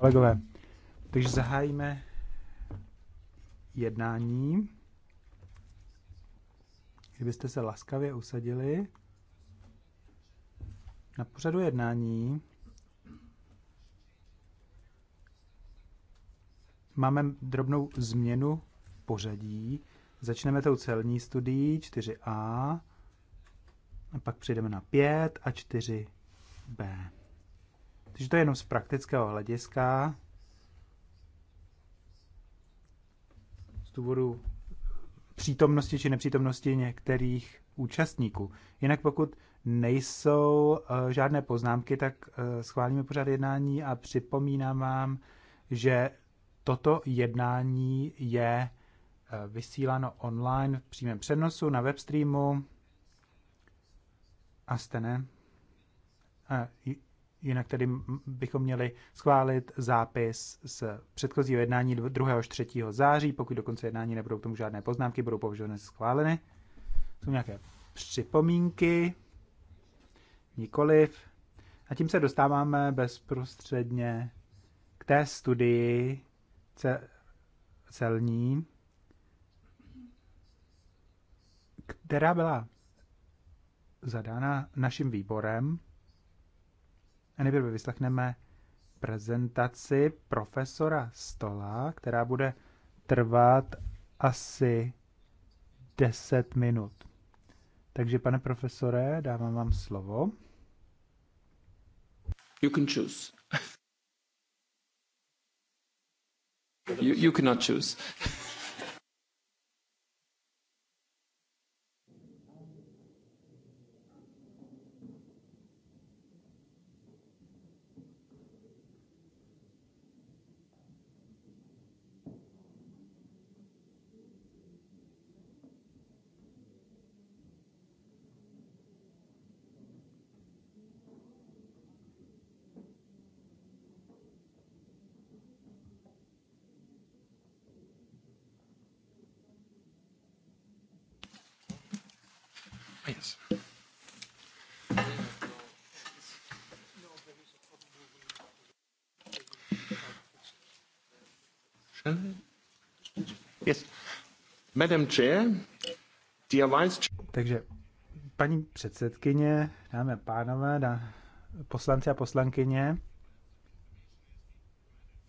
Kolegové, takže zahájíme jednání. Kdybyste se laskavě usadili na pořadu jednání, máme drobnou změnu pořadí. Začneme tou celní studií 4a, a pak přejdeme na 5 a 4b. Takže to je jenom z praktického hlediska. Z důvodu přítomnosti či nepřítomnosti některých účastníků. Jinak pokud nejsou eh, žádné poznámky, tak eh, schválíme pořád jednání a připomínám vám, že toto jednání je eh, vysíláno online v přímém přenosu na webstreamu. A jste ne? A Jinak tedy bychom měli schválit zápis z předchozího jednání 2. až 3. září. Pokud do konce jednání nebudou k tomu žádné poznámky, budou považovány schváleny. Jsou nějaké připomínky? Nikoliv. A tím se dostáváme bezprostředně k té studii celní, která byla zadána naším výborem a nejprve vyslechneme prezentaci profesora Stola, která bude trvat asi 10 minut. Takže pane profesore, dávám vám slovo. You can choose. you, you cannot choose. Madam Chair, dear Vice Takže paní předsedkyně, dámy a pánové, dá, poslanci a poslankyně,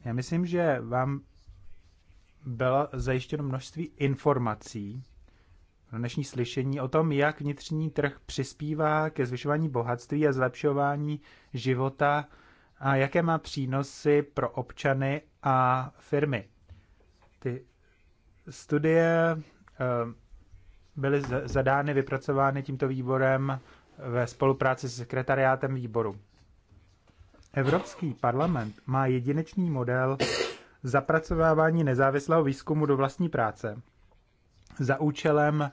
já myslím, že vám bylo zajištěno množství informací na dnešní slyšení o tom, jak vnitřní trh přispívá ke zvyšování bohatství a zlepšování života a jaké má přínosy pro občany a firmy. Ty Studie eh, byly zadány, vypracovány tímto výborem ve spolupráci s sekretariátem výboru. Evropský parlament má jedinečný model zapracovávání nezávislého výzkumu do vlastní práce za účelem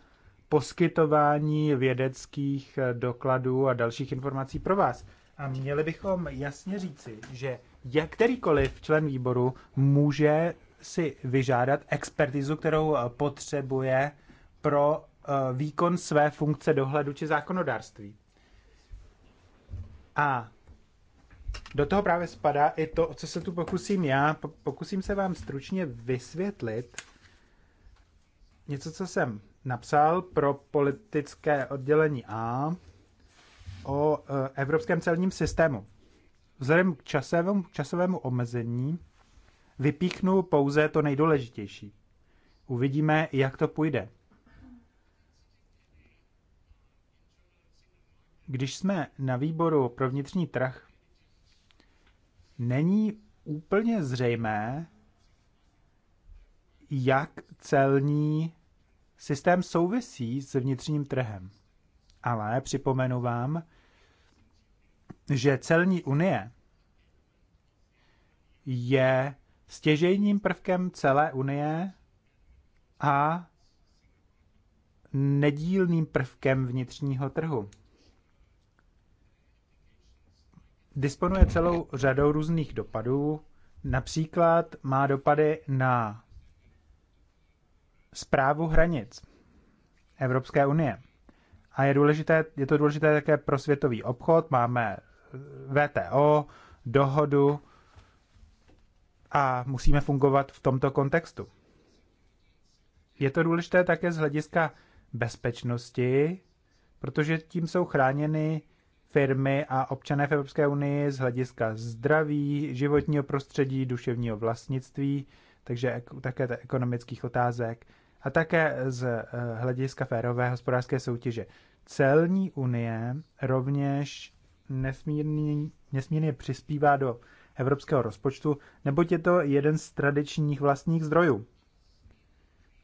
poskytování vědeckých eh, dokladů a dalších informací pro vás. A měli bychom jasně říci, že jakýkoliv člen výboru může si vyžádat expertizu, kterou eh, potřebuje pro eh, výkon své funkce dohledu či zákonodárství. A do toho právě spadá i to, co se tu pokusím já. Pokusím se vám stručně vysvětlit něco, co jsem napsal pro politické oddělení A o eh, evropském celním systému. Vzhledem k časovému, časovému omezení Vypíchnu pouze to nejdůležitější. Uvidíme, jak to půjde. Když jsme na výboru pro vnitřní trh, není úplně zřejmé, jak celní systém souvisí s vnitřním trhem. Ale připomenu vám, že celní unie je stěžejním prvkem celé Unie a nedílným prvkem vnitřního trhu. Disponuje celou řadou různých dopadů, například má dopady na zprávu hranic Evropské unie. A je, důležité, je to důležité také pro světový obchod. Máme VTO, dohodu a musíme fungovat v tomto kontextu. Je to důležité také z hlediska bezpečnosti, protože tím jsou chráněny firmy a občané v Evropské unii z hlediska zdraví, životního prostředí, duševního vlastnictví, takže také ekonomických otázek a také z eh, hlediska férové hospodářské soutěže. Celní unie rovněž nesmírně, nesmírně přispívá do evropského rozpočtu, neboť je to jeden z tradičních vlastních zdrojů.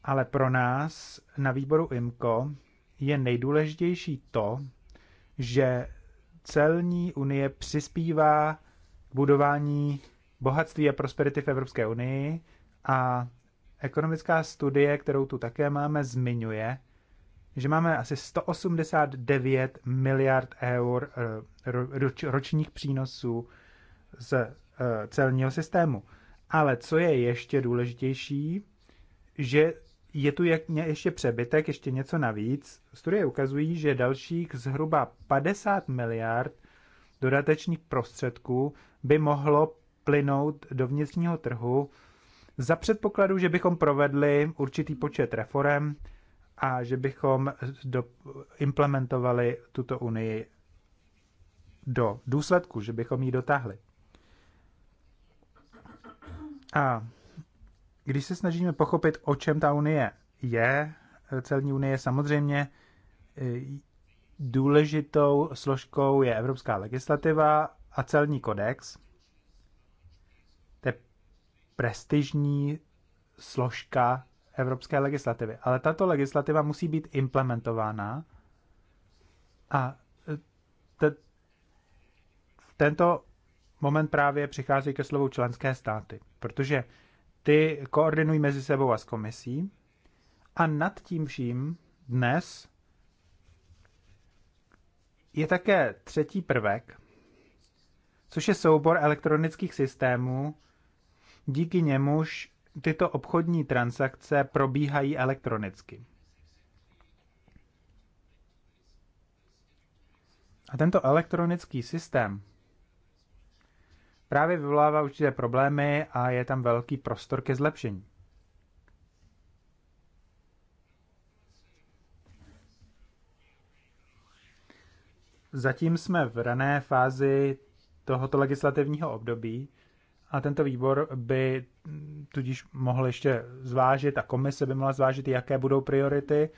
Ale pro nás na výboru IMCO je nejdůležitější to, že celní unie přispívá k budování bohatství a prosperity v Evropské unii a ekonomická studie, kterou tu také máme, zmiňuje, že máme asi 189 miliard eur eh, ročních přínosů z eh, celního systému. Ale co je ještě důležitější, že je tu ještě přebytek, ještě něco navíc. Studie ukazují, že dalších zhruba 50 miliard dodatečných prostředků by mohlo plynout do vnitřního trhu za předpokladu, že bychom provedli určitý počet reform a že bychom do, implementovali tuto unii do důsledku, že bychom ji dotáhli. A když se snažíme pochopit, o čem ta unie je, celní unie samozřejmě e, důležitou složkou je evropská legislativa a celní kodex. To je prestižní složka evropské legislativy. Ale tato legislativa musí být implementována a e, tento moment právě přichází ke slovu členské státy, protože ty koordinují mezi sebou a s komisí a nad tím vším dnes je také třetí prvek, což je soubor elektronických systémů, díky němuž tyto obchodní transakce probíhají elektronicky. A tento elektronický systém právě vyvolává určité problémy a je tam velký prostor ke zlepšení. Zatím jsme v rané fázi tohoto legislativního období a tento výbor by tudíž mohl ještě zvážit a komise by mohla zvážit, jaké budou priority.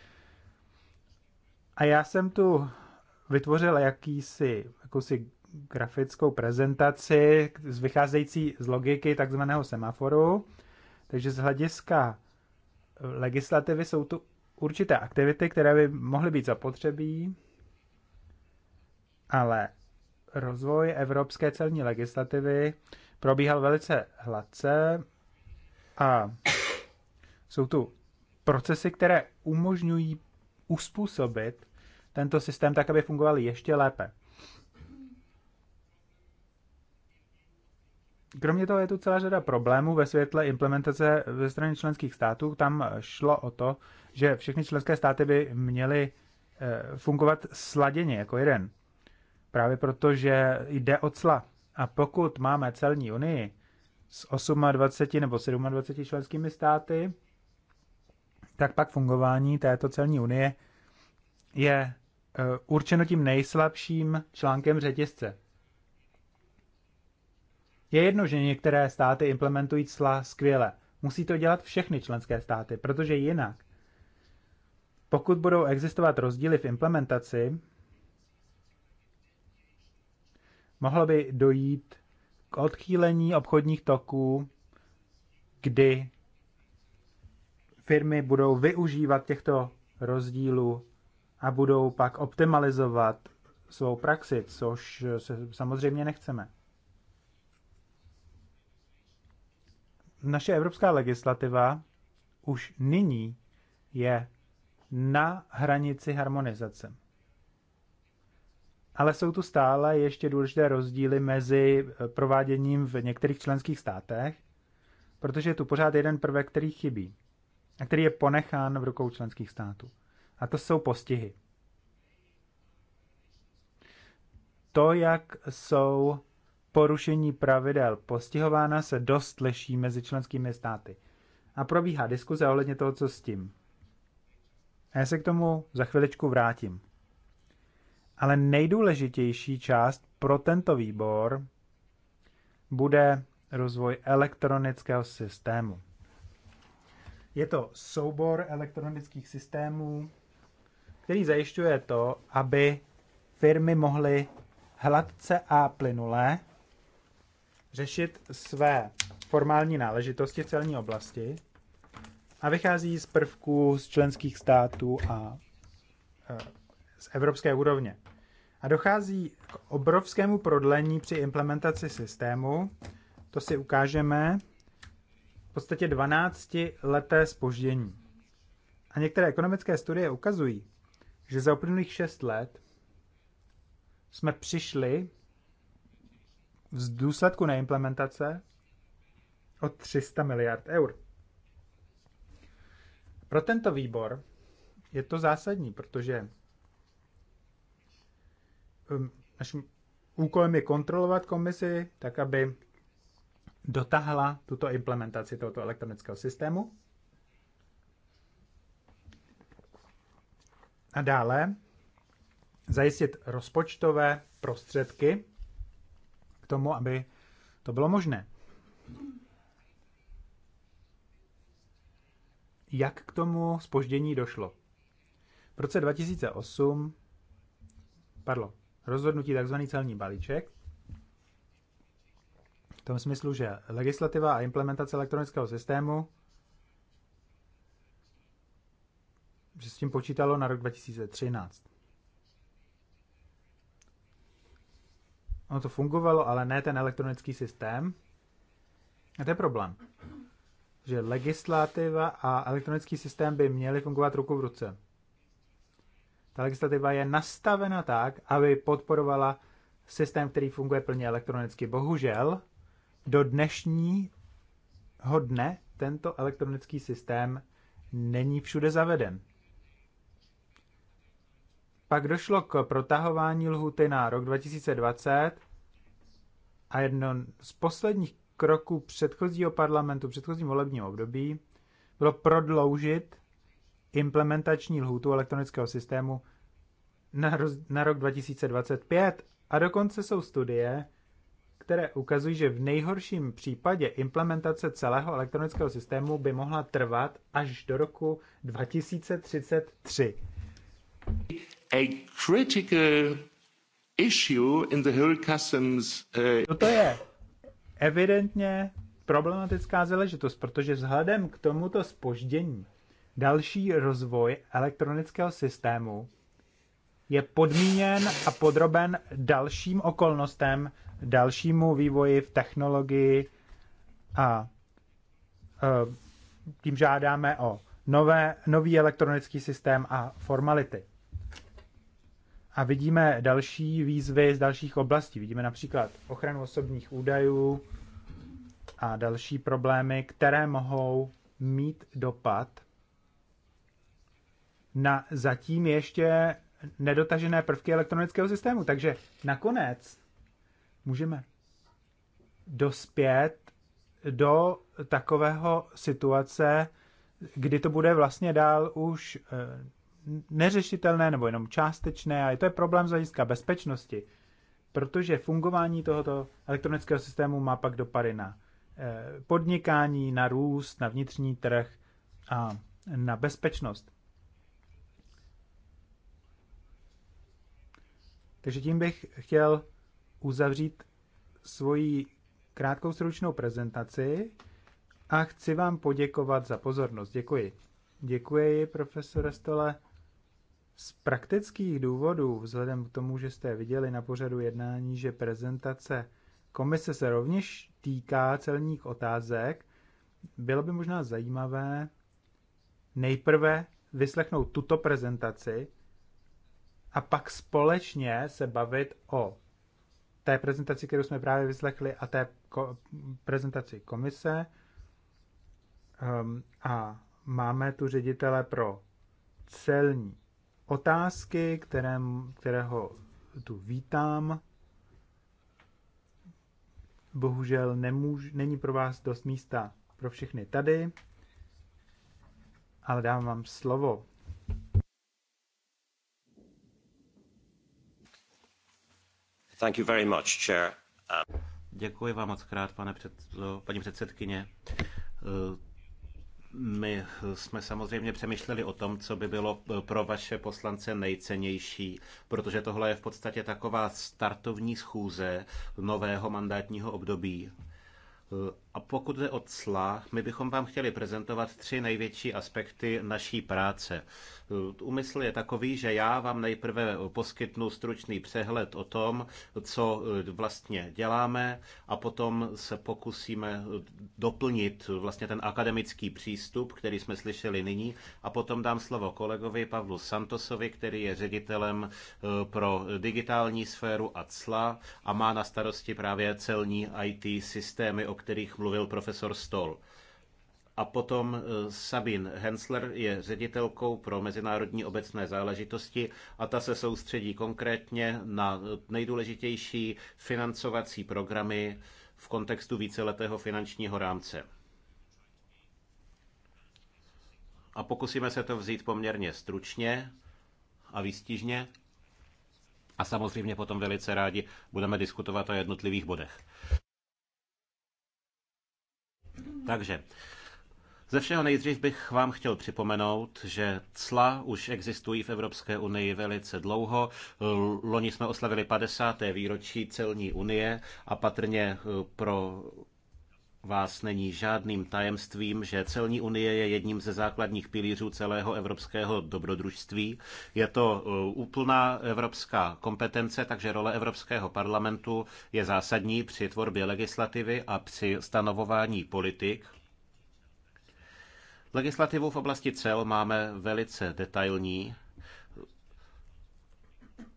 A já jsem tu vytvořil jakýsi, jakousi grafickou prezentaci vycházející z logiky takzvaného semaforu. Takže z hlediska eh, legislativy jsou tu určité aktivity, které by mohly být zapotřebí, ale rozvoj evropské celní legislativy probíhal velice hladce a jsou tu procesy, které umožňují uspůsobit tento systém tak, aby fungoval ještě lépe. Kromě toho je tu celá řada problémů ve světle implementace ze strany členských států. Tam šlo o to, že všechny členské státy by měly eh, fungovat sladěně jako jeden. Právě protože jde o cla. A pokud máme celní unii s 28 nebo 27 členskými státy, tak pak fungování této celní unie je eh, určeno tím nejslabším článkem řetězce. Je jedno, že některé státy implementují cla skvěle. Musí to dělat všechny členské státy, protože jinak, pokud budou existovat rozdíly v implementaci, mohlo by dojít k odchýlení obchodních toků, kdy firmy budou využívat těchto rozdílů a budou pak optimalizovat svou praxi, což se samozřejmě nechceme. naše evropská legislativa už nyní je na hranici harmonizace. Ale jsou tu stále ještě důležité rozdíly mezi eh, prováděním v některých členských státech, protože je tu pořád jeden prvek, který chybí a který je ponechán v rukou členských států. A to jsou postihy. To, jak jsou porušení pravidel postihována se dost liší mezi členskými státy. A probíhá diskuze ohledně toho, co s tím. A já se k tomu za chviličku vrátím. Ale nejdůležitější část pro tento výbor bude rozvoj elektronického systému. Je to soubor elektronických systémů, který zajišťuje to, aby firmy mohly hladce a plynulé řešit své formální náležitosti v celní oblasti a vychází z prvků z členských států a e, z evropské úrovně. A dochází k obrovskému prodlení při implementaci systému. To si ukážeme v podstatě 12 leté spoždění. A některé ekonomické studie ukazují, že za uplynulých 6 let jsme přišli v důsledku neimplementace o 300 miliard eur. Pro tento výbor je to zásadní, protože um, naším úkolem je kontrolovat komisi tak, aby dotahla tuto implementaci tohoto elektronického systému. A dále zajistit rozpočtové prostředky tomu, aby to bylo možné. Jak k tomu spoždění došlo? V roce 2008 padlo rozhodnutí tzv. celní balíček, v tom smyslu, že legislativa a implementace elektronického systému že s tím počítalo na rok 2013. Ono to fungovalo, ale ne ten elektronický systém. A to je problém. Že legislativa a elektronický systém by měly fungovat ruku v ruce. Ta legislativa je nastavena tak, aby podporovala systém, který funguje plně elektronicky. Bohužel do dnešního dne tento elektronický systém není všude zaveden. Pak došlo k protahování lhuty na rok 2020 a jedno z posledních kroků předchozího parlamentu, předchozím volebním období, bylo prodloužit implementační lhůtu elektronického systému na, roz, na rok 2025. A dokonce jsou studie, které ukazují, že v nejhorším případě implementace celého elektronického systému by mohla trvat až do roku 2033. A critical Toto uh, no je evidentně problematická záležitost, protože vzhledem k tomuto spoždění další rozvoj elektronického systému je podmíněn a podroben dalším okolnostem, dalšímu vývoji v technologii a eh, tím žádáme o nové, nový elektronický systém a formality. A vidíme další výzvy z dalších oblastí. Vidíme například ochranu osobních údajů a další problémy, které mohou mít dopad na zatím ještě nedotažené prvky elektronického systému. Takže nakonec můžeme dospět do takového situace, kdy to bude vlastně dál už eh, neřešitelné nebo jenom částečné a to je problém z hlediska bezpečnosti, protože fungování tohoto elektronického systému má pak dopady na eh, podnikání, na růst, na vnitřní trh a na bezpečnost. Takže tím bych chtěl uzavřít svoji krátkou stručnou prezentaci a chci vám poděkovat za pozornost. Děkuji. Děkuji, profesore Stole. Z praktických důvodů, vzhledem k tomu, že jste viděli na pořadu jednání, že prezentace komise se rovněž týká celních otázek, bylo by možná zajímavé nejprve vyslechnout tuto prezentaci a pak společně se bavit o té prezentaci, kterou jsme právě vyslechli, a té ko- prezentaci komise. Um, a máme tu ředitele pro celní otázky, které, kterého tu vítám. Bohužel nemůž, není pro vás dost místa pro všechny tady, ale dávám vám slovo. Thank you very much, Chair. Um... Děkuji vám moc krát, pane před, paní předsedkyně. My jsme samozřejmě přemýšleli o tom, co by bylo pro vaše poslance nejcennější, protože tohle je v podstatě taková startovní schůze nového mandátního období. A pokud jde o cla, my bychom vám chtěli prezentovat tři největší aspekty naší práce. Úmysl je takový, že já vám nejprve poskytnu stručný přehled o tom, co eh, vlastně děláme a potom se pokusíme eh, doplnit eh, vlastně ten akademický přístup, který jsme slyšeli nyní a potom dám slovo kolegovi Pavlu Santosovi, který je ředitelem pro digitální sféru a cla a má na starosti právě celní IT systémy, o kterých mluvil profesor Stoll. A potom eh, Sabine Hensler je ředitelkou pro mezinárodní obecné záležitosti a ta se soustředí konkrétně na nejdůležitější financovací programy v kontextu víceletého finančního rámce. A pokusíme se to vzít poměrně stručně a výstižně. A samozřejmě potom velice rádi budeme diskutovat o jednotlivých bodech. Takže ze všeho nejdřív bych vám chtěl připomenout, že cla už existují v Evropské unii velice dlouho. Loni jsme oslavili 50. výročí celní unie a patrně pro vás není žádným tajemstvím, že celní unie je jedním ze základních pilířů celého evropského dobrodružství. Je to e, úplná evropská kompetence, takže role Evropského parlamentu je zásadní při tvorbě legislativy a při stanovování politik. Legislativu v oblasti cel máme velice detailní,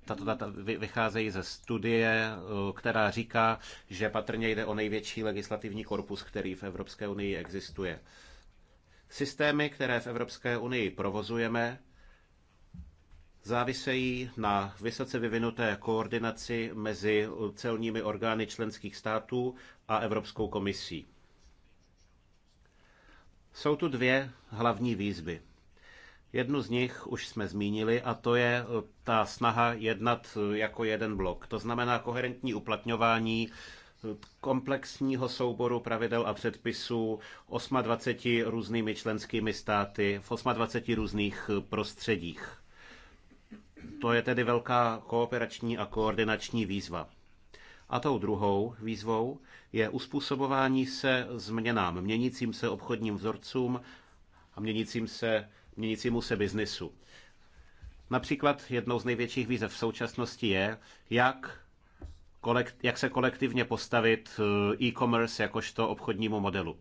tato data vycházejí ze studie, eh, která říká, že patrně jde o největší legislativní korpus, který v Evropské unii existuje. Systémy, které v Evropské unii provozujeme, závisejí na vysoce vyvinuté koordinaci mezi celními orgány členských států a Evropskou komisí. Jsou tu dvě hlavní výzvy. Jednu z nich už jsme zmínili a to je eh, ta snaha jednat eh, jako jeden blok. To znamená koherentní uplatňování eh, komplexního souboru pravidel a předpisů 28 různými členskými státy v 28 různých prostředích. To je tedy velká kooperační a koordinační výzva. A tou druhou výzvou je uspůsobování se změnám, měnícím se obchodním vzorcům a měnícím se měnícímu se biznisu. Například jednou z největších výzev v současnosti je, jak, kolekt, jak se kolektivně postavit eh, e-commerce jakožto obchodnímu modelu.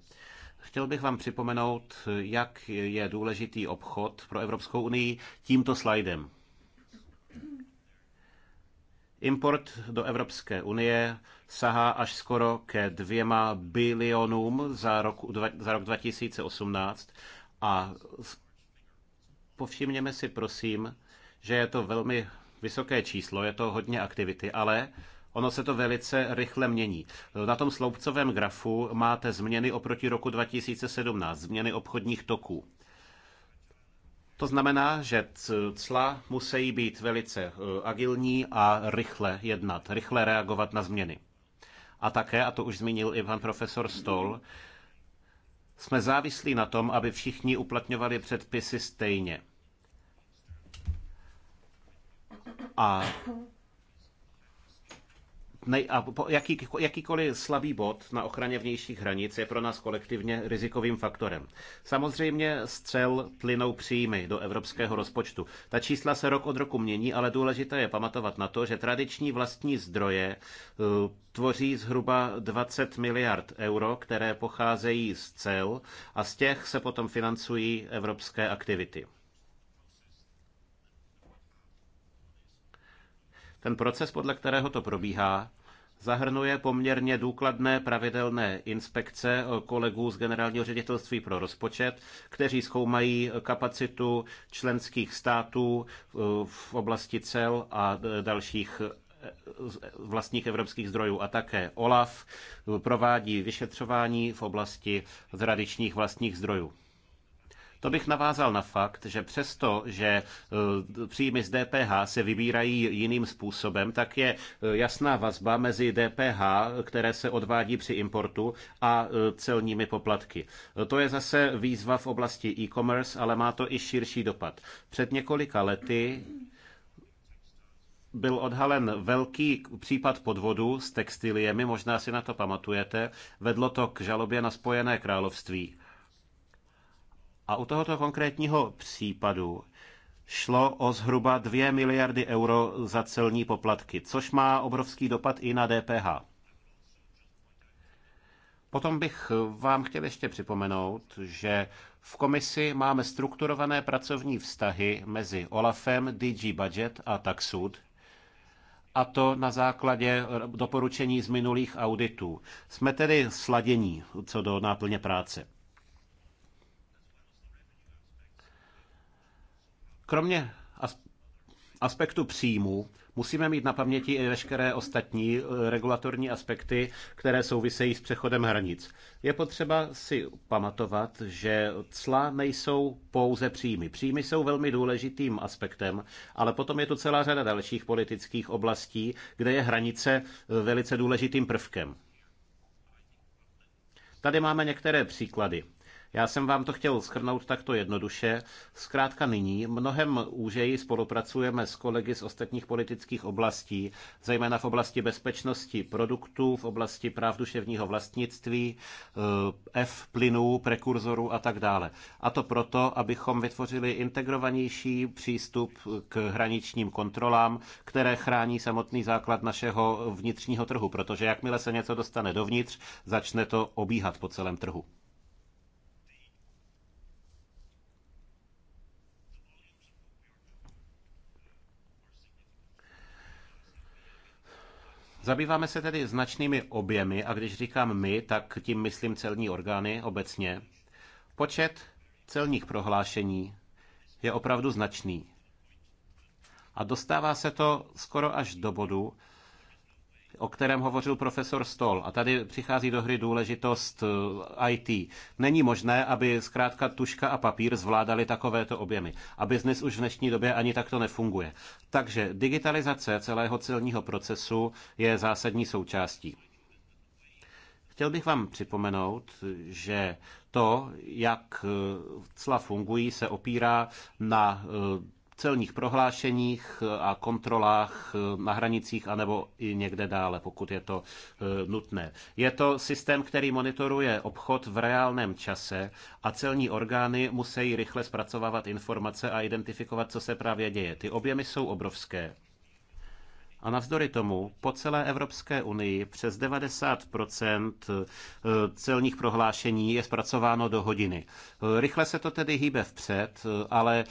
Chtěl bych vám připomenout, jak je důležitý obchod pro Evropskou unii tímto slajdem. Import do Evropské unie sahá až skoro ke dvěma bilionům za, roku, za rok 2018 a povšimněme si prosím, že je to velmi vysoké číslo, je to hodně aktivity, ale Ono se to velice rychle mění. Na tom sloupcovém grafu máte změny oproti roku 2017, změny obchodních toků. To znamená, že cla musí být velice e, agilní a rychle jednat, rychle reagovat na změny. A také, a to už zmínil i pan profesor Stoll, jsme závislí na tom, aby všichni uplatňovali předpisy stejně. A nej, a po, jaký, jakýkoliv slabý bod na ochraně vnějších hranic je pro nás kolektivně rizikovým faktorem. Samozřejmě střel plynou příjmy do evropského rozpočtu. Ta čísla se rok od roku mění, ale důležité je pamatovat na to, že tradiční vlastní zdroje eh, tvoří zhruba 20 miliard euro, které pocházejí z cel a z těch se potom financují evropské aktivity. Ten proces, podle kterého to probíhá, zahrnuje poměrně důkladné pravidelné inspekce kolegů z Generálního ředitelství pro rozpočet, kteří zkoumají kapacitu členských států eh, v oblasti cel a dalších eh, vlastních evropských zdrojů a také OLAF provádí vyšetřování v oblasti tradičních vlastních zdrojů. To bych navázal na fakt, že přesto, že e, příjmy z DPH se vybírají jiným způsobem, tak je e, jasná vazba mezi DPH, které se odvádí při importu, a e, celními poplatky. To je zase výzva v oblasti e-commerce, ale má to i širší dopad. Před několika lety byl odhalen velký případ podvodu s textiliemi, možná si na to pamatujete. Vedlo to k žalobě na Spojené království. A u tohoto konkrétního případu šlo o zhruba 2 miliardy euro za celní poplatky, což má obrovský dopad i na DPH. Potom bych vám chtěl ještě připomenout, že v komisi máme strukturované pracovní vztahy mezi OLAFem, DG Budget a Taxud, a to na základě doporučení z minulých auditů. Jsme tedy sladění co do náplně práce. Kromě aspektu příjmu, musíme mít na paměti i veškeré ostatní eh, regulatorní aspekty, které souvisejí s přechodem hranic. Je potřeba si pamatovat, že cla nejsou pouze příjmy. Příjmy jsou velmi důležitým aspektem, ale potom je tu celá řada dalších politických oblastí, kde je hranice eh, velice důležitým prvkem. Tady máme některé příklady. Já jsem vám to chtěl schrnout takto jednoduše. Zkrátka nyní mnohem úžeji spolupracujeme s kolegy z ostatních politických oblastí, zejména v oblasti bezpečnosti produktů, v oblasti práv duševního vlastnictví, eh, F plynů, prekurzorů a tak dále. A to proto, abychom vytvořili integrovanější přístup k hraničním kontrolám, které chrání samotný základ našeho vnitřního trhu, protože jakmile se něco dostane dovnitř, začne to obíhat po celém trhu. Zabýváme se tedy značnými objemy a když říkám my, tak tím myslím celní orgány obecně. Počet celních prohlášení je opravdu značný. A dostává se to skoro až do bodu, o kterém hovořil profesor Stoll. A tady přichází do hry důležitost eh, IT. Není možné, aby zkrátka tuška a papír zvládali takovéto objemy. A biznis už v dnešní době ani takto nefunguje. Takže digitalizace celého celního procesu je zásadní součástí. Chtěl bych vám připomenout, že to, jak eh, cla fungují, se opírá na eh, celních prohlášeních a kontrolách eh, na hranicích anebo i někde dále, pokud je to eh, nutné. Je to systém, který monitoruje obchod v reálném čase a celní orgány musí rychle zpracovávat informace a identifikovat, co se právě děje. Ty objemy jsou obrovské. A navzdory tomu po celé Evropské unii přes 90 eh, celních prohlášení je zpracováno do hodiny. Rychle se to tedy hýbe vpřed, ale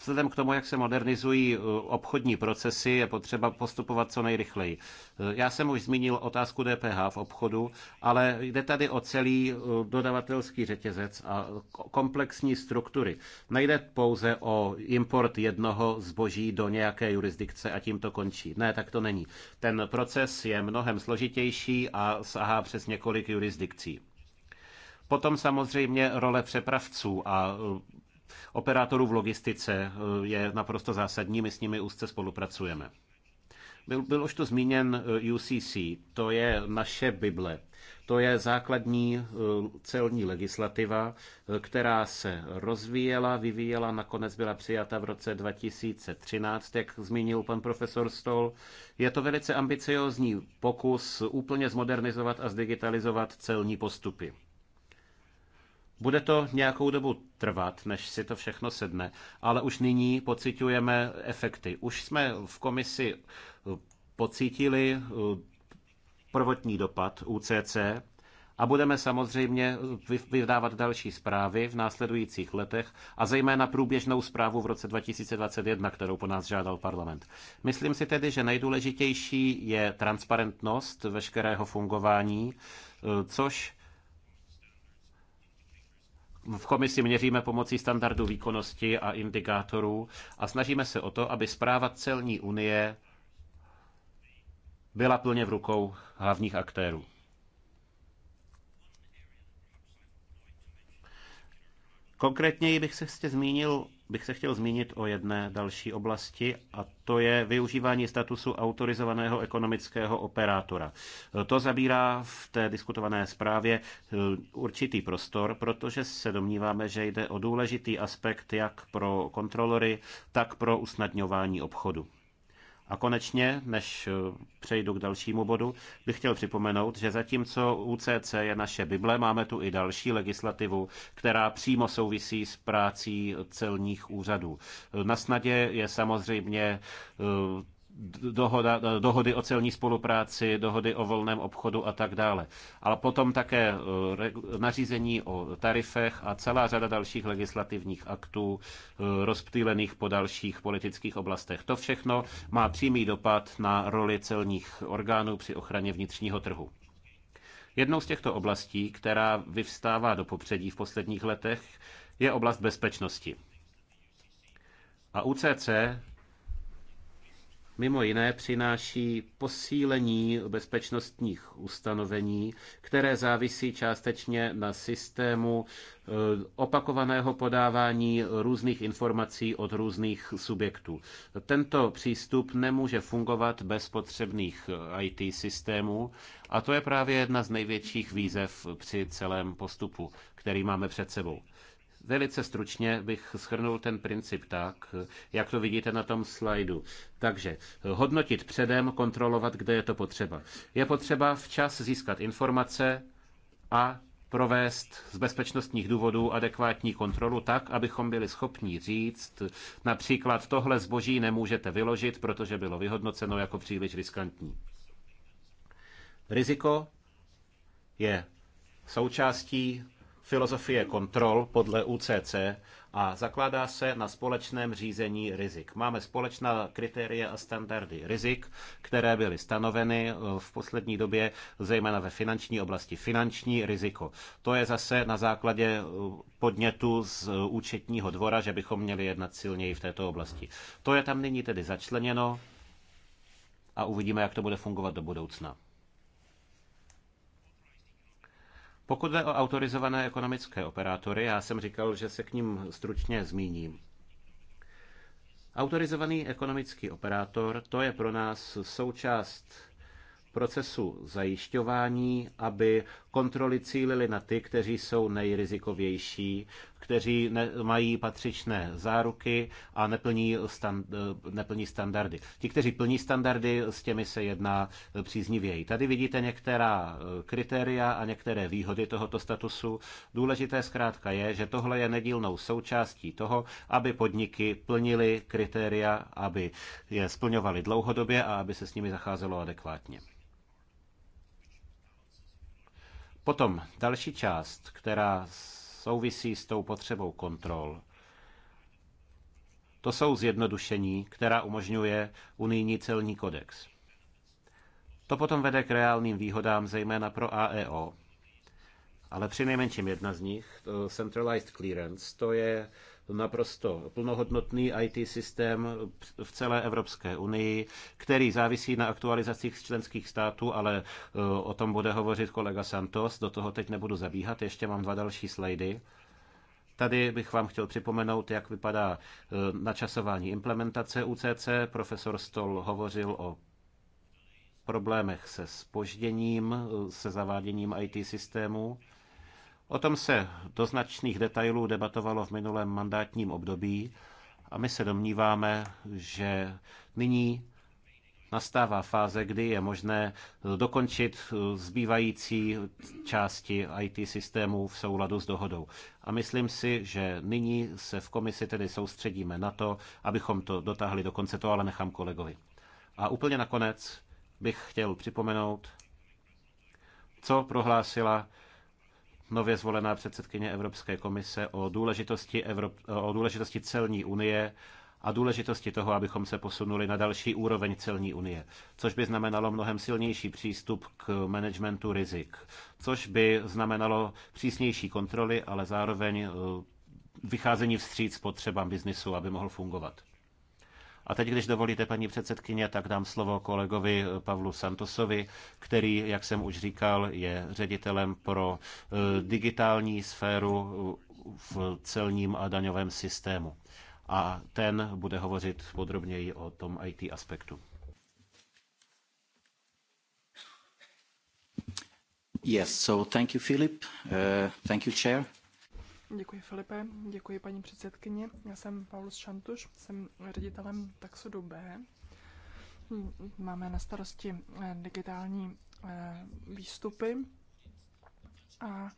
Vzhledem k tomu, jak se modernizují eh, obchodní procesy, je potřeba postupovat co nejrychleji. Eh, já jsem už zmínil otázku DPH v obchodu, ale jde tady o celý eh, dodavatelský řetězec a komplexní struktury. Nejde pouze o import jednoho zboží do nějaké jurisdikce a tím to končí. Ne, tak to není. Ten proces je mnohem složitější a sahá přes několik jurisdikcí. Potom samozřejmě role přepravců a operátorů v logistice eh, je naprosto zásadní, my s nimi úzce spolupracujeme. Byl, byl už to zmíněn eh, UCC, to je naše Bible. To je základní eh, celní legislativa, která se rozvíjela, vyvíjela, nakonec byla přijata v roce 2013, jak zmínil pan profesor Stoll. Je to velice ambiciozní pokus úplně zmodernizovat a zdigitalizovat celní postupy. Bude to nějakou dobu trvat, než si to všechno sedne, ale už nyní pocitujeme efekty. Už jsme v komisi eh, pocítili eh, prvotní dopad UCC a budeme samozřejmě eh, vydávat další zprávy v následujících letech a zejména průběžnou zprávu v roce 2021, kterou po nás žádal parlament. Myslím si tedy, že nejdůležitější je transparentnost veškerého fungování, což v komisi měříme pomocí standardu výkonnosti a indikátorů a snažíme se o to, aby zpráva celní unie byla plně v rukou hlavních aktérů. Konkrétněji bych se chtěl zmínil bych se chtěl zmínit o jedné další oblasti a to je využívání statusu autorizovaného ekonomického operátora. To zabírá v té diskutované zprávě eh, určitý prostor, protože se domníváme, že jde o důležitý aspekt jak pro kontrolory, tak pro usnadňování obchodu. A konečně, než eh, přejdu k dalšímu bodu, bych chtěl připomenout, že zatímco UCC je naše Bible, máme tu i další legislativu, která přímo souvisí s prácí celních úřadů. Na snadě je samozřejmě eh, dohoda, dohody o celní spolupráci, dohody o volném obchodu a tak dále. Ale potom také eh, nařízení o tarifech a celá řada dalších legislativních aktů eh, rozptýlených po dalších politických oblastech. To všechno má přímý dopad na roli celních orgánů při ochraně vnitřního trhu. Jednou z těchto oblastí, která vyvstává do popředí v posledních letech, je oblast bezpečnosti. A UCC mimo jiné přináší posílení bezpečnostních ustanovení, které závisí částečně na systému eh, opakovaného podávání různých informací od různých subjektů. Tento přístup nemůže fungovat bez potřebných eh, IT systémů a to je právě jedna z největších výzev při celém postupu, který máme před sebou. Velice stručně bych schrnul ten princip tak, jak to vidíte na tom slajdu. Takže hodnotit předem, kontrolovat, kde je to potřeba. Je potřeba včas získat informace a provést z bezpečnostních důvodů adekvátní kontrolu tak, abychom byli schopni říct, například tohle zboží nemůžete vyložit, protože bylo vyhodnoceno jako příliš riskantní. Riziko je součástí filozofie kontrol podle UCC a zakládá se na společném řízení rizik. Máme společná kritéria a standardy rizik, které byly stanoveny eh, v poslední době, zejména ve finanční oblasti. Finanční riziko. To je zase na základě eh, podnětu z eh, účetního dvora, že bychom měli jednat silněji v této oblasti. To je tam nyní tedy začleněno a uvidíme, jak to bude fungovat do budoucna. Pokud jde o autorizované ekonomické operátory, já jsem říkal, že se k ním stručně zmíním. Autorizovaný ekonomický operátor, to je pro nás součást procesu zajišťování, aby kontroly cílily na ty, kteří jsou nejrizikovější, kteří ne, mají patřičné záruky a neplní, stand, eh, neplní standardy. Ti, kteří plní standardy, s těmi se jedná eh, příznivěji. Tady vidíte některá eh, kritéria a některé výhody tohoto statusu. Důležité zkrátka je, že tohle je nedílnou součástí toho, aby podniky plnily kritéria, aby je splňovaly dlouhodobě a aby se s nimi zacházelo adekvátně. Potom další část, která souvisí s tou potřebou kontrol, to jsou zjednodušení, která umožňuje unijní celní kodex. To potom vede k reálným výhodám, zejména pro AEO, ale při nejmenším jedna z nich, eh, Centralized Clearance, to je naprosto plnohodnotný IT systém v celé Evropské unii, který závisí na aktualizacích z členských států, ale e, o tom bude hovořit kolega Santos. Do toho teď nebudu zabíhat, ještě mám dva další slajdy. Tady bych vám chtěl připomenout, jak vypadá e, načasování implementace UCC. Profesor Stoll hovořil o problémech se spožděním, e, se zaváděním IT systému. O tom se do značných detailů debatovalo v minulém mandátním období a my se domníváme, že nyní nastává fáze, kdy je možné dokončit zbývající části IT systému v souladu s dohodou. A myslím si, že nyní se v komisi tedy soustředíme na to, abychom to dotáhli do konce, to ale nechám kolegovi. A úplně nakonec bych chtěl připomenout, co prohlásila nově zvolená předsedkyně Evropské komise o důležitosti, Evrop, o důležitosti celní unie a důležitosti toho, abychom se posunuli na další úroveň celní unie, což by znamenalo mnohem silnější přístup k managementu rizik, což by znamenalo přísnější kontroly, ale zároveň eh, vycházení vstříc potřebám biznisu, aby mohl fungovat. A teď, když dovolíte, paní předsedkyně, tak dám slovo kolegovi eh, Pavlu Santosovi, který, jak jsem už říkal, je ředitelem pro eh, digitální sféru eh, v celním a daňovém systému. A ten bude hovořit podrobněji o tom IT aspektu. Yes, so thank you, Philip. Uh, thank you, Chair. Děkuji Filipe, děkuji paní předsedkyně. Já jsem Paulus Šantuš, jsem ředitelem Taxodu B. Máme na starosti eh, digitální eh, výstupy a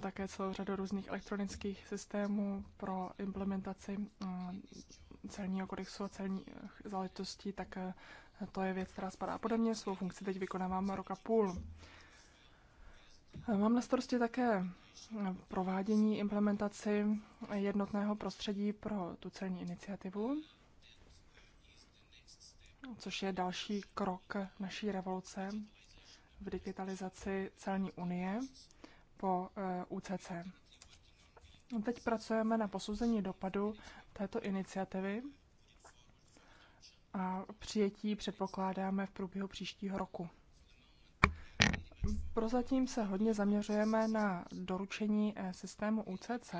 také celou řadu různých elektronických systémů pro implementaci eh, celního kodexu a celních záležitostí, tak to je věc, která spadá pode mě. Svou funkci teď vykonávám rok a půl. Mám na starosti také provádění implementaci jednotného prostředí pro tu celní iniciativu, což je další krok naší revoluce v digitalizaci celní unie po eh, UCC. Teď pracujeme na posouzení dopadu této iniciativy a přijetí předpokládáme v průběhu příštího roku. Prozatím se hodně zaměřujeme na doručení eh, systému UCC.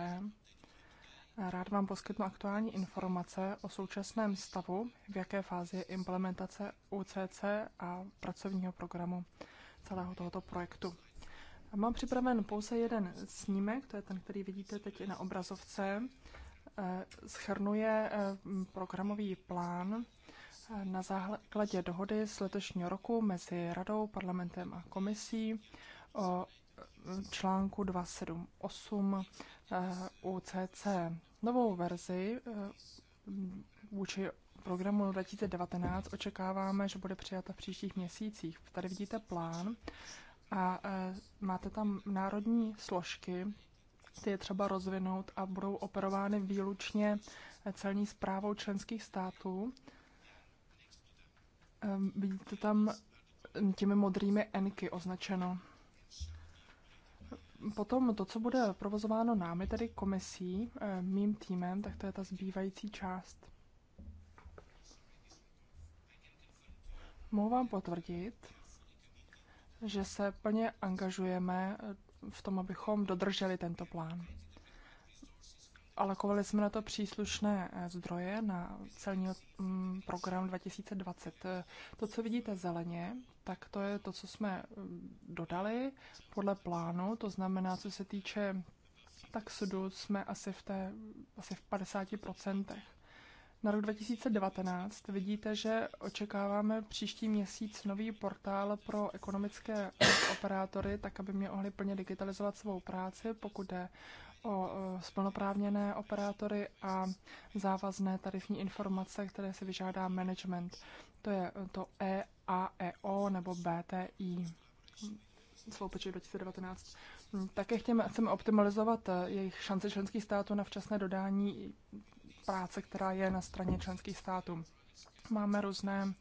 Rád vám poskytnu aktuální informace o současném stavu, v jaké fázi je implementace UCC a pracovního programu celého tohoto projektu. Mám připraven pouze jeden snímek, to je ten, který vidíte teď na obrazovce. Eh, schrnuje eh, programový plán na základě dohody z letošního roku mezi Radou, parlamentem a komisí o e, článku 278 e, UCC. Novou verzi e, vůči programu 2019 očekáváme, že bude přijata v příštích měsících. Tady vidíte plán a máte tam národní složky, ty je třeba rozvinout a budou operovány výlučně celní zprávou členských států Ehm, vidíte tam těmi modrými enky označeno. Potom to, co bude provozováno námi, tedy komisí, ehm, mým týmem, tak to je ta zbývající část. Mohu vám potvrdit, že se plně angažujeme v tom, abychom dodrželi tento plán alokovali jsme na to příslušné eh, zdroje na celní mm, program 2020. To, co vidíte zeleně, tak to je to, co jsme mm, dodali podle plánu, to znamená, co se týče sudu, jsme asi v, té, asi v 50%. Na rok 2019 vidíte, že očekáváme příští měsíc nový portál pro ekonomické eh, operátory, tak aby mě mohli plně digitalizovat svou práci, pokud jde o splnoprávněné e, operátory a závazné tarifní informace, které si vyžádá management. To je e, to E, A, E, O nebo BTI sloupeči 2019. Také chceme, chceme optimalizovat e, jejich šance členských států na včasné dodání práce, která je na straně členských států. Máme různé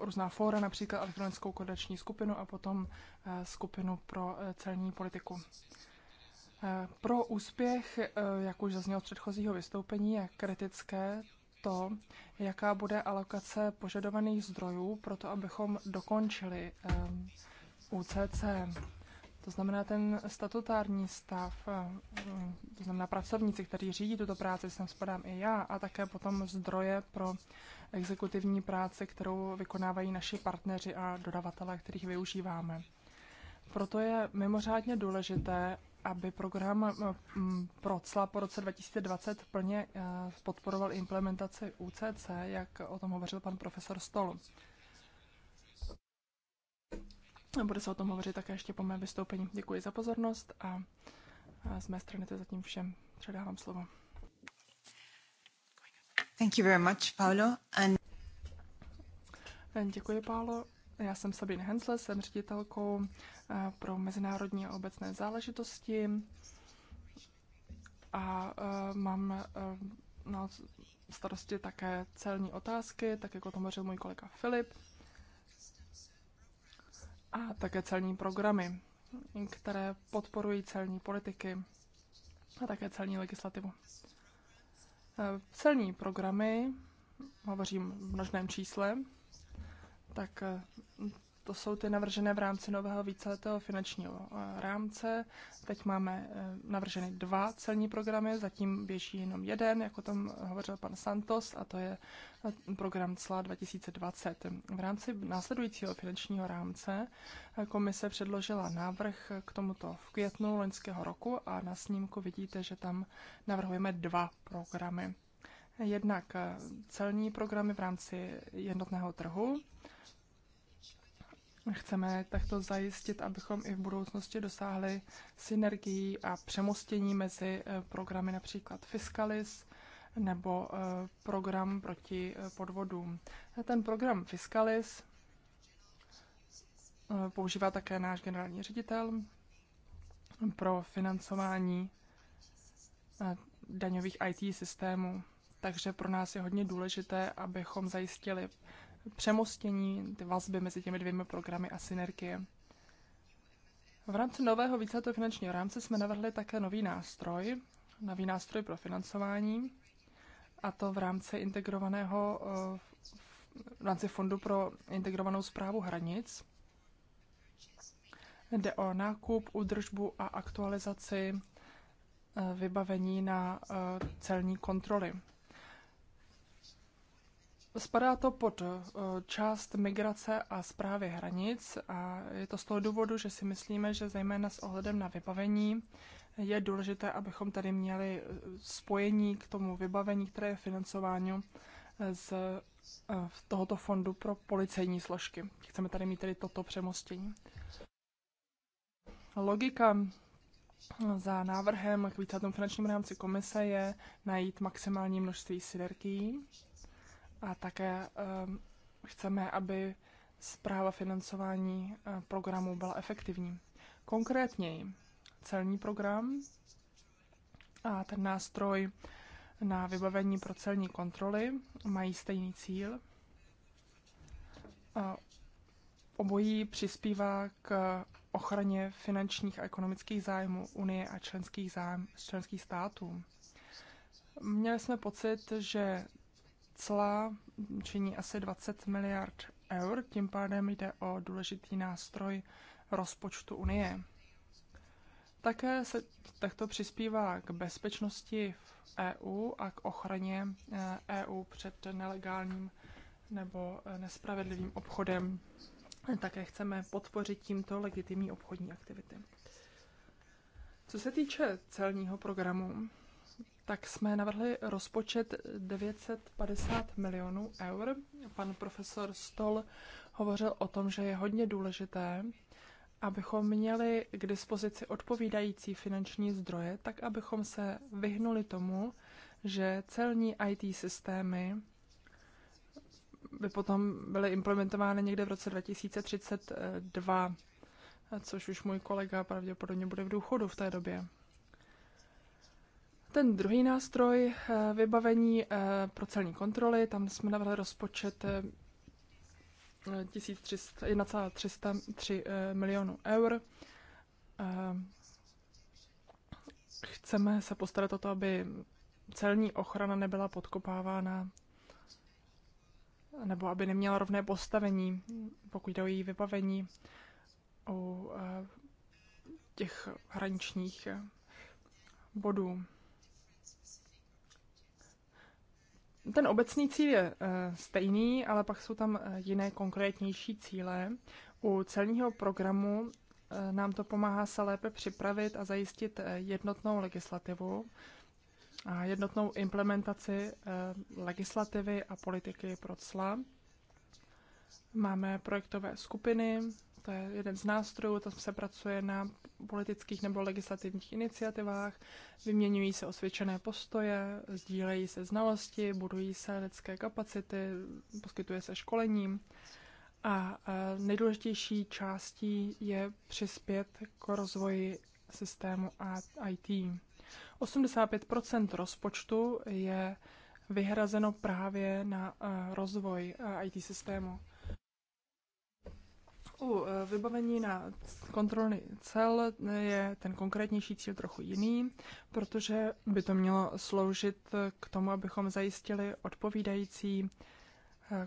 různá fóra, například elektronickou kodační skupinu a potom skupinu pro celní politiku. Pro úspěch, eh, jak už zaznělo z předchozího vystoupení, je kritické to, jaká bude alokace požadovaných zdrojů pro to, abychom dokončili eh, UCC. To znamená, ten statutární stav, eh, to znamená pracovníci, kteří řídí tuto práci, sem spadám i já, a také potom zdroje pro exekutivní práci, kterou vykonávají naši partneři a dodavatelé, kterých využíváme. Proto je mimořádně důležité, aby program eh, mm, PROCLA po roce 2020 plně eh, podporoval implementaci UCC, jak o tom hovořil pan profesor Stol. Bude se o tom hovořit také ještě po mém vystoupení. Děkuji za pozornost a z mé strany to zatím všem. Předávám slovo. Thank you very much, Paolo. And... Děkuji, Paolo. Já jsem Sabine Hensle, jsem ředitelkou eh, pro mezinárodní a obecné záležitosti a eh, mám eh, na starosti také celní otázky, tak jako to hovořil můj kolega Filip, a také celní programy, které podporují celní politiky a také celní legislativu. Celní programy, hovořím v množném čísle, tak eh, to jsou ty navržené v rámci nového víceletého finančního eh, rámce. Teď máme eh, navrženy dva celní programy, zatím běží jenom jeden, jako tam hovořil pan Santos, a to je program CLA 2020. V rámci následujícího finančního rámce komise předložila návrh k tomuto v květnu loňského roku a na snímku vidíte, že tam navrhujeme dva programy. Jednak celní programy v rámci jednotného trhu, Chceme takto zajistit, abychom i v budoucnosti dosáhli synergií a přemostění mezi eh, programy například Fiscalis nebo eh, program proti eh, podvodům. Ten program Fiscalis používá také náš generální ředitel pro financování daňových IT systémů. Takže pro nás je hodně důležité, abychom zajistili přemostění, ty vazby mezi těmi dvěmi programy a synergie. V rámci nového víceletého finančního rámce jsme navrhli také nový nástroj, nový nástroj pro financování, a to v rámci integrovaného eh, v rámci Fondu pro integrovanou zprávu hranic. Jde o nákup, údržbu a aktualizaci eh, vybavení na eh, celní kontroly. Spadá to pod eh, část migrace a zprávy hranic a je to z toho důvodu, že si myslíme, že zejména s ohledem na vybavení je důležité, abychom tady měli eh, spojení k tomu vybavení, které je financování z eh, tohoto fondu pro policejní složky. Chceme tady mít tedy toto přemostění. Logika za návrhem k víceletém finančním rámci komise je najít maximální množství synergií a také ehm, chceme, aby zpráva financování e, programu byla efektivní. Konkrétněji, celní program a ten nástroj na vybavení pro celní kontroly mají stejný cíl. Obojí přispívá k ochraně finančních a ekonomických zájmů Unie a členských, zájmů členských států. Měli jsme pocit, že cla činí asi 20 miliard eur, tím pádem jde o důležitý nástroj rozpočtu Unie. Také se takto přispívá k bezpečnosti v EU a k ochraně EU eh, e před nelegálním nebo eh, nespravedlivým obchodem. Také chceme podpořit tímto legitimní obchodní aktivity. Co se týče celního programu, tak jsme navrhli rozpočet 950 milionů eur. Pan profesor Stol hovořil o tom, že je hodně důležité, abychom měli k dispozici odpovídající finanční zdroje, tak abychom se vyhnuli tomu, že celní IT systémy by potom byly implementovány někde v roce 2032, což už můj kolega pravděpodobně bude v důchodu v té době. Ten druhý nástroj, eh, vybavení eh, pro celní kontroly, tam jsme navrhli rozpočet 1,303 eh, milionů eur. Chceme se postarat o to, aby celní ochrana nebyla podkopávána nebo aby neměla rovné postavení, pokud jde o její vybavení u těch hraničních bodů. ten obecný cíl je eh, stejný, ale pak jsou tam eh, jiné konkrétnější cíle. U celního programu eh, nám to pomáhá se lépe připravit a zajistit jednotnou legislativu a jednotnou implementaci legislativy a politiky pro cla. Máme projektové skupiny, to je jeden z nástrojů, tam se pracuje na politických nebo legislativních iniciativách, vyměňují se osvědčené postoje, sdílejí se znalosti, budují se lidské kapacity, poskytuje se školením. A nejdůležitější částí je přispět k rozvoji systému IT. 85 rozpočtu je vyhrazeno právě na rozvoj IT systému. U eh, vybavení na kontrolní cel je ten konkrétnější cíl trochu jiný, protože by to mělo sloužit k tomu, abychom zajistili odpovídající eh,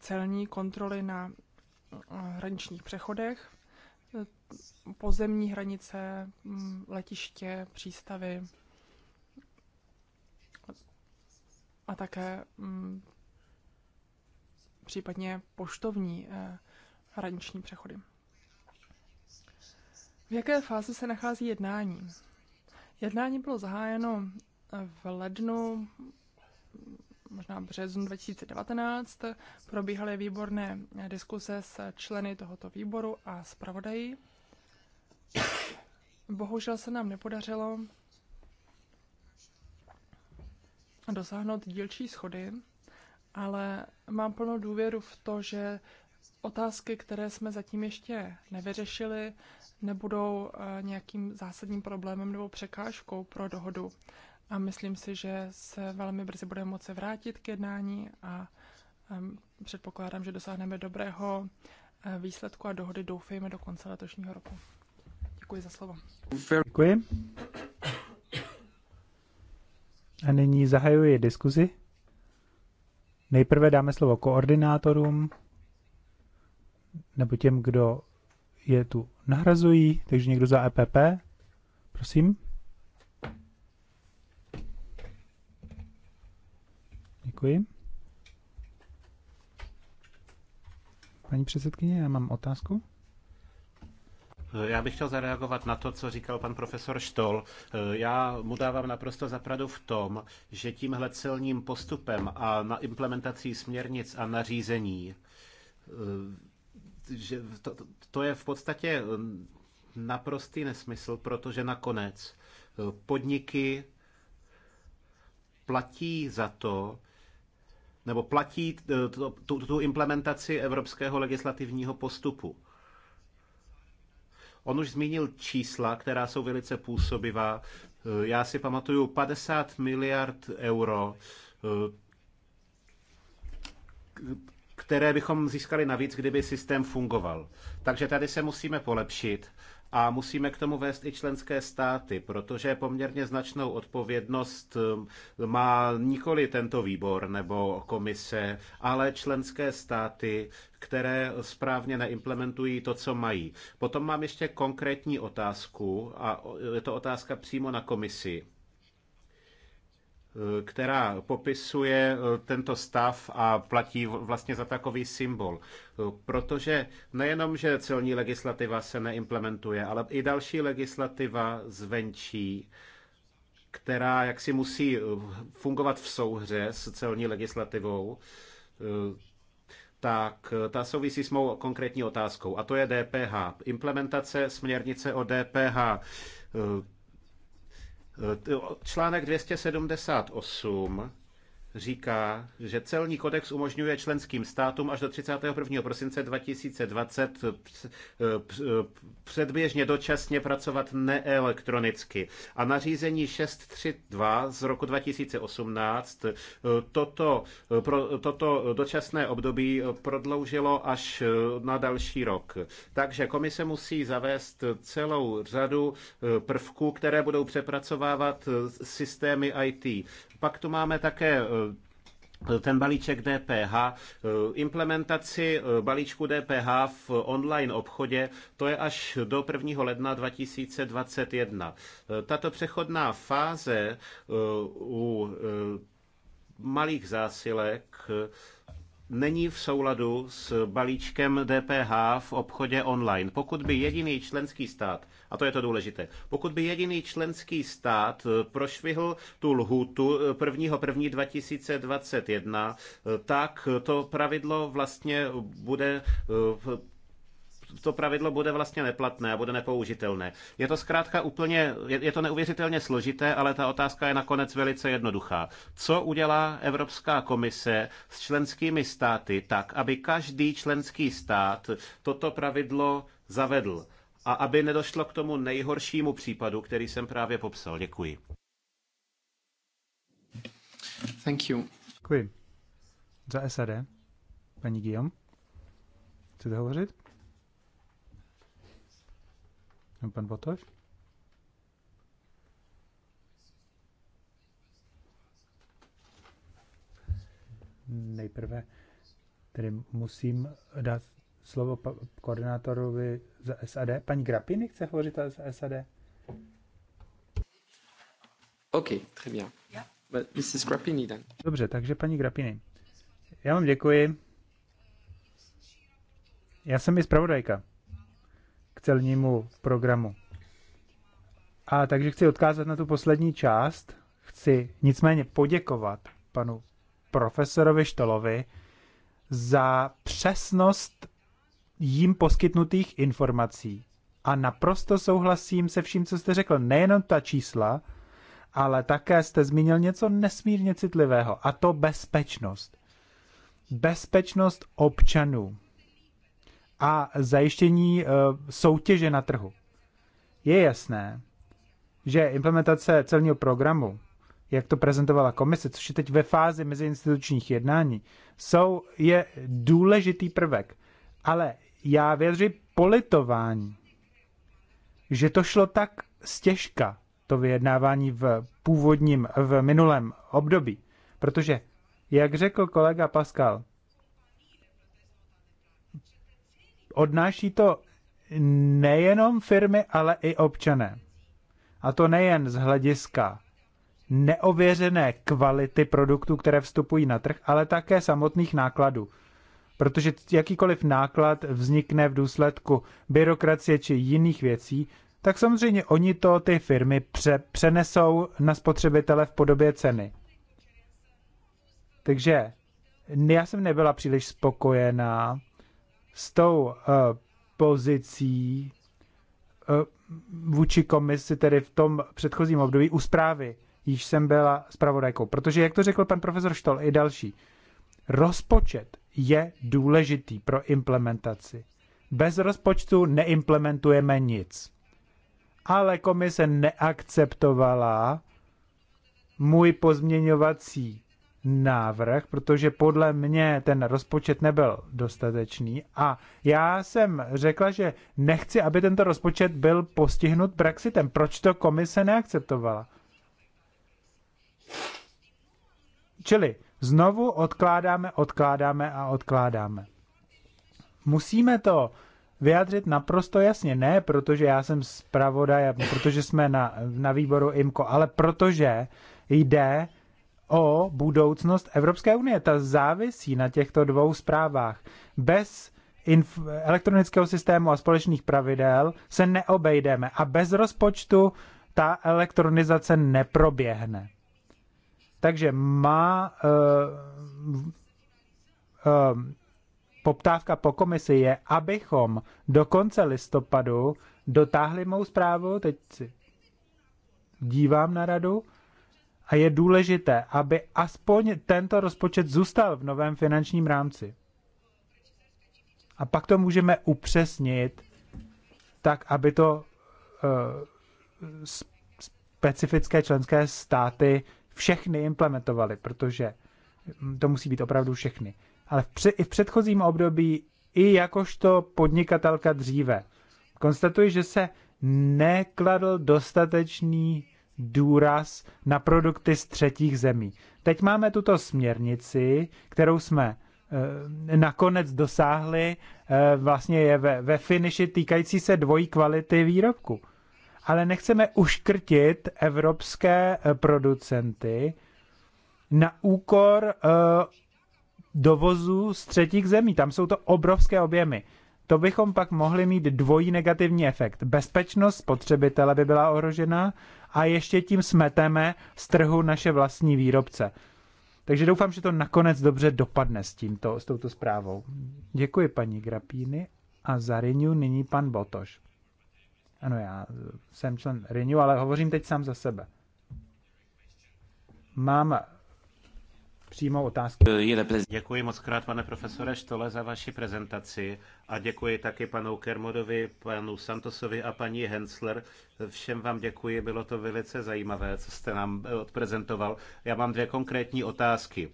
celní kontroly na eh, hraničních přechodech, pozemní hranice, mm, letiště, přístavy a také mm, případně poštovní hraniční přechody. V jaké fázi se nachází jednání? Jednání bylo zahájeno v lednu, možná březnu 2019. Probíhaly výborné diskuse s členy tohoto výboru a s pravodají. Bohužel se nám nepodařilo dosáhnout dílčí schody, ale mám plnou důvěru v to, že otázky, které jsme zatím ještě nevyřešili, nebudou eh, nějakým zásadním problémem nebo překážkou pro dohodu. A myslím si, že se velmi brzy budeme moci vrátit k jednání a předpokládám, že dosáhneme dobrého eh, výsledku a dohody doufejme do konce letošního roku. Děkuji za slovo. Děkuji. A nyní zahajuji diskuzi. Nejprve dáme slovo koordinátorům nebo těm, kdo je tu nahrazují, takže někdo za EPP, prosím. Děkuji. Paní předsedkyně, já mám otázku. Já bych chtěl zareagovat na to, co říkal pan profesor Štol. Já mu dávám naprosto zapravdu v tom, že tímhle celním postupem a na implementací směrnic a nařízení že to, to je v podstatě eh, naprostý nesmysl, protože nakonec eh, podniky platí za to, nebo platí eh, tu, tu implementaci evropského legislativního postupu. On už zmínil čísla, která jsou velice působivá. Já si pamatuju 50 miliard euro, které bychom získali navíc, kdyby systém fungoval. Takže tady se musíme polepšit a musíme k tomu vést i členské státy, protože poměrně značnou odpovědnost um, má nikoli tento výbor nebo komise, ale členské státy, které správně neimplementují to, co mají. Potom mám ještě konkrétní otázku a je to otázka přímo na komisi která popisuje eh, tento stav a platí vlastně za takový symbol. Protože nejenom, že celní legislativa se neimplementuje, ale i další legislativa zvenčí, která jaksi musí eh, fungovat v souhře s celní legislativou, eh, tak ta souvisí s mou konkrétní otázkou, a to je DPH. Implementace směrnice o DPH Eh, článek 278 říká, že celní kodex umožňuje členským státům až do 31. prosince 2020 předběžně dočasně pracovat neelektronicky. A nařízení 632 z roku 2018 e, toto, e, pro, toto dočasné období prodloužilo až e, na další rok. Takže komise musí zavést celou řadu prvků, které budou přepracovávat systémy IT. Pak tu máme také eh, ten balíček DPH, eh, implementaci eh, balíčku DPH v online obchodě, to je až do 1. ledna 2021. Tato přechodná fáze u malých zásilek není v souladu s balíčkem DPH v obchodě online. Pokud by jediný členský stát, a to je to důležité, pokud by jediný členský stát eh, prošvihl tu lhůtu 1.1.2021, eh, eh, tak to pravidlo vlastně bude to pravidlo bude vlastně neplatné a bude nepoužitelné. Je to zkrátka úplně, je, je to neuvěřitelně složité, ale ta otázka je nakonec velice jednoduchá. Co udělá Evropská komise s členskými státy tak, aby každý členský stát toto pravidlo zavedl a aby nedošlo k tomu nejhoršímu případu, který jsem právě popsal? Děkuji. Thank you. Děkuji. Za SAD, paní Guillaume, chcete hovořit? Pan Botoš? Nejprve tedy musím dát slovo koordinátorovi z SAD. Paní Grapiny chce hovořit z SAD? OK, très bien. Yeah. But Mrs. Grappini then. Dobře, takže paní Grapiny. Já vám děkuji. Já jsem i zpravodajka celnímu programu. A takže chci odkázat na tu poslední část. Chci nicméně poděkovat panu profesorovi Štolovi za přesnost jim poskytnutých informací. A naprosto souhlasím se vším, co jste řekl. Nejenom ta čísla, ale také jste zmínil něco nesmírně citlivého, a to bezpečnost. Bezpečnost občanů a zajištění eh, soutěže na trhu. Je jasné, že implementace celního programu, jak to prezentovala komise, což je teď ve fázi meziinstitučních jednání, jsou, je důležitý prvek. Ale já věřím politování, že to šlo tak stěžka, to vyjednávání v původním, v minulém období. Protože, jak řekl kolega Pascal, odnáší to nejenom firmy, ale i občané. A to nejen z hlediska neověřené kvality produktů, které vstupují na trh, ale také samotných nákladů. Protože jakýkoliv náklad vznikne v důsledku byrokracie či jiných věcí, tak samozřejmě oni to ty firmy pře- přenesou na spotřebitele v podobě ceny. Takže já jsem nebyla příliš spokojená s tou eh, pozicí eh, vůči komisi, tedy v tom předchozím období u zprávy, již jsem byla zpravodajkou. Protože, jak to řekl pan profesor Štol i další, rozpočet je důležitý pro implementaci. Bez rozpočtu neimplementujeme nic. Ale komise neakceptovala můj pozměňovací návrh, protože podle mě ten rozpočet nebyl dostatečný a já jsem řekla, že nechci, aby tento rozpočet byl postihnut Brexitem. Proč to komise neakceptovala? Čili znovu odkládáme, odkládáme a odkládáme. Musíme to vyjádřit naprosto jasně. Ne, protože já jsem zpravodaj, protože jsme na, na výboru IMKO, ale protože jde o budoucnost Evropské unie. Ta závisí na těchto dvou zprávách. Bez elektronického systému a společných pravidel se neobejdeme a bez rozpočtu ta elektronizace neproběhne. Takže má uh, uh, poptávka po komisi je, abychom do konce listopadu dotáhli mou zprávu, teď si dívám na radu, a je důležité, aby aspoň tento rozpočet zůstal v novém finančním rámci. A pak to můžeme upřesnit tak, aby to uh, specifické členské státy všechny implementovaly, protože hm, to musí být opravdu všechny. Ale v, při, i v předchozím období, i jakožto podnikatelka dříve, konstatuji, že se nekladl dostatečný důraz na produkty z třetích zemí. Teď máme tuto směrnici, kterou jsme eh, nakonec dosáhli, eh, vlastně je ve, ve finiši týkající se dvojí kvality výrobku. Ale nechceme uškrtit evropské eh, producenty na úkor dovozu z třetích zemí. Tam jsou to obrovské objemy to bychom pak mohli mít dvojí negativní efekt. Bezpečnost spotřebitele by byla ohrožena a ještě tím smeteme z trhu naše vlastní výrobce. Takže doufám, že to nakonec dobře dopadne s, tímto, s touto zprávou. Děkuji paní Grapíny a za Renew nyní pan Botoš. Ano, já jsem člen Renew, ale hovořím teď sám za sebe. Mám přímo otázky. Děkuji moc krát, pane profesore Štole, za vaši prezentaci a děkuji taky panu Kermodovi, panu Santosovi a paní Hensler. Všem vám děkuji, bylo to velice zajímavé, co jste nám eh, odprezentoval. Já mám dvě konkrétní otázky.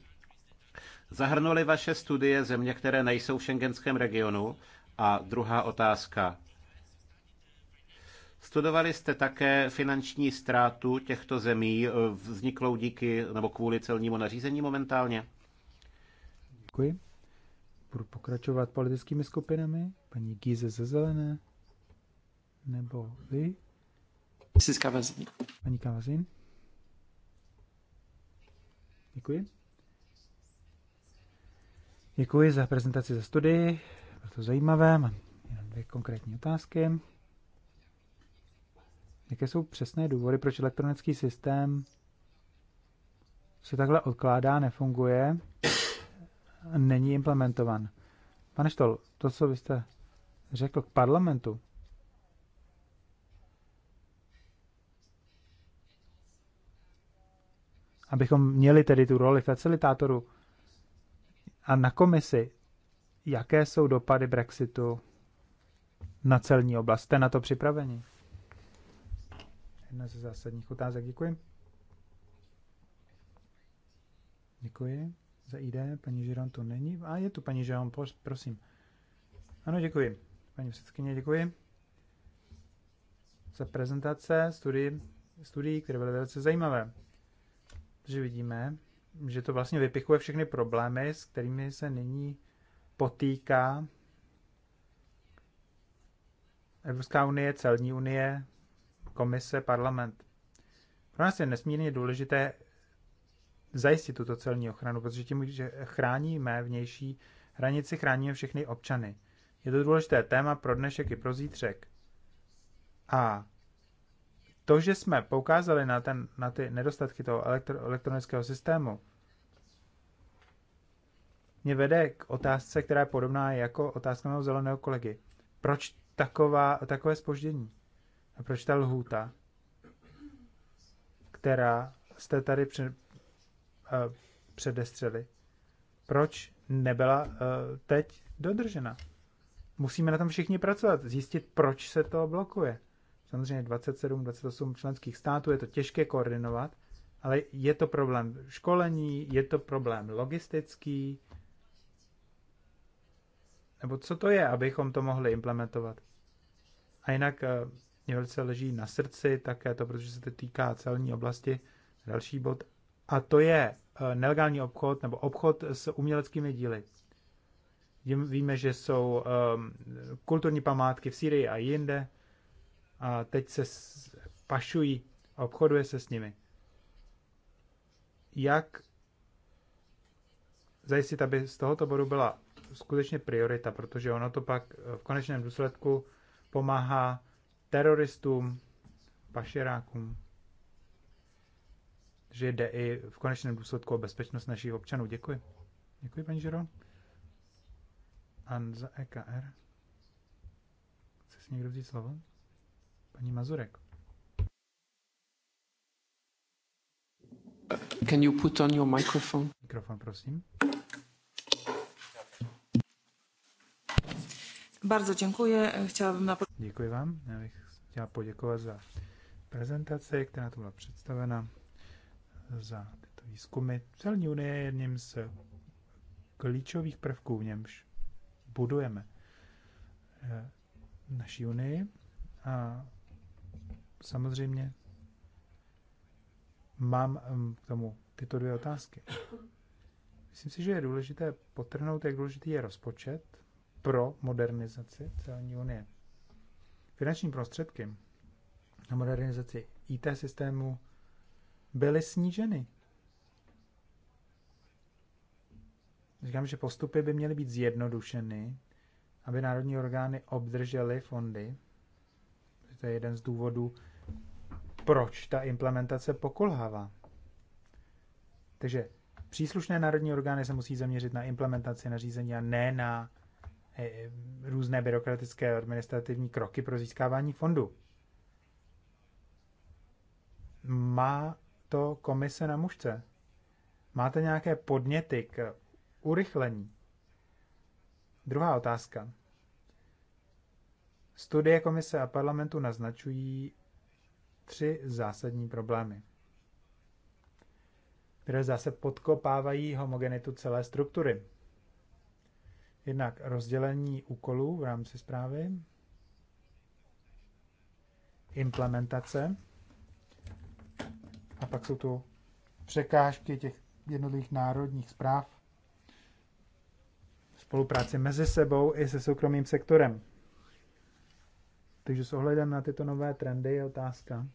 Zahrnuly vaše studie země, které nejsou v šengenském regionu? A druhá otázka. Studovali jste také finanční ztrátu těchto zemí e, vzniklou díky nebo kvůli celnímu nařízení momentálně? Děkuji. Budu pokračovat politickými skupinami. Paní Gíze ze Zelené. Nebo vy? Mrs. Kavazin. Paní Kavazin. Děkuji. Děkuji za prezentaci za studii. Bylo to zajímavé. Mám jenom dvě konkrétní otázky. Jaké jsou přesné důvody, proč elektronický systém se takhle odkládá, nefunguje, není implementovan? Pane Štol, to, co vy jste řekl k parlamentu, abychom měli tedy tu roli facilitátoru a na komisi, jaké jsou dopady Brexitu na celní oblast. Jste na to připraveni? jedna ze zásadních otázek. Děkuji. Děkuji za ID. Paní Žiron tu není. A je tu paní Žiron, prosím. Ano, děkuji. Paní předsedkyně, děkuji za prezentace studii, studii, které byly velice zajímavé. Protože vidíme, že to vlastně vypichuje všechny problémy, s kterými se nyní potýká Evropská unie, celní unie, komise, parlament. Pro nás je nesmírně důležité zajistit tuto celní ochranu, protože tím, že chráníme vnější hranici, chráníme všechny občany. Je to důležité téma pro dnešek i pro zítřek. A to, že jsme poukázali na, ten, na ty nedostatky toho elektro, elektronického systému, mě vede k otázce, která je podobná jako otázka mého zeleného kolegy. Proč taková, takové spoždění? A proč ta lhůta, která jste tady před, uh, eh, předestřeli, proč nebyla uh, teď dodržena? Musíme na tom všichni pracovat, zjistit, proč se to blokuje. Samozřejmě 27, 28 členských států je to těžké koordinovat, ale je to problém školení, je to problém logistický, nebo co to je, abychom to mohli implementovat. A jinak eh, mě velice leží na srdci, také to, protože se to týká celní oblasti, další bod, a to je e, nelegální obchod nebo obchod s uměleckými díly. Víme, že jsou um, kulturní památky v Syrii a jinde a teď se pašují a obchoduje se s nimi. Jak zajistit, aby z tohoto bodu byla skutečně priorita, protože ono to pak v konečném důsledku pomáhá teroristům, pašerákům, že jde i v konečném důsledku o bezpečnost našich občanů. Děkuji. Děkuji, paní Žero. An za EKR. Chce si někdo vzít slovo? Paní Mazurek. Can you put on your microphone? Mikrofon, prosím. Bardzo dziękuję. Chciałabym na... Dziękuję vám. Já bych chciała poděkovat za prezentaci, která tu byla představena, za tyto výzkumy. Celní unie je jedním z klíčových prvků, v němž budujeme eh, naší unii a samozřejmě mám ehm, k tomu tyto dvě otázky. Myslím si, že je důležité potrhnout, jak důležitý je rozpočet pro modernizaci celní unie. Finanční prostředky na modernizaci IT systému byly sníženy. Říkám, že postupy by měly být zjednodušeny, aby národní orgány obdržely fondy. To je jeden z důvodů, proč ta implementace pokulhává. Takže příslušné národní orgány se musí zaměřit na implementaci nařízení a ne na Eh, různé byrokratické administrativní kroky pro získávání fondu. Má to komise na mužce? Máte nějaké podněty k urychlení? Druhá otázka. Studie komise a parlamentu naznačují tři zásadní problémy, které zase podkopávají homogenitu celé struktury Jednak rozdělení úkolů v rámci zprávy, implementace a pak jsou tu překážky těch jednotlivých národních zpráv, spolupráci mezi sebou i se soukromým sektorem. Takže s ohledem na tyto nové trendy je otázka,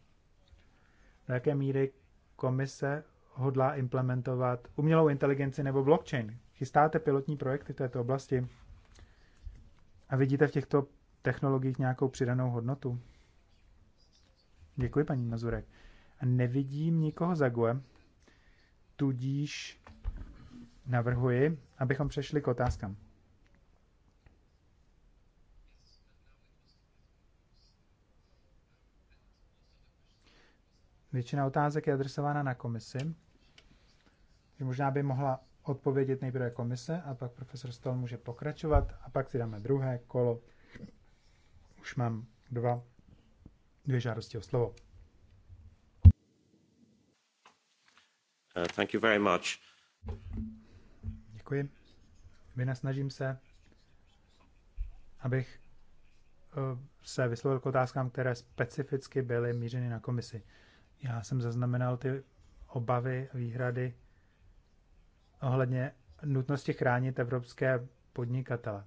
do jaké míry komise hodlá implementovat umělou inteligenci nebo blockchain, chystáte pilotní projekty v této oblasti a vidíte v těchto technologiích nějakou přidanou hodnotu? Děkuji, paní Mazurek. A nevidím nikoho za GUE, tudíž navrhuji, abychom přešli k otázkám. Většina otázek je adresována na komisi, možná by mohla odpovědět nejprve komise a pak profesor Stol může pokračovat a pak si dáme druhé kolo. Už mám dva, dvě žádosti o slovo. Uh, thank you very much. Děkuji. Vynasnažím se, abych uh, se vyslovil k otázkám, které specificky byly mířeny na komisi. Já jsem zaznamenal ty obavy, výhrady ohledně nutnosti chránit evropské podnikatele.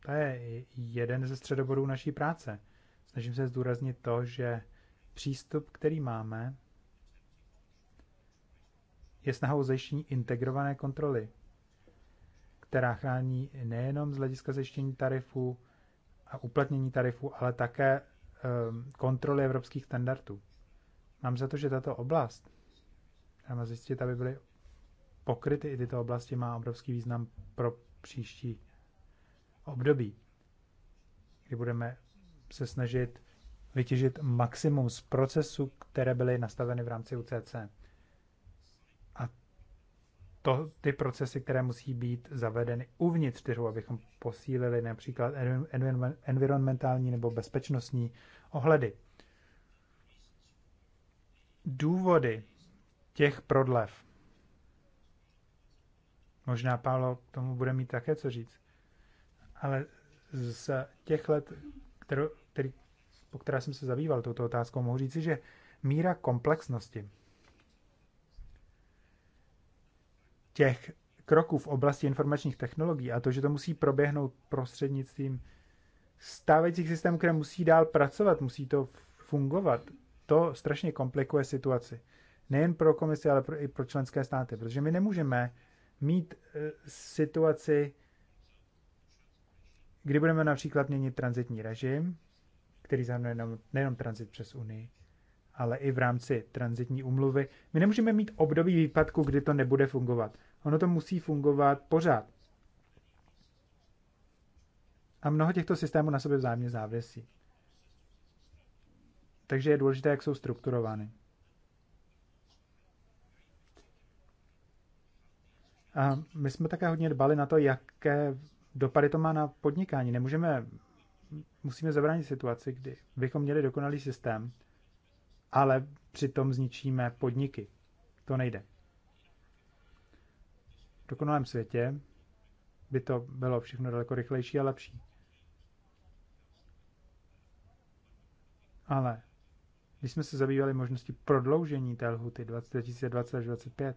To je jeden ze středobodů naší práce. Snažím se zdůraznit to, že přístup, který máme, je snahou zajištění integrované kontroly, která chrání nejenom z hlediska zajištění tarifů a uplatnění tarifů, ale také ehm, kontroly evropských standardů. Mám za to, že tato oblast, která má zjistit, aby byly pokryty i tyto oblasti má obrovský význam pro příští období, kdy budeme se snažit vytěžit maximum z procesů, které byly nastaveny v rámci UCC. A to, ty procesy, které musí být zavedeny uvnitř čtyřů, abychom posílili například environmentální nebo bezpečnostní ohledy. Důvody těch prodlev Možná Pálo k tomu bude mít také co říct. Ale z těch let, kterou, který, po které jsem se zabýval touto otázkou, mohu říci, že míra komplexnosti těch kroků v oblasti informačních technologií a to, že to musí proběhnout prostřednictvím stávajících systémů, které musí dál pracovat, musí to fungovat, to strašně komplikuje situaci. Nejen pro komisi, ale pro, i pro členské státy, protože my nemůžeme mít eh, situaci, kdy budeme například měnit transitní režim, který zahrnuje nejenom, nejenom transit přes Unii, ale i v rámci transitní umluvy. My nemůžeme mít období výpadku, kdy to nebude fungovat. Ono to musí fungovat pořád. A mnoho těchto systémů na sobě vzájemně závisí. Takže je důležité, jak jsou strukturovány. A my jsme také hodně dbali na to, jaké dopady to má na podnikání. Nemůžeme, musíme zabránit situaci, kdy bychom měli dokonalý systém, ale přitom zničíme podniky. To nejde. V dokonalém světě by to bylo všechno daleko rychlejší a lepší. Ale když jsme se zabývali možností prodloužení té lhuty 2025,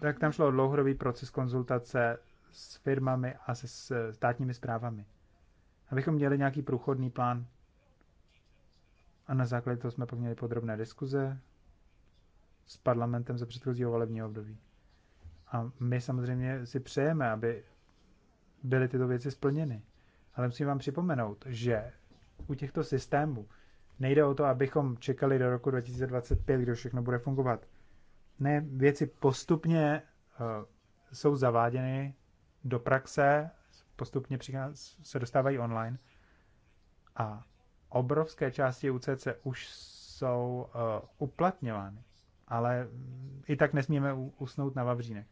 tak tam šlo o dlouhodobý proces konzultace s firmami a se s státními zprávami. Abychom měli nějaký průchodný plán. A na základě toho jsme pak měli podrobné diskuze s parlamentem za předchozího volebního období. A my samozřejmě si přejeme, aby byly tyto věci splněny. Ale musím vám připomenout, že u těchto systémů nejde o to, abychom čekali do roku 2025, kdy všechno bude fungovat. Ne, věci postupně eh, jsou zaváděny do praxe, postupně se dostávají online a obrovské části UCC už jsou uh, uplatňovány, ale i tak nesmíme usnout na Vavřínech.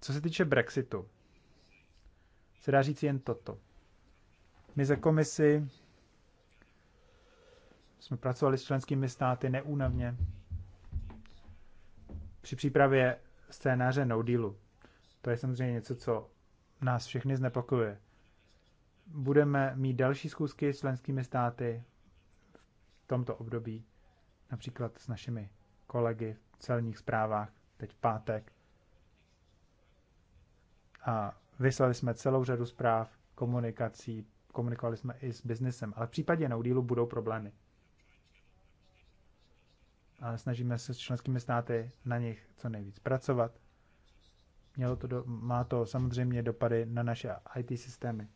Co se týče Brexitu, se dá říct jen toto. My za komisi jsme pracovali s členskými státy neúnavně, při přípravě scénáře No Dealu. To je samozřejmě něco, co nás všechny znepokojuje. Budeme mít další zkusky s členskými státy v tomto období, například s našimi kolegy v celních zprávách, teď pátek. A vyslali jsme celou řadu zpráv, komunikací, komunikovali jsme i s biznesem, ale v případě no dealu budou problémy ale snažíme se s členskými státy na nich co nejvíc pracovat. Mělo to do, má to samozřejmě dopady na naše IT systémy.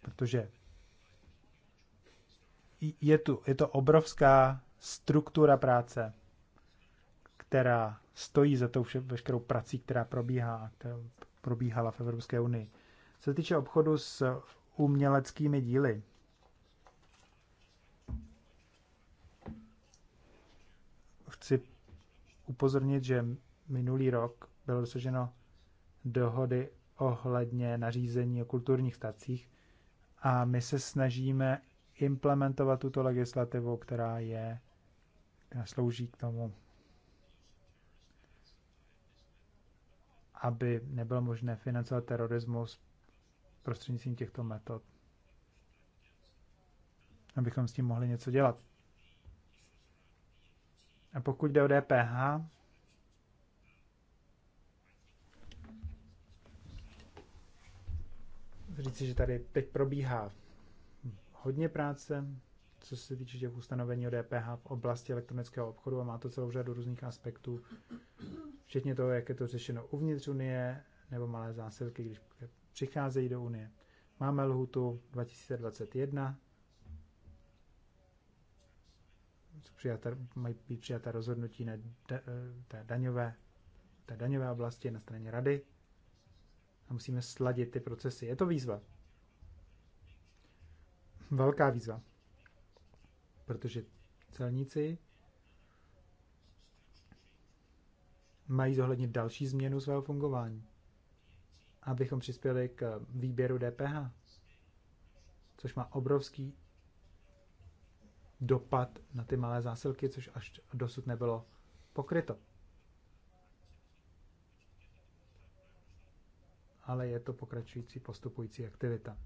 Protože je, tu, je to obrovská struktura práce, která stojí za tou vše, veškerou prací, která probíhá, která probíhala v Evropské unii se týče obchodu s uměleckými díly, chci upozornit, že minulý rok bylo dosaženo dohody ohledně nařízení o kulturních stacích a my se snažíme implementovat tuto legislativu, která je, která slouží k tomu, aby nebylo možné financovat terorismus prostřednictvím těchto metod, abychom s tím mohli něco dělat. A pokud jde o DPH, říci, že tady teď probíhá hodně práce, co se týče těch ustanovení o DPH v oblasti elektronického obchodu a má to celou řadu různých aspektů, včetně toho, jak je to řešeno uvnitř Unie, nebo malé zásilky, když přicházejí do Unie. Máme lhutu 2021, přijata, mají být přijata rozhodnutí na da, té, daňové, té daňové oblasti na straně rady a musíme sladit ty procesy. Je to výzva. Velká výzva. Protože celníci mají zohlednit další změnu svého fungování abychom přispěli k výběru DPH, což má obrovský dopad na ty malé zásilky, což až dosud nebylo pokryto. Ale je to pokračující postupující aktivita.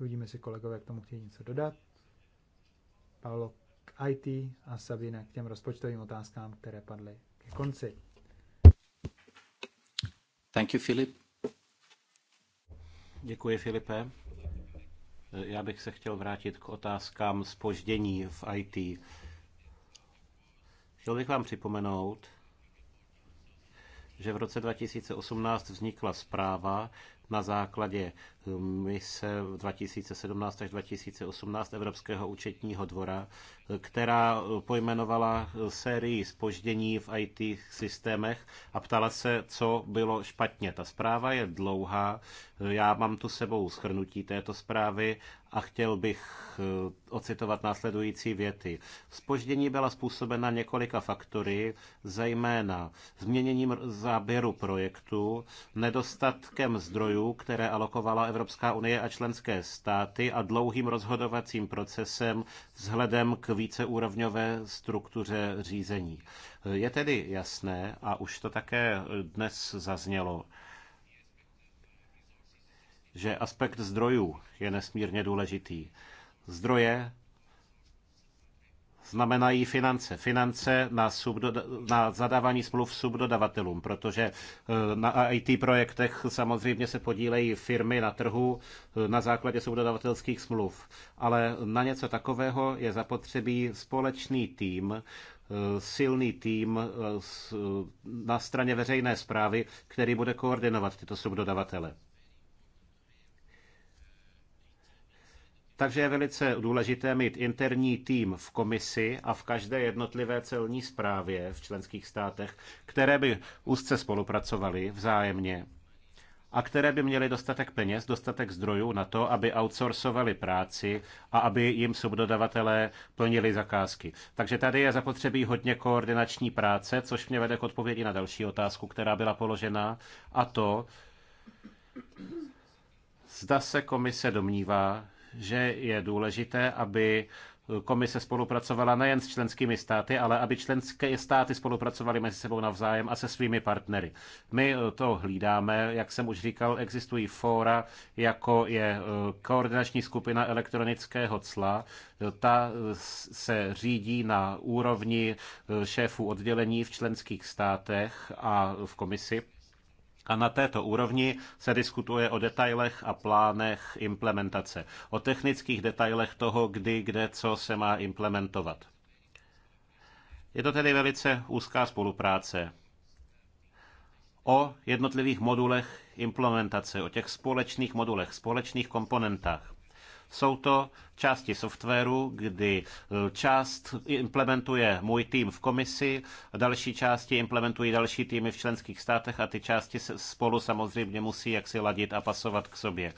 Uvidíme si kolegové k tomu chtějí něco dodat. Paolo IT a Sabine k těm rozpočtovým otázkám, které padly ke konci. Thank you, Filip. Děkuji, Filipe. Já bych se chtěl vrátit k otázkám spoždění v IT. Chtěl bych vám připomenout, že v roce 2018 vznikla zpráva, na základě um, mise 2017 až 2018 Evropského účetního dvora, která pojmenovala sérii spoždění v IT systémech a ptala se, co bylo špatně. Ta zpráva je dlouhá, já mám tu sebou schrnutí této zprávy a chtěl bych eh, ocitovat následující věty. Spoždění byla způsobena několika faktory, zejména změněním záběru projektu, nedostatkem zdrojů, fondů, které alokovala Evropská unie a členské státy a dlouhým rozhodovacím procesem vzhledem k víceúrovňové struktuře řízení. Je tedy jasné, a už to také dnes zaznělo, že aspekt zdrojů je nesmírně důležitý. Zdroje znamenají finance. Finance na, subdoda- na zadávání smluv subdodavatelům, protože eh, na IT projektech samozřejmě se podílejí firmy na trhu eh, na základě subdodavatelských smluv. Ale na něco takového je zapotřebí společný tým, eh, silný tým na straně veřejné zprávy, který bude koordinovat tyto subdodavatele. Takže je velice důležité mít interní tým v komisi a v každé jednotlivé celní správě v členských státech, které by úzce spolupracovaly vzájemně a které by měly dostatek peněz, dostatek zdrojů na to, aby outsourcovali práci a aby jim subdodavatelé plnili zakázky. Takže tady je zapotřebí hodně koordinační práce, což mě vede k odpovědi na další otázku, která byla položena, a to, zda se komise domnívá, že je důležité, aby komise spolupracovala nejen s členskými státy, ale aby členské státy spolupracovaly mezi sebou navzájem a se svými partnery. My eh, to hlídáme, jak jsem už říkal, existují fóra, jako je eh, koordinační skupina elektronického cla. Eh, ta se řídí na úrovni šéfů oddělení v členských státech a v komisi a na této úrovni se diskutuje o detailech a plánech implementace, o technických detailech toho, kdy, kde, co se má implementovat. Je to tedy velice úzká spolupráce o jednotlivých modulech implementace, o těch společných modulech, společných komponentách. Jsou to části softwaru, kdy e, část implementuje můj tým v komisi, další části implementují další týmy v členských státech a ty části spolu samozřejmě musí jaksi ladit a pasovat k sobě.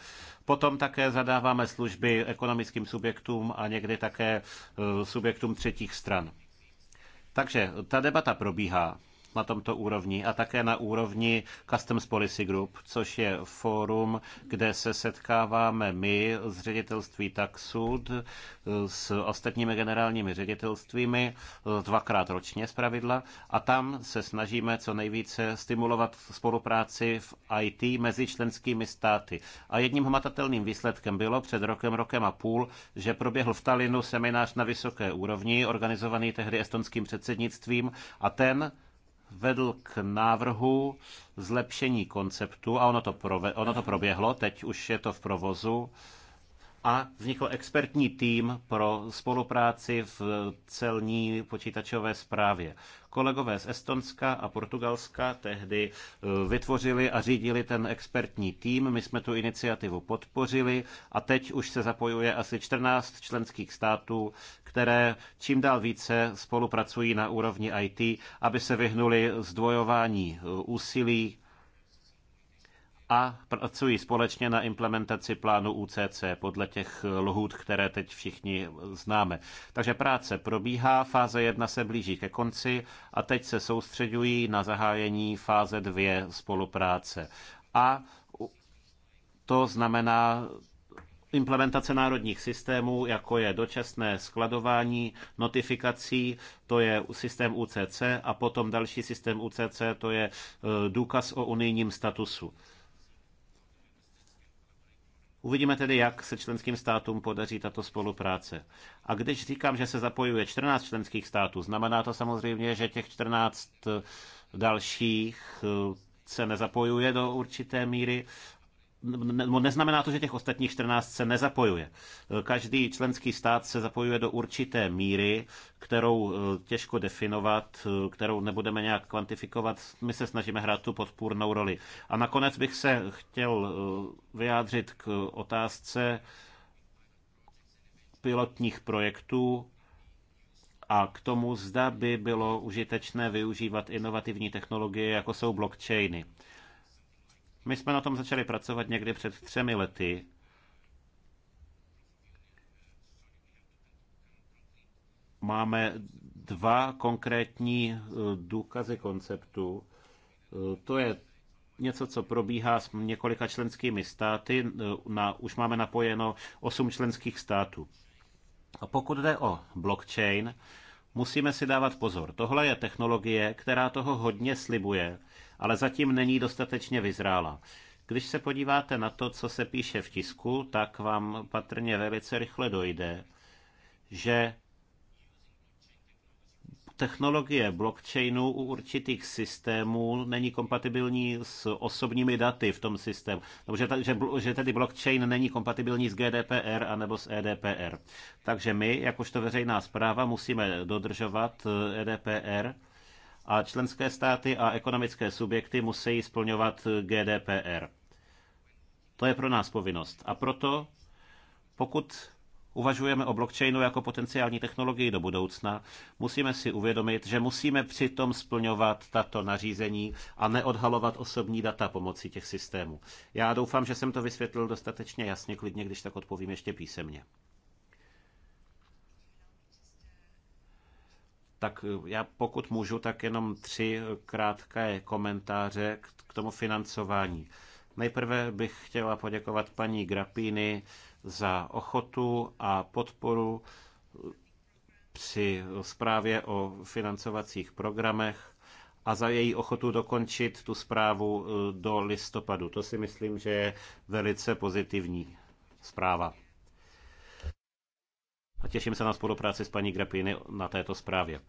Potom také zadáváme služby ekonomickým subjektům a někdy také e, subjektům třetích stran. Takže ta debata probíhá na tomto úrovni a také na úrovni Customs Policy Group, což je fórum, kde se setkáváme my z ředitelství TaxSud s ostatními generálními ředitelstvími eh, dvakrát ročně zpravidla a tam se snažíme co nejvíce stimulovat spolupráci v IT mezi členskými státy. A jedním hmatatelným výsledkem bylo před rokem, rokem a půl, že proběhl v Talinu seminář na vysoké úrovni, organizovaný tehdy estonským předsednictvím a ten vedl k návrhu zlepšení konceptu a ono to, prove, ono to proběhlo, teď už je to v provozu a vznikl expertní tým pro spolupráci v celní počítačové správě. Kolegové z Estonska a Portugalska tehdy e, vytvořili a řídili ten expertní tým. My jsme tu iniciativu podpořili a teď už se zapojuje asi 14 členských států, které čím dál více spolupracují na úrovni IT, aby se vyhnuli zdvojování e, úsilí a pracují společně na implementaci plánu UCC podle těch lhůt, které teď všichni známe. Takže práce probíhá, fáze 1 se blíží ke konci a teď se soustředují na zahájení fáze 2 spolupráce. A to znamená implementace národních systémů, jako je dočasné skladování notifikací, to je systém UCC, a potom další systém UCC, to je e, důkaz o unijním statusu. Uvidíme tedy, jak se členským státům podaří tato spolupráce. A když říkám, že se zapojuje 14 členských států, znamená to samozřejmě, že těch 14 dalších eh, se nezapojuje do určité míry ne, neznamená to, že těch ostatních 14 se nezapojuje. Každý členský stát se zapojuje do určité míry, kterou eh, těžko definovat, eh, kterou nebudeme nějak kvantifikovat. My se snažíme hrát tu podpůrnou roli. A nakonec bych se chtěl eh, vyjádřit k otázce pilotních projektů a k tomu, zda by bylo užitečné využívat inovativní technologie, jako jsou blockchainy. My jsme na tom začali pracovat někdy před třemi lety. Máme dva konkrétní eh, důkazy konceptu. Eh, to je něco, co probíhá s několika členskými státy. Eh, na, už máme napojeno osm členských států. A pokud jde o blockchain, musíme si dávat pozor. Tohle je technologie, která toho hodně slibuje ale zatím není dostatečně vyzrála. Když se podíváte na to, co se píše v tisku, tak vám patrně velice rychle dojde, že technologie blockchainu u určitých systémů není kompatibilní s osobními daty v tom systému. Nebo že, že, že tedy blockchain není kompatibilní s GDPR anebo s EDPR. Takže my, jakožto veřejná zpráva, musíme dodržovat EDPR e a členské státy a ekonomické subjekty musí splňovat GDPR. To je pro nás povinnost. A proto, pokud uvažujeme o blockchainu jako potenciální technologii do budoucna, musíme si uvědomit, že musíme přitom splňovat tato nařízení a neodhalovat osobní data pomocí těch systémů. Já doufám, že jsem to vysvětlil dostatečně jasně, klidně, když tak odpovím ještě písemně. tak eh, já pokud můžu, tak jenom tři krátké komentáře k tomu financování. Nejprve bych chtěla poděkovat paní Grapíny za ochotu a podporu eh, při zprávě o financovacích programech a za její ochotu dokončit tu zprávu eh, do listopadu. To si myslím, že je velice pozitivní zpráva. A těším se na spolupráci s paní Grapiny na této zprávě.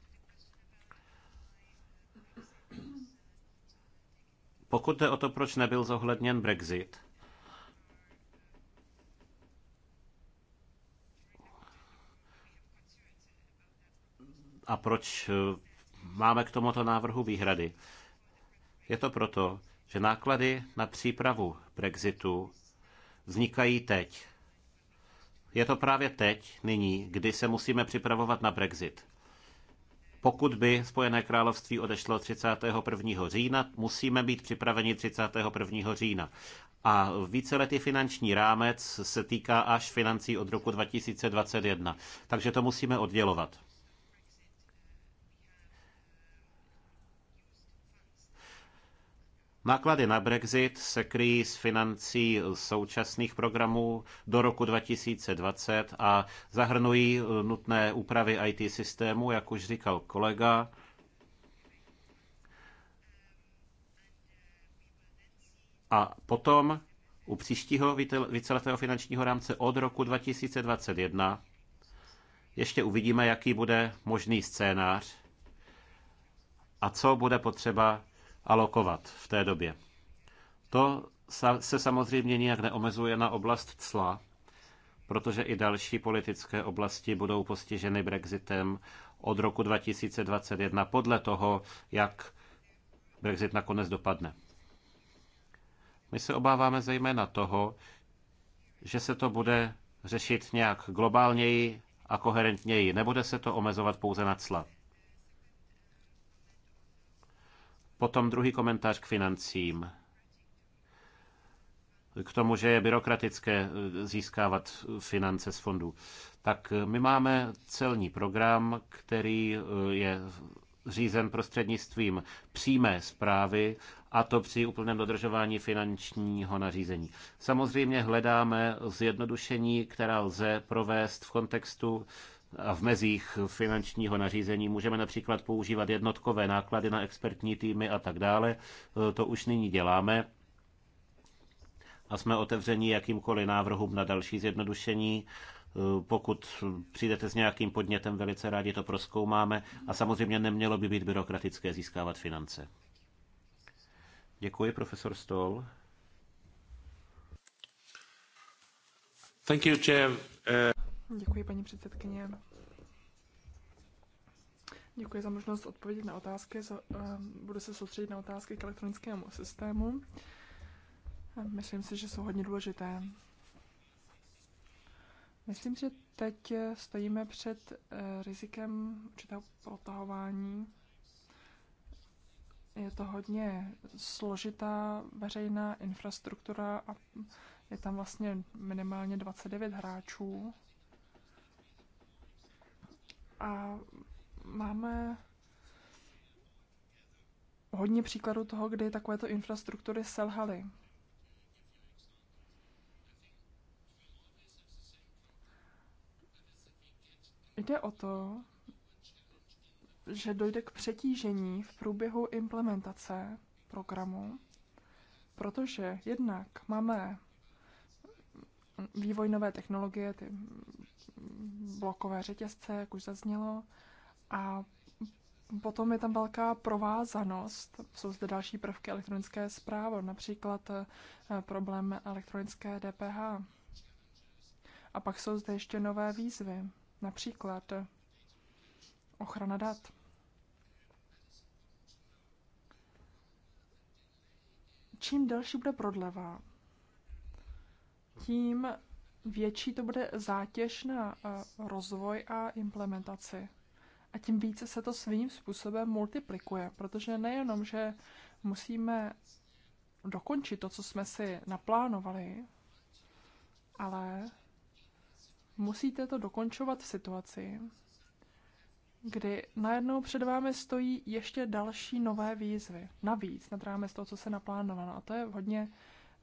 Pokud jde o to, proč nebyl zohledněn Brexit, a proč eh, máme k tomuto návrhu výhrady. Je to proto, že náklady na přípravu Brexitu vznikají teď. Je to právě teď, nyní, kdy se musíme připravovat na Brexit. Pokud by Spojené království odešlo 31. října, musíme být připraveni 31. října. A víceletý finanční rámec se týká až financí od roku 2021. Takže to musíme oddělovat. Náklady na Brexit se kryjí s financí současných programů do roku 2020 a zahrnují eh, nutné úpravy IT systému, jak už říkal kolega. A potom u příštího víceletého finančního rámce od roku 2021 ještě uvidíme, jaký bude možný scénář a co bude potřeba alokovat v té době. To se samozřejmě nijak neomezuje na oblast cla, protože i další politické oblasti budou postiženy Brexitem od roku 2021 podle toho, jak Brexit nakonec dopadne. My se obáváme zejména toho, že se to bude řešit nějak globálněji a koherentněji. Nebude se to omezovat pouze na cla. Potom druhý komentář k financím. K tomu, že je byrokratické eh, získávat finance z fondů. Tak eh, my máme celní program, který eh, je řízen prostřednictvím přímé zprávy a to při úplném dodržování finančního nařízení. Samozřejmě hledáme zjednodušení, která lze provést v kontextu a v mezích finančního nařízení můžeme například používat jednotkové náklady na expertní týmy a tak dále. E, to už nyní děláme a jsme otevření jakýmkoliv návrhům na další zjednodušení. E, pokud přijdete s nějakým podnětem, velice rádi to proskoumáme a samozřejmě nemělo by být byrokratické získávat finance. Děkuji, profesor Stoll. Thank you, Jim. Uh... Děkuji, paní předsedkyně. Děkuji za možnost odpovědět na otázky. Eh, budu se soustředit na otázky k elektronickému systému. Myslím si, že jsou hodně důležité. Myslím, že teď stojíme před eh, rizikem určitého protahování. Je to hodně složitá veřejná infrastruktura a je tam vlastně minimálně 29 hráčů. A máme hodně příkladů toho, kdy takovéto infrastruktury selhaly. Jde o to, že dojde k přetížení v průběhu implementace programu, protože jednak máme vývoj nové technologie, ty blokové řetězce, jak už zaznělo, a Potom je tam velká provázanost. Jsou zde další prvky elektronické zprávy, například eh, problém elektronické DPH. A pak jsou zde ještě nové výzvy, například eh, ochrana dat. Čím delší bude prodleva, tím větší to bude zátěž na eh, rozvoj a implementaci. A tím více se to svým způsobem multiplikuje, protože nejenom, že musíme dokončit to, co jsme si naplánovali, ale musíte to dokončovat v situaci, kdy najednou před vámi stojí ještě další nové výzvy. Navíc nad rámec toho, co se naplánovalo. A to je hodně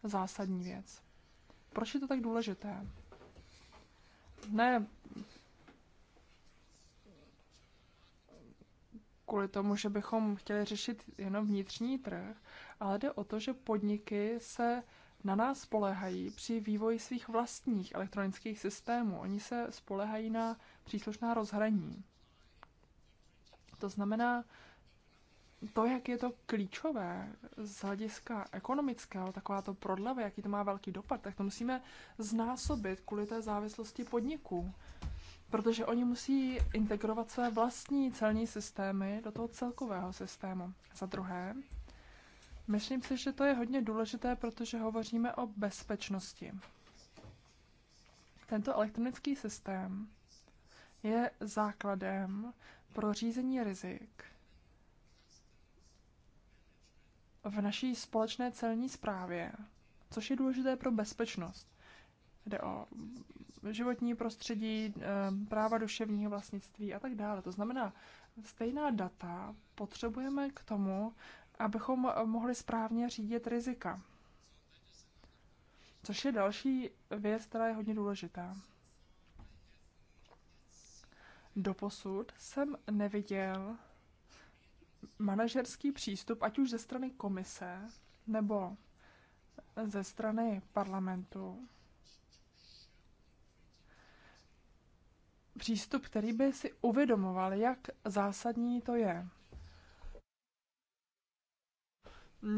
zásadní věc. Proč je to tak důležité? Ne kvůli tomu, že bychom chtěli řešit jenom vnitřní trh, ale jde o to, že podniky se na nás spolehají při vývoji svých vlastních elektronických systémů. Oni se spolehají na příslušná rozhraní. To znamená, to, jak je to klíčové z hlediska ekonomického, taková to prodleva, jaký to má velký dopad, tak to musíme znásobit kvůli té závislosti podniků. Protože oni musí integrovat své vlastní celní systémy do toho celkového systému. Za druhé, myslím si, že to je hodně důležité, protože hovoříme o bezpečnosti. Tento elektronický systém je základem pro řízení rizik v naší společné celní správě, což je důležité pro bezpečnost. Jde o životní prostředí, eh, práva duševního vlastnictví a tak dále. To znamená, stejná data potřebujeme k tomu, abychom mohli správně řídit rizika. Což je další věc, která je hodně důležitá. Doposud jsem neviděl manažerský přístup, ať už ze strany komise nebo ze strany parlamentu, přístup, který by si uvědomoval, jak zásadní to je.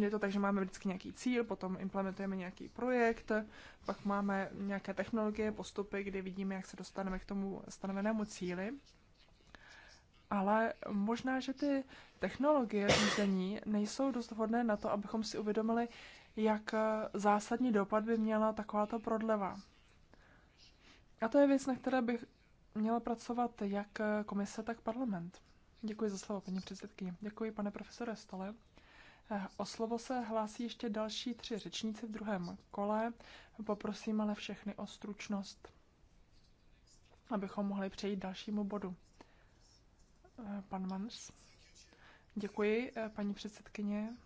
Je to tak, že máme vždycky nějaký cíl, potom implementujeme nějaký projekt, pak máme nějaké technologie, postupy, kdy vidíme, jak se dostaneme k tomu stanovenému cíli ale možná, že ty technologie řízení nejsou dost vhodné na to, abychom si uvědomili, jak eh, zásadní dopad by měla takováto prodleva. A to je věc, na které bych měla pracovat jak eh, komise, tak parlament. Děkuji za slovo, paní předsedkyně. Děkuji, pane profesore Stole. Eh, o slovo se hlásí ještě další tři řečníci v druhém kole. Poprosím ale všechny o stručnost, abychom mohli přejít dalšímu bodu. Eh, pan Mans. Děkuji, eh, paní předsedkyně.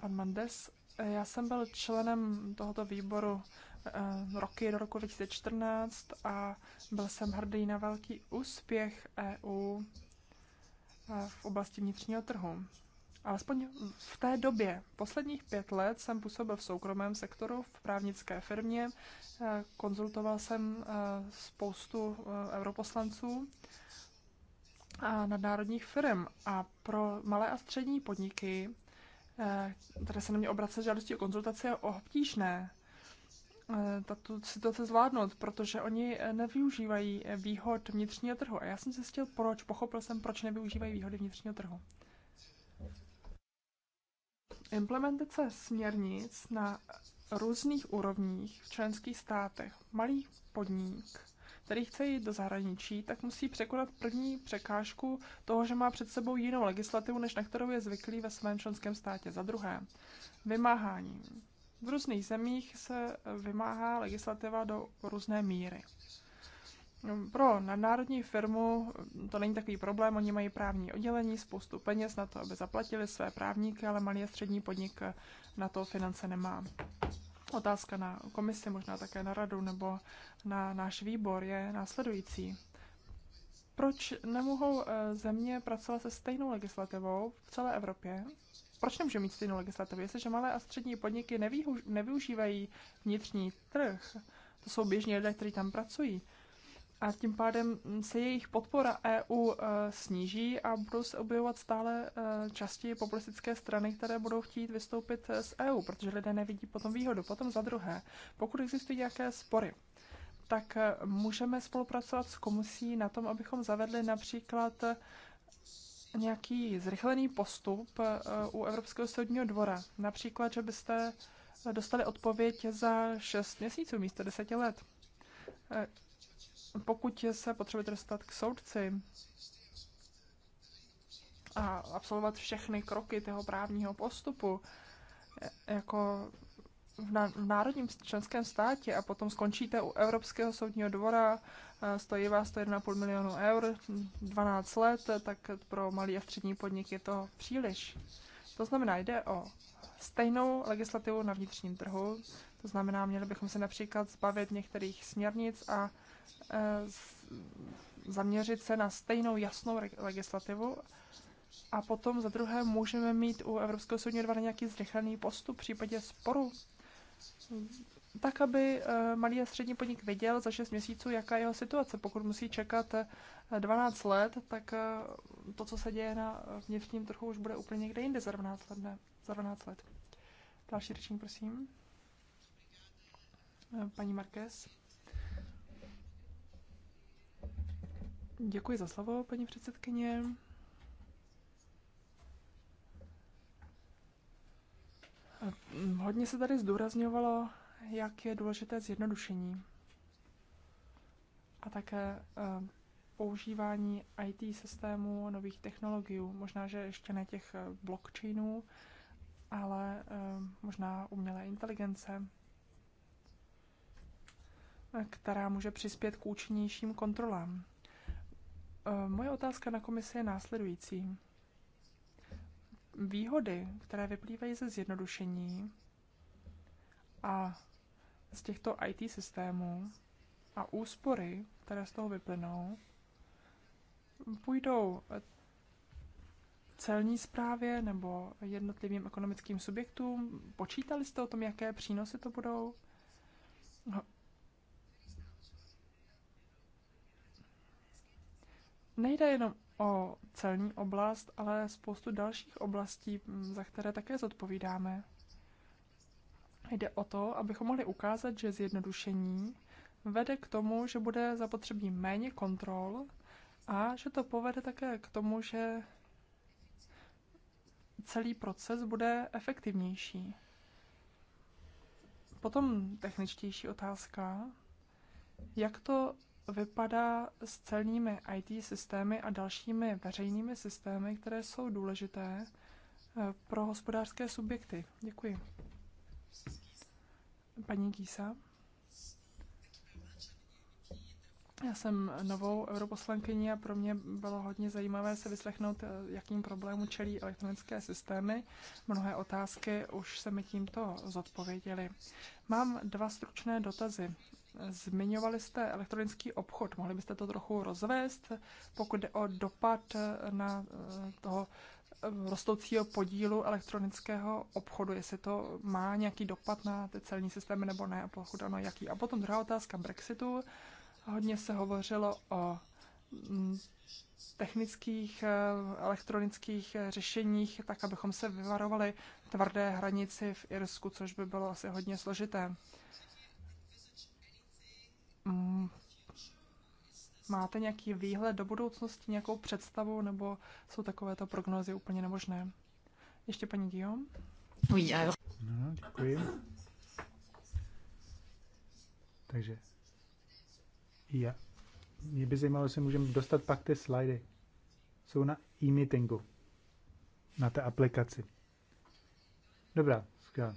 Pan Mandes. Eh, já jsem byl členem tohoto výboru roky do roku 2014 a byl jsem hrdý na velký úspěch EU v oblasti vnitřního trhu. Alespoň v té době, posledních pět let, jsem působil v soukromém sektoru, v právnické firmě, konzultoval jsem spoustu europoslanců nadnárodních firm a pro malé a střední podniky, eh, které se na mě obrací žádostí o konzultace, je obtížné eh, tato situace zvládnout, protože oni nevyužívají výhod vnitřního trhu. A já jsem zjistil, proč, pochopil jsem, proč nevyužívají výhody vnitřního trhu. Implementace směrnic na různých úrovních v členských státech. Malý podnik který chce jít do zahraničí, tak musí překonat první překážku toho, že má před sebou jinou legislativu, než na kterou je zvyklý ve svém členském státě. Za druhé, vymáhání. V různých zemích se vymáhá legislativa do různé míry. Pro nadnárodní firmu to není takový problém, oni mají právní oddělení, spoustu peněz na to, aby zaplatili své právníky, ale malý a střední podnik na to finance nemá. Otázka na komisi, možná také na radu nebo na náš výbor je následující. Proč nemohou eh, země pracovat se stejnou legislativou v celé Evropě? Proč nemůžeme mít stejnou legislativu? Jestliže malé a střední podniky nevyužívají vnitřní trh, to jsou běžní lidé, kteří tam pracují, a tím pádem se jejich podpora EU eh, sníží a budou se objevovat stále eh, častěji populistické strany, které budou chtít vystoupit eh, z EU, protože lidé nevidí potom výhodu. Potom za druhé, pokud existují nějaké spory, tak můžeme spolupracovat s komisí na tom, abychom zavedli například nějaký zrychlený postup u Evropského soudního dvora. Například, že byste dostali odpověď za 6 měsíců místo 10 let pokud se potřebujete dostat k soudci a absolvovat všechny kroky toho právního postupu, e, jako v, ná- v národním členském státě a potom skončíte u Evropského soudního dvora, e, stojí vás to 1,5 milionu eur, 12 let, tak pro malý a střední podnik je to příliš. To znamená, jde o stejnou legislativu na vnitřním trhu, to znamená, měli bychom se například zbavit některých směrnic a Eh, zaměřit se na stejnou jasnou legislativu. A potom za druhé můžeme mít u Evropského soudního dvora nějaký zrychlený postup v případě sporu. Tak, aby eh, malý a střední podnik viděl za 6 měsíců, jaká je jeho situace. Pokud musí čekat 12 eh, let, tak to, co se děje na vnitřním trhu, už bude úplně někde jinde za 12 let. Ne, za 12 let. Další řečník, prosím. Paní Marquez. Děkuji za slovo, paní předsedkyně. Hodně se tady zdůrazňovalo, jak je důležité zjednodušení a také eh, používání IT systémů, nových technologií, možná, že ještě ne těch eh, blockchainů, ale eh, možná umělé inteligence, která může přispět k účinnějším kontrolám. Eh, moje otázka na komisi je následující. Výhody, které vyplývají ze zjednodušení a z těchto IT systémů a úspory, které z toho vyplynou, půjdou celní správě nebo jednotlivým ekonomickým subjektům? Počítali jste o tom, jaké přínosy to budou? nejde jenom o celní oblast, ale spoustu dalších oblastí, mm, za které také zodpovídáme. Jde o to, abychom mohli ukázat, že zjednodušení vede k tomu, že bude zapotřebí méně kontrol a že to povede také k tomu, že celý proces bude efektivnější. Potom techničtější otázka, jak to vypadá s celními IT systémy a dalšími veřejnými systémy, které jsou důležité eh, pro hospodářské subjekty. Děkuji. Paní Kýsa. Já jsem novou europoslankyní a pro mě bylo hodně zajímavé se vyslechnout, eh, jakým problému čelí elektronické systémy. Mnohé otázky už se mi tímto zodpověděly. Mám dva stručné dotazy. Zmiňovali jste elektronický obchod, mohli byste to trochu rozvést, pokud jde o dopad na eh, toho rostoucího podílu elektronického obchodu, jestli to má nějaký dopad na ty celní systémy nebo ne, a pokud ano, jaký. A potom druhá otázka Brexitu. Hodně se hovořilo o mm, technických eh, elektronických eh, řešeních, tak abychom se vyvarovali tvrdé hranici v Irsku, což by bylo asi hodně složité. Mm, máte nějaký výhled do budoucnosti, nějakou představu, nebo jsou takovéto prognózy úplně nemožné? Ještě paní Guillaume? No, no, děkuji. Takže já. Mě by zajímalo, jestli můžeme dostat pak ty slidy. Jsou na e-meetingu. Na té aplikaci. Dobrá, skvělá.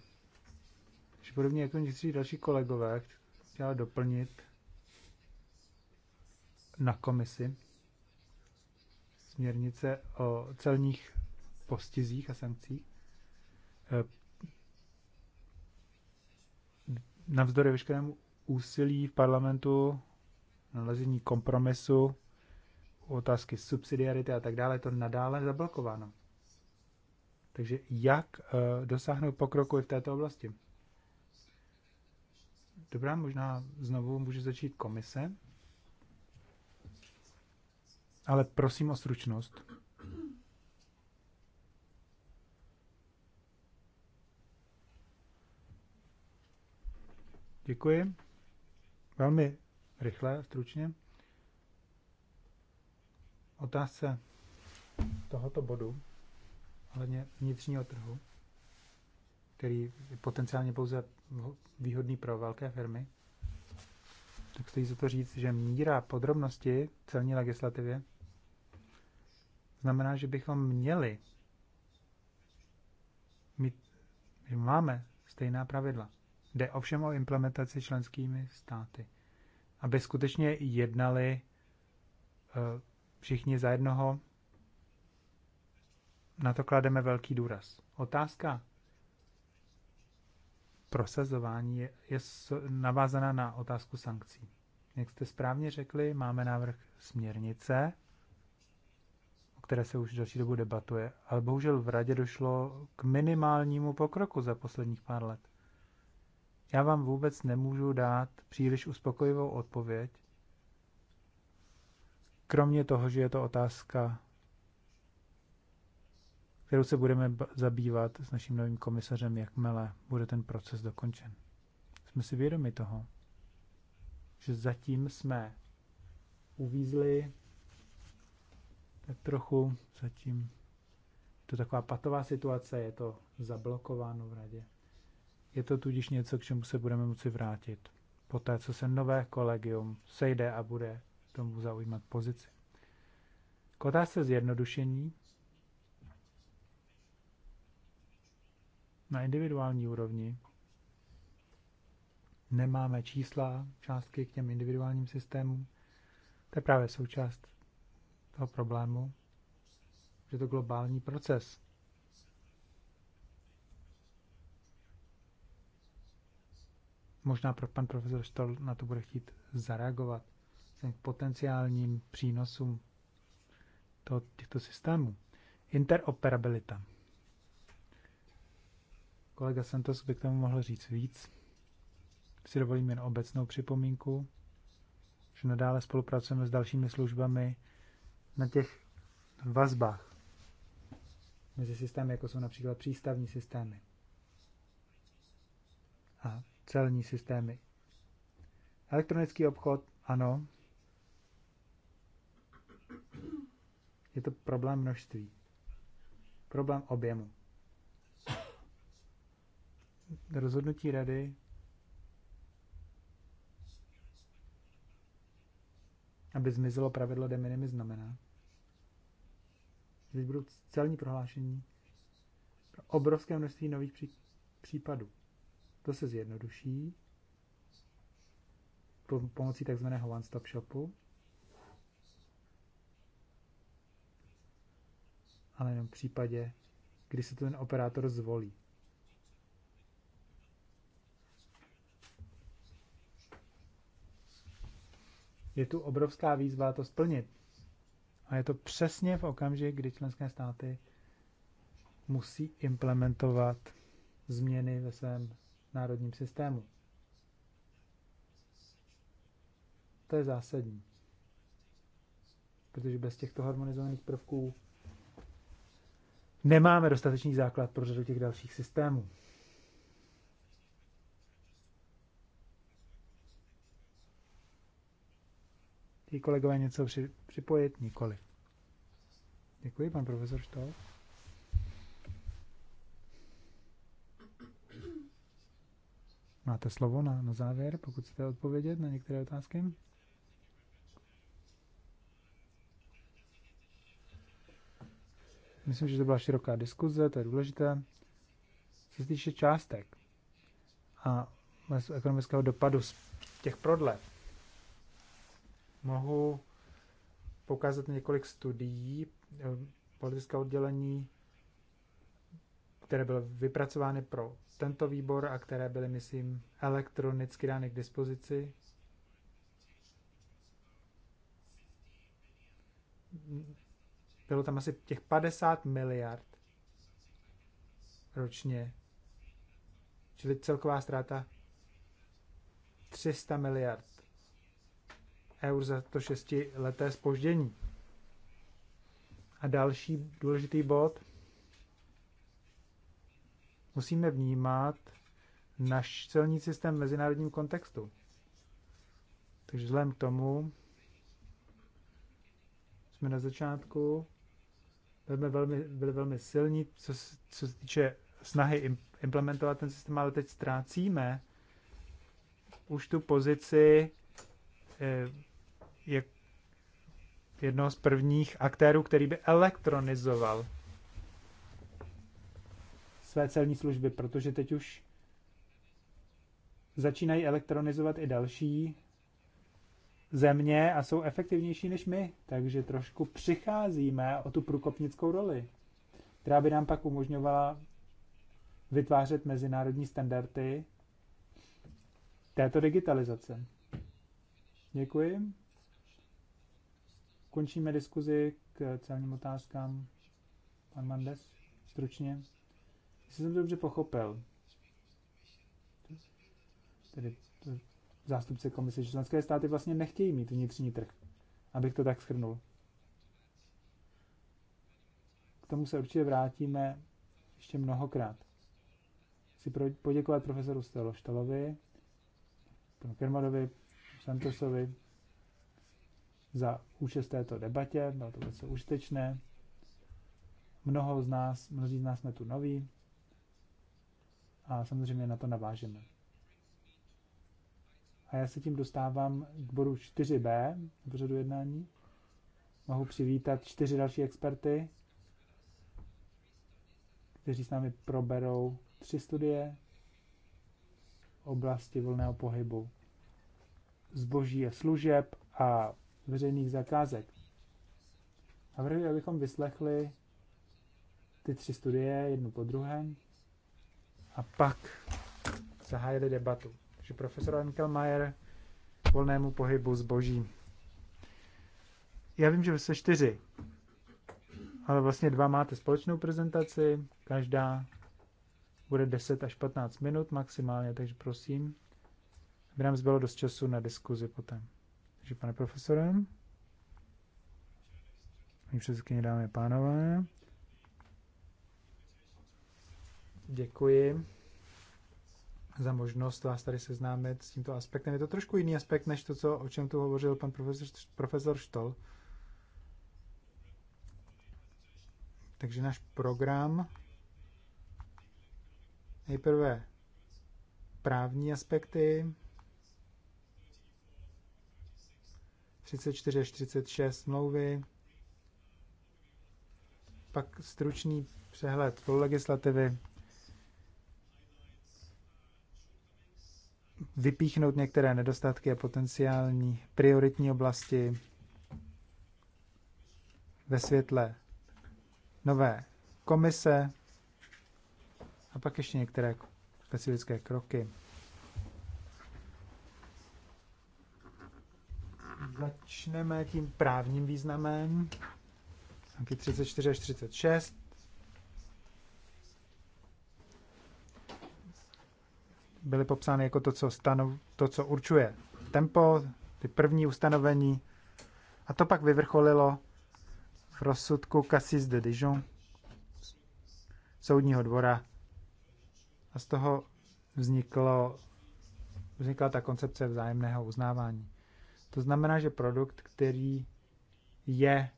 podobně jako někteří další kolegové, chtěla doplnit na komisi směrnice o celních postizích a sankcích. Eh, navzdory veškerému úsilí v parlamentu, nalezení kompromisu, otázky subsidiarity a tak dále, to nadále zablokováno. Takže jak eh, dosáhnout pokroku i v této oblasti? Dobrá, možná znovu může začít komise ale prosím o stručnost. Děkuji. Velmi rychle, stručně. Otázce tohoto bodu, hledně vnitřního trhu, který je potenciálně pouze výhodný pro velké firmy, tak stojí za to říct, že míra podrobnosti celní legislativě Znamená, že bychom měli mít, že máme stejná pravidla. Jde ovšem o implementaci členskými státy. Aby skutečně jednali eh, všichni za jednoho, na to klademe velký důraz. Otázka prosazování je, je navázaná na otázku sankcí. Jak jste správně řekli, máme návrh směrnice, které se už další dobu debatuje, ale bohužel v radě došlo k minimálnímu pokroku za posledních pár let. Já vám vůbec nemůžu dát příliš uspokojivou odpověď, kromě toho, že je to otázka, kterou se budeme zabývat s naším novým komisařem, jakmile bude ten proces dokončen. Jsme si vědomi toho, že zatím jsme uvízli tak trochu zatím to taková patová situace, je to zablokováno v radě. Je to tudíž něco, k čemu se budeme moci vrátit. Poté, co se nové kolegium sejde a bude tomu zaujímat pozici. K otázce zjednodušení na individuální úrovni nemáme čísla, částky k těm individuálním systémům. To je právě součást toho problému, že je to globální proces. Možná pro pan profesor Stol na to bude chtít zareagovat k potenciálním přínosům to, těchto systémů. Interoperabilita. Kolega Santos by k tomu mohl říct víc. Si dovolím jen obecnou připomínku, že nadále spolupracujeme s dalšími službami, na těch vazbách mezi systémy, jako jsou například přístavní systémy a celní systémy. Elektronický obchod, ano, je to problém množství, problém objemu. Rozhodnutí rady aby zmizelo pravidlo de minimis znamená, že teď budou celní prohlášení pro obrovské množství nových pří, případů. To se zjednoduší pomocí takzvaného one-stop shopu, ale jenom v případě, kdy se ten operátor zvolí. Je tu obrovská výzva to splnit. A je to přesně v okamžik, kdy členské státy musí implementovat změny ve svém národním systému. To je zásadní. Protože bez těchto harmonizovaných prvků nemáme dostatečný základ pro řadu těch dalších systémů. Chtějí kolegové něco při, připojit? Nikoli. Děkuji, pan profesor Štol. Máte slovo na, na závěr, pokud chcete odpovědět na některé otázky? Myslím, že to byla široká diskuze, to je důležité. Co se týče částek a ekonomického dopadu z těch prodlev, mohu pokázat několik studií eh, politického oddělení, které byly vypracovány pro tento výbor a které byly, myslím, elektronicky dány k dispozici. Bylo tam asi těch 50 miliard ročně, čili celková ztráta 300 miliard eur za to šestileté spoždění. A další důležitý bod. Musíme vnímat náš celní systém v mezinárodním kontextu. Takže vzhledem k tomu jsme na začátku byli velmi, byli velmi silní, co, co se týče snahy implementovat ten systém, ale teď ztrácíme už tu pozici eh, je jedno z prvních aktérů, který by elektronizoval své celní služby, protože teď už začínají elektronizovat i další země a jsou efektivnější než my, takže trošku přicházíme o tu průkopnickou roli, která by nám pak umožňovala vytvářet mezinárodní standardy této digitalizace. Děkuji. Končíme diskuzi k celním otázkám. Pan Mandes, stručně. Jestli jsem to dobře pochopil, tedy zástupce komise, že členské státy vlastně nechtějí mít vnitřní trh, abych to tak shrnul. K tomu se určitě vrátíme ještě mnohokrát. Chci poděkovat profesoru Staloštalovi, panu Kermadovi, Santosovi, za účast této debatě, bylo to velice užitečné. Mnoho z nás, mnozí z nás jsme tu noví a samozřejmě na to navážeme. A já se tím dostávám k bodu 4b v pořadu jednání. Mohu přivítat čtyři další experty, kteří s námi proberou tři studie oblasti volného pohybu zboží a služeb a veřejných zakázek. Navrhuji, abychom vyslechli ty tři studie jednu po druhé a pak zahájili debatu. Takže profesor Mayer volnému pohybu zboží. Já vím, že jste čtyři, ale vlastně dva máte společnou prezentaci, každá bude 10 až 15 minut maximálně, takže prosím, aby nám zbylo dost času na diskuzi potom. Takže pane profesore, paní předsedkyně, dámy a pánové, děkuji za možnost vás tady seznámit s tímto aspektem. Je to trošku jiný aspekt, než to, co, o čem tu hovořil pan profesor, profesor Štol. Takže náš program nejprve právní aspekty, 34 až 36 smlouvy, pak stručný přehled pro legislativy, vypíchnout některé nedostatky a potenciální prioritní oblasti ve světle nové komise a pak ještě některé specifické kroky. Začneme tím právním významem. Taky 34 až 36. Byly popsány jako to, co, stanov, to, co určuje tempo, ty první ustanovení. A to pak vyvrcholilo v rozsudku Cassis de Dijon soudního dvora. A z toho vzniklo, vznikla ta koncepce vzájemného uznávání. To znamená, že produkt, který je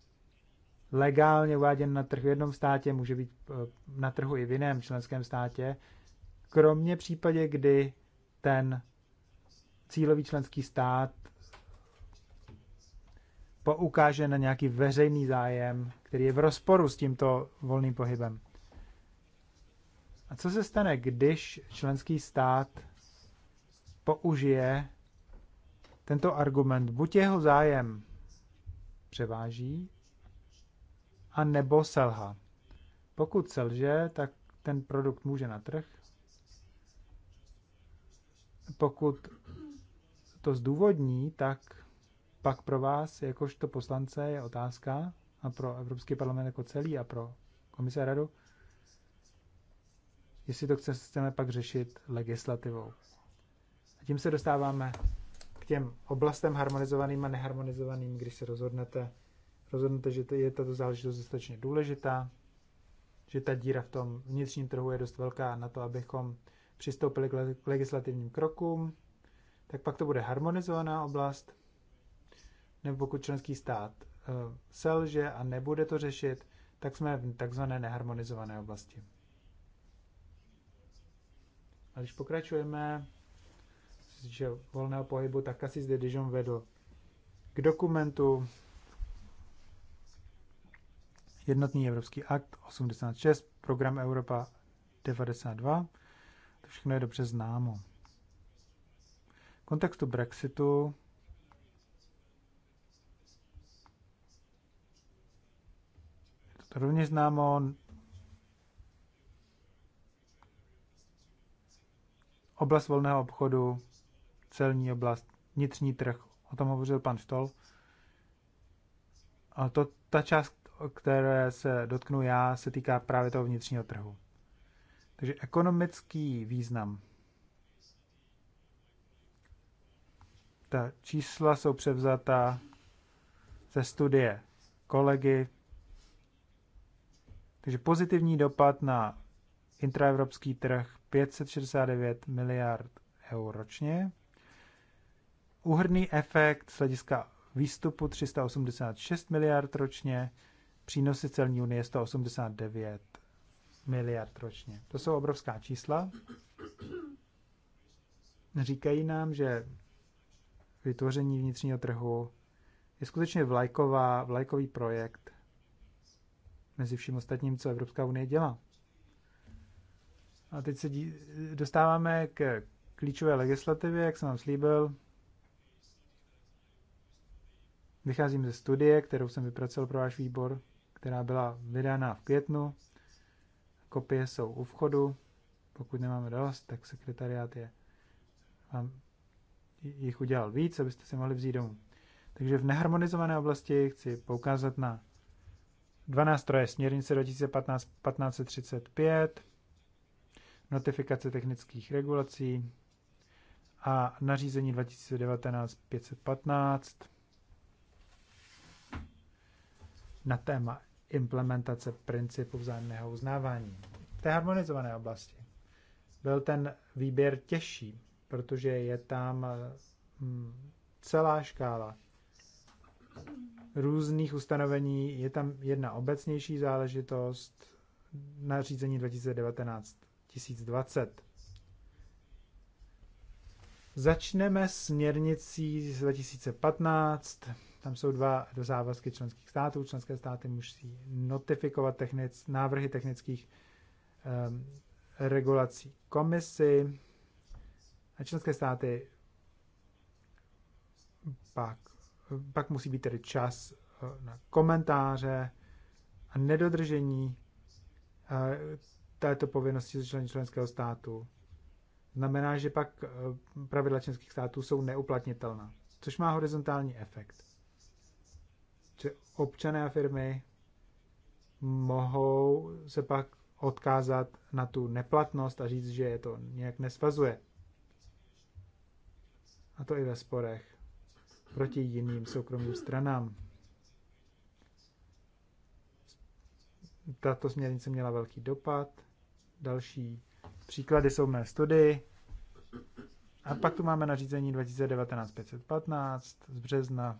legálně uváděn na trh v jednom státě, může být eh, na trhu i v jiném členském státě, kromě případě, kdy ten cílový členský stát poukáže na nějaký veřejný zájem, který je v rozporu s tímto volným pohybem. A co se stane, když členský stát použije tento argument, buď jeho zájem převáží, a nebo selha. Pokud selže, tak ten produkt může na trh. Pokud to zdůvodní, tak pak pro vás, jakožto poslance, je otázka a pro Evropský parlament jako celý a pro komise radu, jestli to chceme pak řešit legislativou. A tím se dostáváme těm oblastem harmonizovaným a neharmonizovaným, když se rozhodnete, rozhodnete, že je tato záležitost dostatečně důležitá, že ta díra v tom vnitřním trhu je dost velká na to, abychom přistoupili k legislativním krokům, tak pak to bude harmonizovaná oblast, nebo pokud členský stát eh, selže a nebude to řešit, tak jsme v takzvané neharmonizované oblasti. A když pokračujeme že volného pohybu, tak asi zde Dijon vedl k dokumentu Jednotný evropský akt 86, program Evropa 92. To všechno je dobře známo. V kontextu Brexitu je to rovněž známo. Oblast volného obchodu celní oblast, vnitřní trh, o tom hovořil pan Štol. A to, ta část, o které se dotknu já, se týká právě toho vnitřního trhu. Takže ekonomický význam. Ta čísla jsou převzata ze studie kolegy. Takže pozitivní dopad na intraevropský trh 569 miliard eur ročně. Uhrný efekt z hlediska výstupu 386 miliard ročně, přínosy celní unie 189 miliard ročně. To jsou obrovská čísla. Říkají nám, že vytvoření vnitřního trhu je skutečně vlajková, vlajkový projekt mezi vším ostatním, co Evropská unie dělá. A teď se dostáváme k klíčové legislativě, jak jsem vám slíbil, Vycházím ze studie, kterou jsem vypracoval pro váš výbor, která byla vydána v květnu. Kopie jsou u vchodu. Pokud nemáme dost, tak sekretariát je vám jich udělal víc, abyste si mohli vzít domů. Takže v neharmonizované oblasti chci poukázat na 12 stroje směrnice 2015-1535, notifikace technických regulací a nařízení 2019-515, na téma implementace principu vzájemného uznávání. V té harmonizované oblasti byl ten výběr těžší, protože je tam hm, celá škála různých ustanovení. Je tam jedna obecnější záležitost na řízení 2019-1020. Začneme směrnicí z 2015 tam jsou dva závazky členských států. Členské státy musí notifikovat technic, návrhy technických um, regulací komisi a členské státy pak, pak musí být tedy čas eh, na komentáře a nedodržení eh, této povinnosti ze člen členského státu znamená, že pak eh, pravidla členských států jsou neuplatnitelná, což má horizontální efekt že občané a firmy mohou se pak odkázat na tu neplatnost a říct, že je to nějak nesvazuje. A to i ve sporech proti jiným soukromým stranám. Tato směrnice měla velký dopad. Další příklady jsou mé studii. A pak tu máme nařízení 2019-515 z března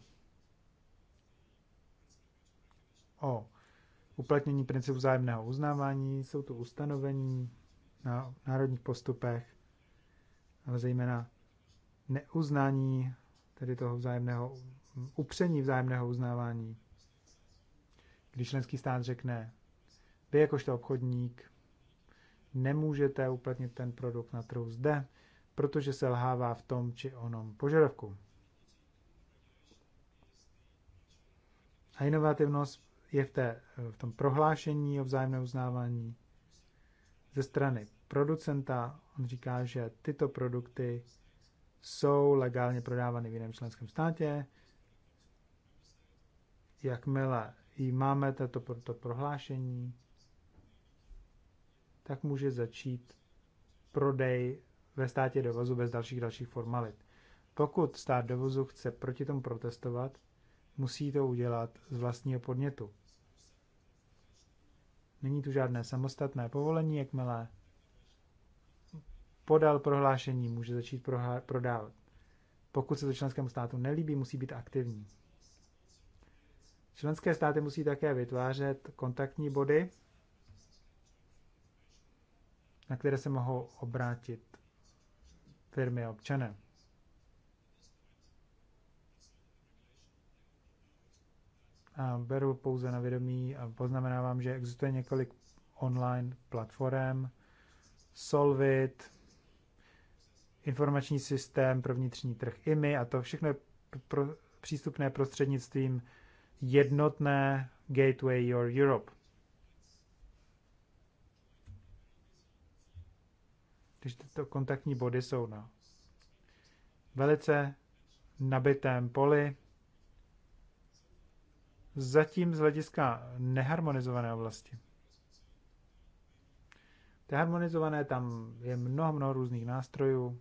o uplatnění principu vzájemného uznávání, jsou to ustanovení na národních postupech, ale zejména neuznání tedy toho vzájemného upření vzájemného uznávání. Když členský stát řekne, vy jakožto obchodník nemůžete uplatnit ten produkt na trhu zde, protože se lhává v tom či onom požadavku. A inovativnost je v, té, v tom prohlášení o vzájemné uznávání ze strany producenta. On říká, že tyto produkty jsou legálně prodávány v jiném členském státě. Jakmile jí máme tato, to prohlášení, tak může začít prodej ve státě dovozu bez dalších dalších formalit. Pokud stát dovozu chce proti tomu protestovat, musí to udělat z vlastního podnětu. Není tu žádné samostatné povolení, jakmile podal prohlášení, může začít prodávat. Pokud se to členskému státu nelíbí, musí být aktivní. Členské státy musí také vytvářet kontaktní body, na které se mohou obrátit firmy a občané. a beru pouze na vědomí a poznamenávám, že existuje několik online platform, Solvit, informační systém pro vnitřní trh IMI a to všechno je pro, přístupné prostřednictvím jednotné Gateway Your Europe. Když tyto kontaktní body jsou na velice nabitém poli zatím z hlediska neharmonizované oblasti. Ty harmonizované, tam je mnoho, mnoho různých nástrojů,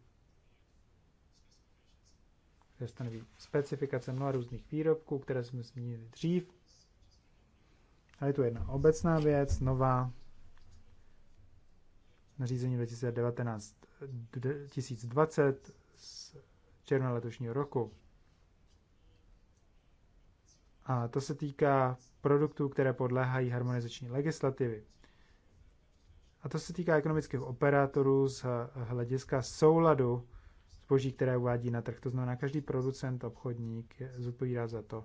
které stanoví specifikace mnoha různých výrobků, které jsme zmínili dřív. A je tu jedna obecná věc, nová, nařízení 2019-2020 z června letošního roku. A to se týká produktů, které podléhají harmonizační legislativy. A to se týká ekonomických operátorů z hlediska souladu zboží, které uvádí na trh. To znamená, každý producent, obchodník zodpovídá za to,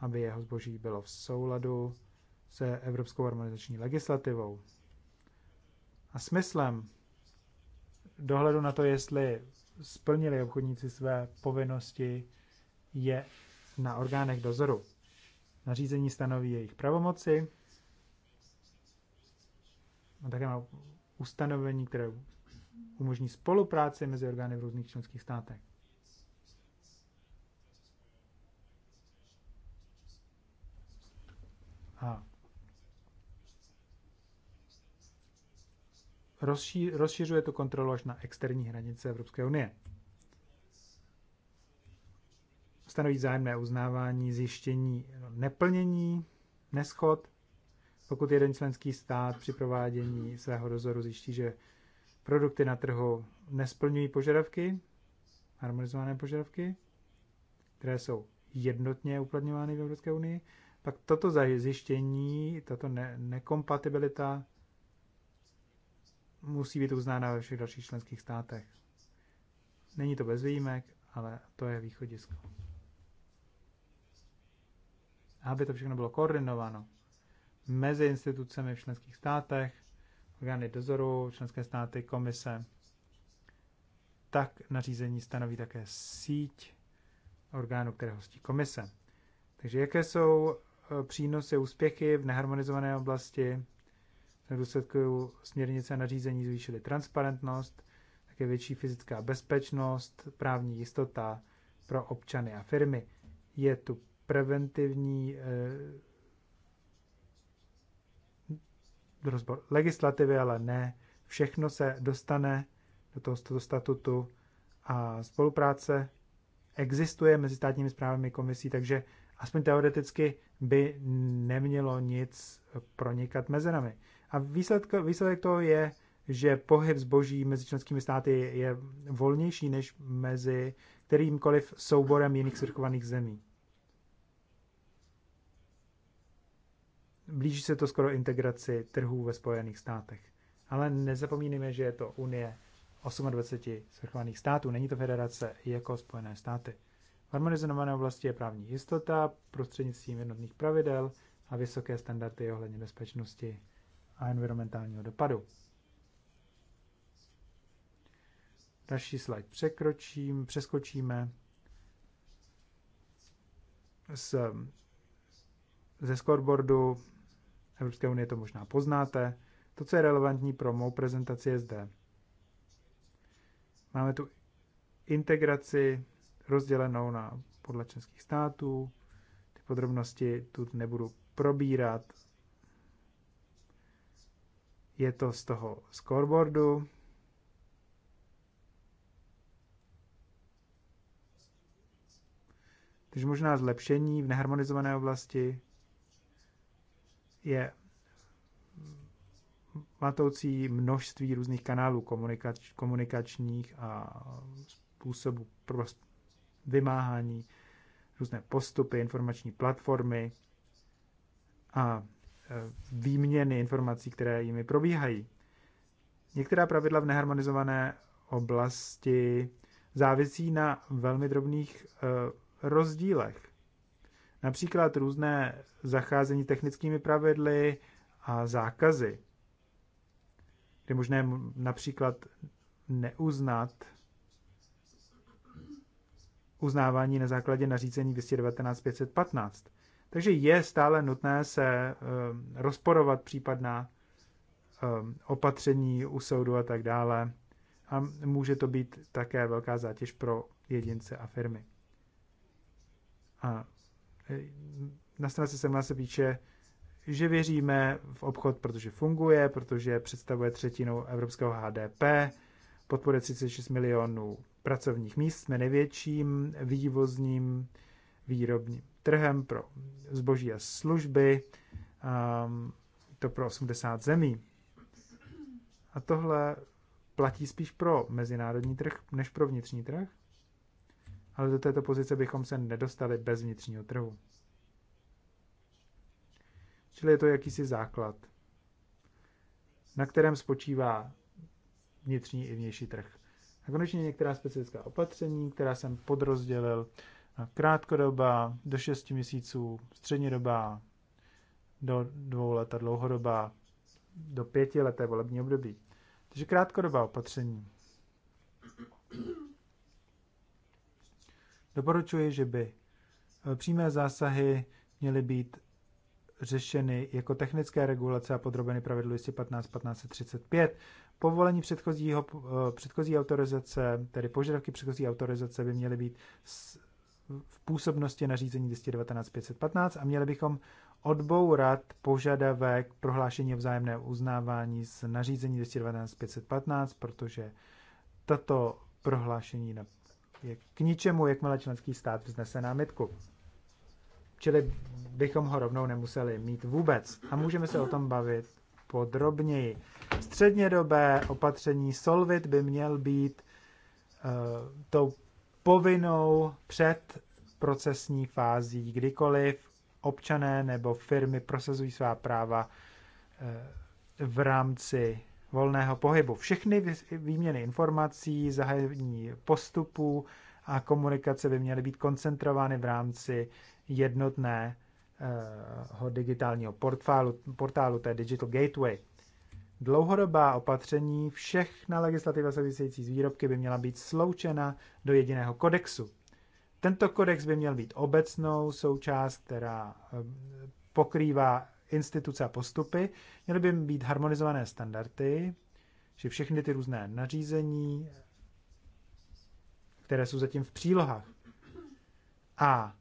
aby jeho zboží bylo v souladu se evropskou harmonizační legislativou. A smyslem dohledu na to, jestli splnili obchodníci své povinnosti, je na orgánech dozoru. Nařízení stanoví jejich pravomoci a také má ustanovení, které umožní spolupráci mezi orgány v různých členských státech. A rozšiřuje tu kontrolu až na externí hranice Evropské unie stanoví zájemné uznávání, zjištění no, neplnění, neschod, pokud jeden členský stát při provádění svého dozoru zjiští, že produkty na trhu nesplňují požadavky, harmonizované požadavky, které jsou jednotně uplatňovány v Evropské unii, pak toto zjištění, tato ne- nekompatibilita musí být uznána ve všech dalších členských státech. Není to bez výjimek, ale to je východisko aby to všechno bylo koordinováno mezi institucemi v členských státech, orgány dozoru, členské státy, komise, tak nařízení stanoví také síť orgánů, které hostí komise. Takže jaké jsou e, přínosy, úspěchy v neharmonizované oblasti? V důsledku směrnice nařízení zvýšily transparentnost, také větší fyzická bezpečnost, právní jistota pro občany a firmy. Je tu preventivní eh, rozbor legislativy, ale ne. Všechno se dostane do toho, statutu a spolupráce existuje mezi státními zprávami komisí, takže aspoň teoreticky by nemělo nic pronikat mezerami. A výsledk, výsledek toho je, že pohyb zboží mezi členskými státy je volnější než mezi kterýmkoliv souborem jiných cirkovaných zemí. blíží se to skoro integraci trhů ve Spojených státech. Ale nezapomínejme, že je to Unie 28 svrchovaných států, není to federace jako Spojené státy. V harmonizované oblasti je právní jistota prostřednictvím jednotných pravidel a vysoké standardy ohledně bezpečnosti a environmentálního dopadu. Další slide překročím, přeskočíme z, ze scoreboardu Evropské unie, to možná poznáte. To, co je relevantní pro mou prezentaci, je zde. Máme tu integraci rozdělenou na podle českých států. Ty podrobnosti tu nebudu probírat. Je to z toho scoreboardu. Takže možná zlepšení v neharmonizované oblasti je matoucí množství různých kanálů komunikač, komunikačních a způsobů pro vymáhání, různé postupy, informační platformy a e, výměny informací, které jimi probíhají. Některá pravidla v neharmonizované oblasti závisí na velmi drobných e, rozdílech Například různé zacházení technickými pravidly a zákazy. Je možné například neuznat uznávání na základě nařízení 219.515. Takže je stále nutné se ehm, rozporovat případná ehm, opatření u soudu a tak dále. A může to být také velká zátěž pro jedince a firmy. A na straně 17 se píše, že věříme v obchod, protože funguje, protože představuje třetinu evropského HDP, podporuje 36 milionů pracovních míst, jsme největším vývozním výrobním trhem pro zboží a služby, um, to pro 80 zemí. A tohle platí spíš pro mezinárodní trh než pro vnitřní trh ale do této pozice bychom se nedostali bez vnitřního trhu. Čili je to jakýsi základ, na kterém spočívá vnitřní i vnější trh. A konečně některá specifická opatření, která jsem podrozdělil na krátkodoba, do 6 měsíců, střední doba do dvou let a dlouhodoba, do pěti leté volební období. Takže krátkodobá opatření. Doporučuji, že by eh, přímé zásahy měly být řešeny jako technické regulace a podrobeny pravidlu 15 1535. Povolení předchozího, eh, předchozí autorizace, tedy požadavky předchozí autorizace by měly být v působnosti nařízení 219 515 a měli bychom odbourat požadavek prohlášení o vzájemné uznávání z nařízení 219 515, protože tato prohlášení je k ničemu, jakmile členský stát vznese námitku. Čili bychom ho rovnou nemuseli mít vůbec. A můžeme se o tom bavit podrobněji. Střednědobé opatření Solvit by měl být uh, tou povinnou před procesní fází, kdykoliv občané nebo firmy prosazují svá práva uh, v rámci volného pohybu. Všechny výměny informací, zahájení postupů a komunikace by měly být koncentrovány v rámci jednotného eh, digitálního portálu, portálu, to je Digital Gateway. Dlouhodobá opatření na legislativa související z výrobky by měla být sloučena do jediného kodexu. Tento kodex by měl být obecnou součást, která eh, pokrývá instituce a postupy, měly by být harmonizované standardy, že všechny ty různé nařízení, které jsou zatím v přílohách, a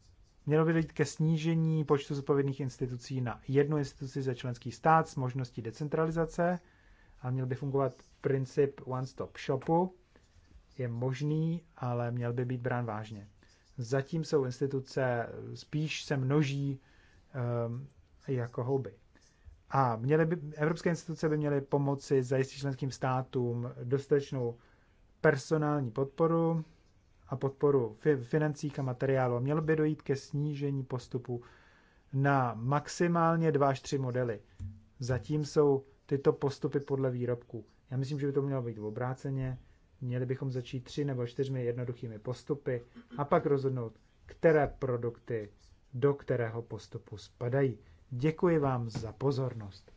mělo by dojít ke snížení počtu zodpovědných institucí na jednu instituci ze členský stát s možností decentralizace a měl by fungovat princip one-stop shopu. Je možný, ale měl by být brán vážně. Zatím jsou instituce spíš se množí um, jako houby. A měly by, evropské instituce by měly pomoci zajistit členským státům dostatečnou personální podporu a podporu financích a materiálu. Mělo by dojít ke snížení postupu na maximálně dva až tři modely. Zatím jsou tyto postupy podle výrobků. Já myslím, že by to mělo být v obráceně. Měli bychom začít tři nebo čtyřmi jednoduchými postupy a pak rozhodnout, které produkty do kterého postupu spadají. Děkuji vám za pozornost.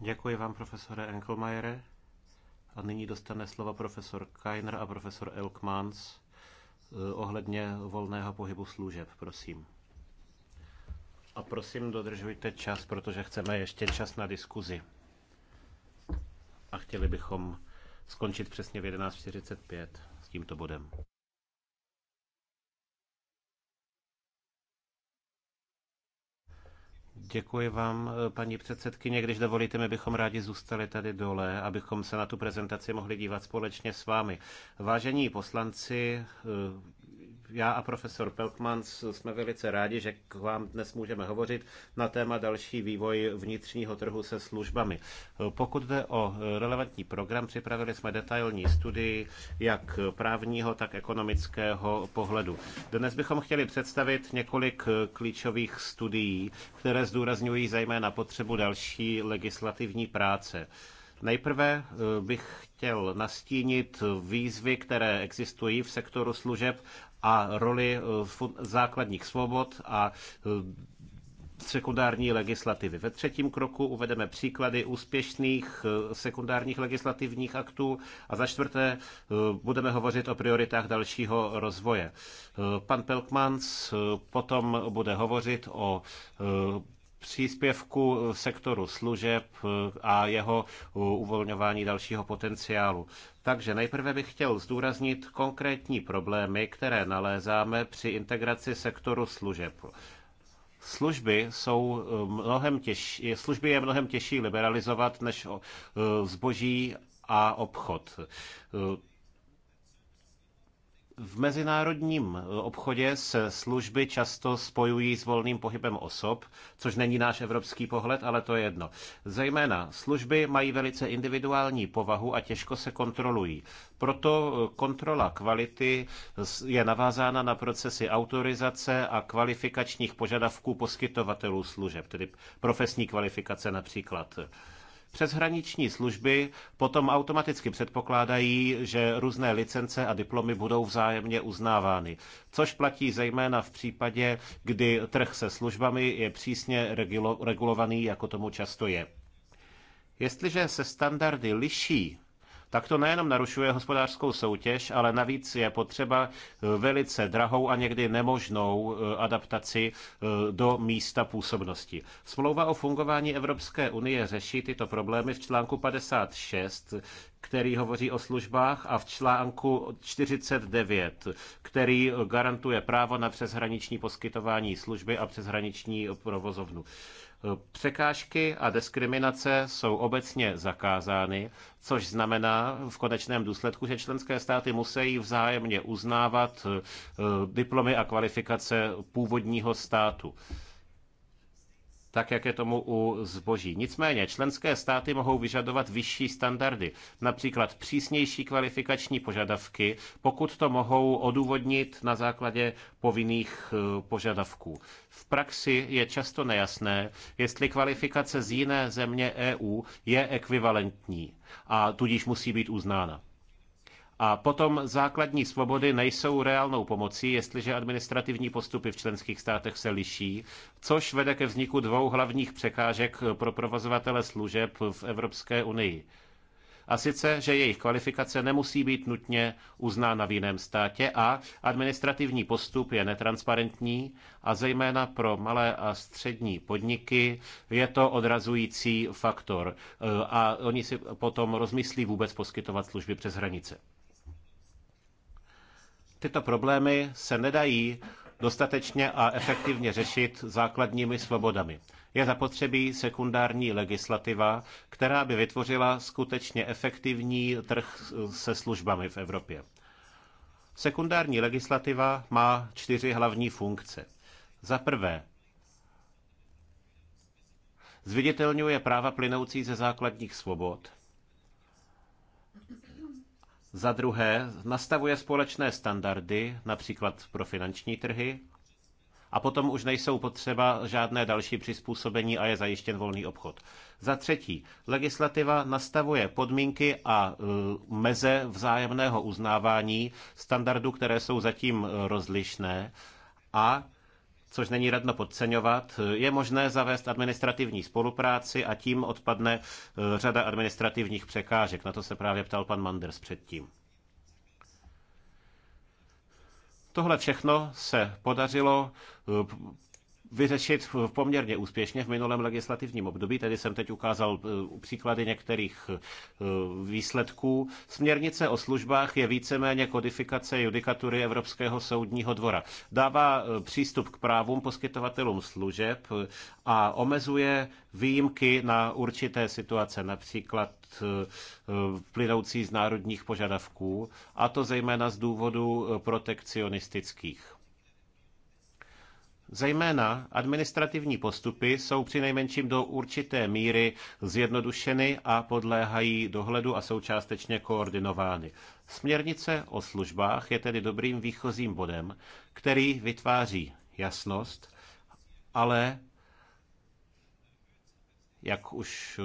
Děkuji vám, profesore Enkelmajere. A nyní dostane slova profesor Kainer a profesor Elkmans eh, ohledně volného pohybu služeb, prosím. A prosím, dodržujte čas, protože chceme ještě čas na diskuzi. A chtěli bychom skončit přesně v 11.45 s tímto bodem. Děkuji vám, paní předsedkyně. Když dovolíte, my bychom rádi zůstali tady dole, abychom se na tu prezentaci mohli dívat společně s vámi. Vážení poslanci, já a profesor Peltmans jsme velice rádi, že k vám dnes můžeme hovořit na téma další vývoj vnitřního trhu se službami. Pokud jde o relevantní program, připravili jsme detailní studii jak právního, tak ekonomického pohledu. Dnes bychom chtěli představit několik klíčových studií, které zdůrazňují zejména potřebu další legislativní práce. Nejprve eh, bych chtěl nastínit výzvy, které existují v sektoru služeb a roli eh, základních svobod a eh, sekundární legislativy. Ve třetím kroku uvedeme příklady úspěšných eh, sekundárních legislativních aktů a za čtvrté budeme hovořit o prioritách dalšího rozvoje. Pan Pelkmans potom bude hovořit o příspěvku sektoru služeb eh, a jeho eh, uvolňování dalšího potenciálu. Takže nejprve bych chtěl zdůraznit konkrétní problémy, které nalézáme při integraci sektoru služeb. Služby jsou eh, mnohem těžší, služby je mnohem těžší liberalizovat než zboží a obchod. V mezinárodním eh, obchodě se služby často spojují s volným pohybem osob, což není náš evropský pohled, ale to je jedno. Zejména služby mají velice individuální povahu a těžko se kontrolují. Proto eh, kontrola kvality je navázána na procesy autorizace a kvalifikačních požadavků poskytovatelů služeb, tedy profesní kvalifikace například. Přeshraniční služby potom automaticky předpokládají, že různé licence a diplomy budou vzájemně uznávány, což platí zejména v případě, kdy trh se službami je přísně regulovaný, jako tomu často je. Jestliže se standardy liší tak to nejenom narušuje hospodářskou soutěž, ale navíc je potřeba eh, velice drahou a někdy nemožnou eh, adaptaci eh, do místa působnosti. Smlouva o fungování Evropské unie řeší tyto problémy v článku 56, který hovoří o službách, a v článku 49, který garantuje právo na přeshraniční poskytování služby a přeshraniční provozovnu. Překážky a diskriminace jsou obecně zakázány, což znamená v konečném důsledku, že členské státy musí vzájemně uznávat eh, diplomy a kvalifikace původního státu tak jak je tomu u zboží. Nicméně členské státy mohou vyžadovat vyšší standardy, například přísnější kvalifikační požadavky, pokud to mohou odůvodnit na základě povinných eh, požadavků. V praxi je často nejasné, jestli kvalifikace z jiné země EU je ekvivalentní a tudíž musí být uznána. A potom základní svobody nejsou reálnou pomocí, jestliže administrativní postupy v členských státech se liší, což vede ke vzniku dvou hlavních překážek pro provozovatele služeb v Evropské unii. A sice, že jejich kvalifikace nemusí být nutně uznána v jiném státě a administrativní postup je netransparentní a zejména pro malé a střední podniky je to odrazující faktor e, a oni si potom rozmyslí vůbec poskytovat služby přes hranice tyto problémy se nedají dostatečně a efektivně řešit základními svobodami. Je zapotřebí sekundární legislativa, která by vytvořila skutečně efektivní trh se službami v Evropě. Sekundární legislativa má čtyři hlavní funkce. Za prvé, zviditelňuje práva plynoucí ze základních svobod – za druhé, nastavuje společné standardy, například pro finanční trhy, a potom už nejsou potřeba žádné další přizpůsobení a je zajištěn volný obchod. Za třetí, legislativa nastavuje podmínky a e, meze vzájemného uznávání standardů, které jsou zatím e, rozlišné a což není radno podceňovat, je možné zavést administrativní spolupráci a tím odpadne e, řada administrativních překážek. Na to se právě ptal pan Manders předtím. Tohle všechno se podařilo e, vyřešit poměrně úspěšně v minulém legislativním období. Tady jsem teď ukázal e, příklady některých e, výsledků. Směrnice o službách je víceméně kodifikace judikatury Evropského soudního dvora. Dává e, přístup k právům poskytovatelům služeb a omezuje výjimky na určité situace, například plynoucí z národních požadavků, a to zejména z důvodu protekcionistických. Zejména administrativní postupy jsou nejmenším do určité míry zjednodušeny a podléhají dohledu a jsou částečně koordinovány. Směrnice o službách je tedy dobrým výchozím bodem, který vytváří jasnost, ale jak už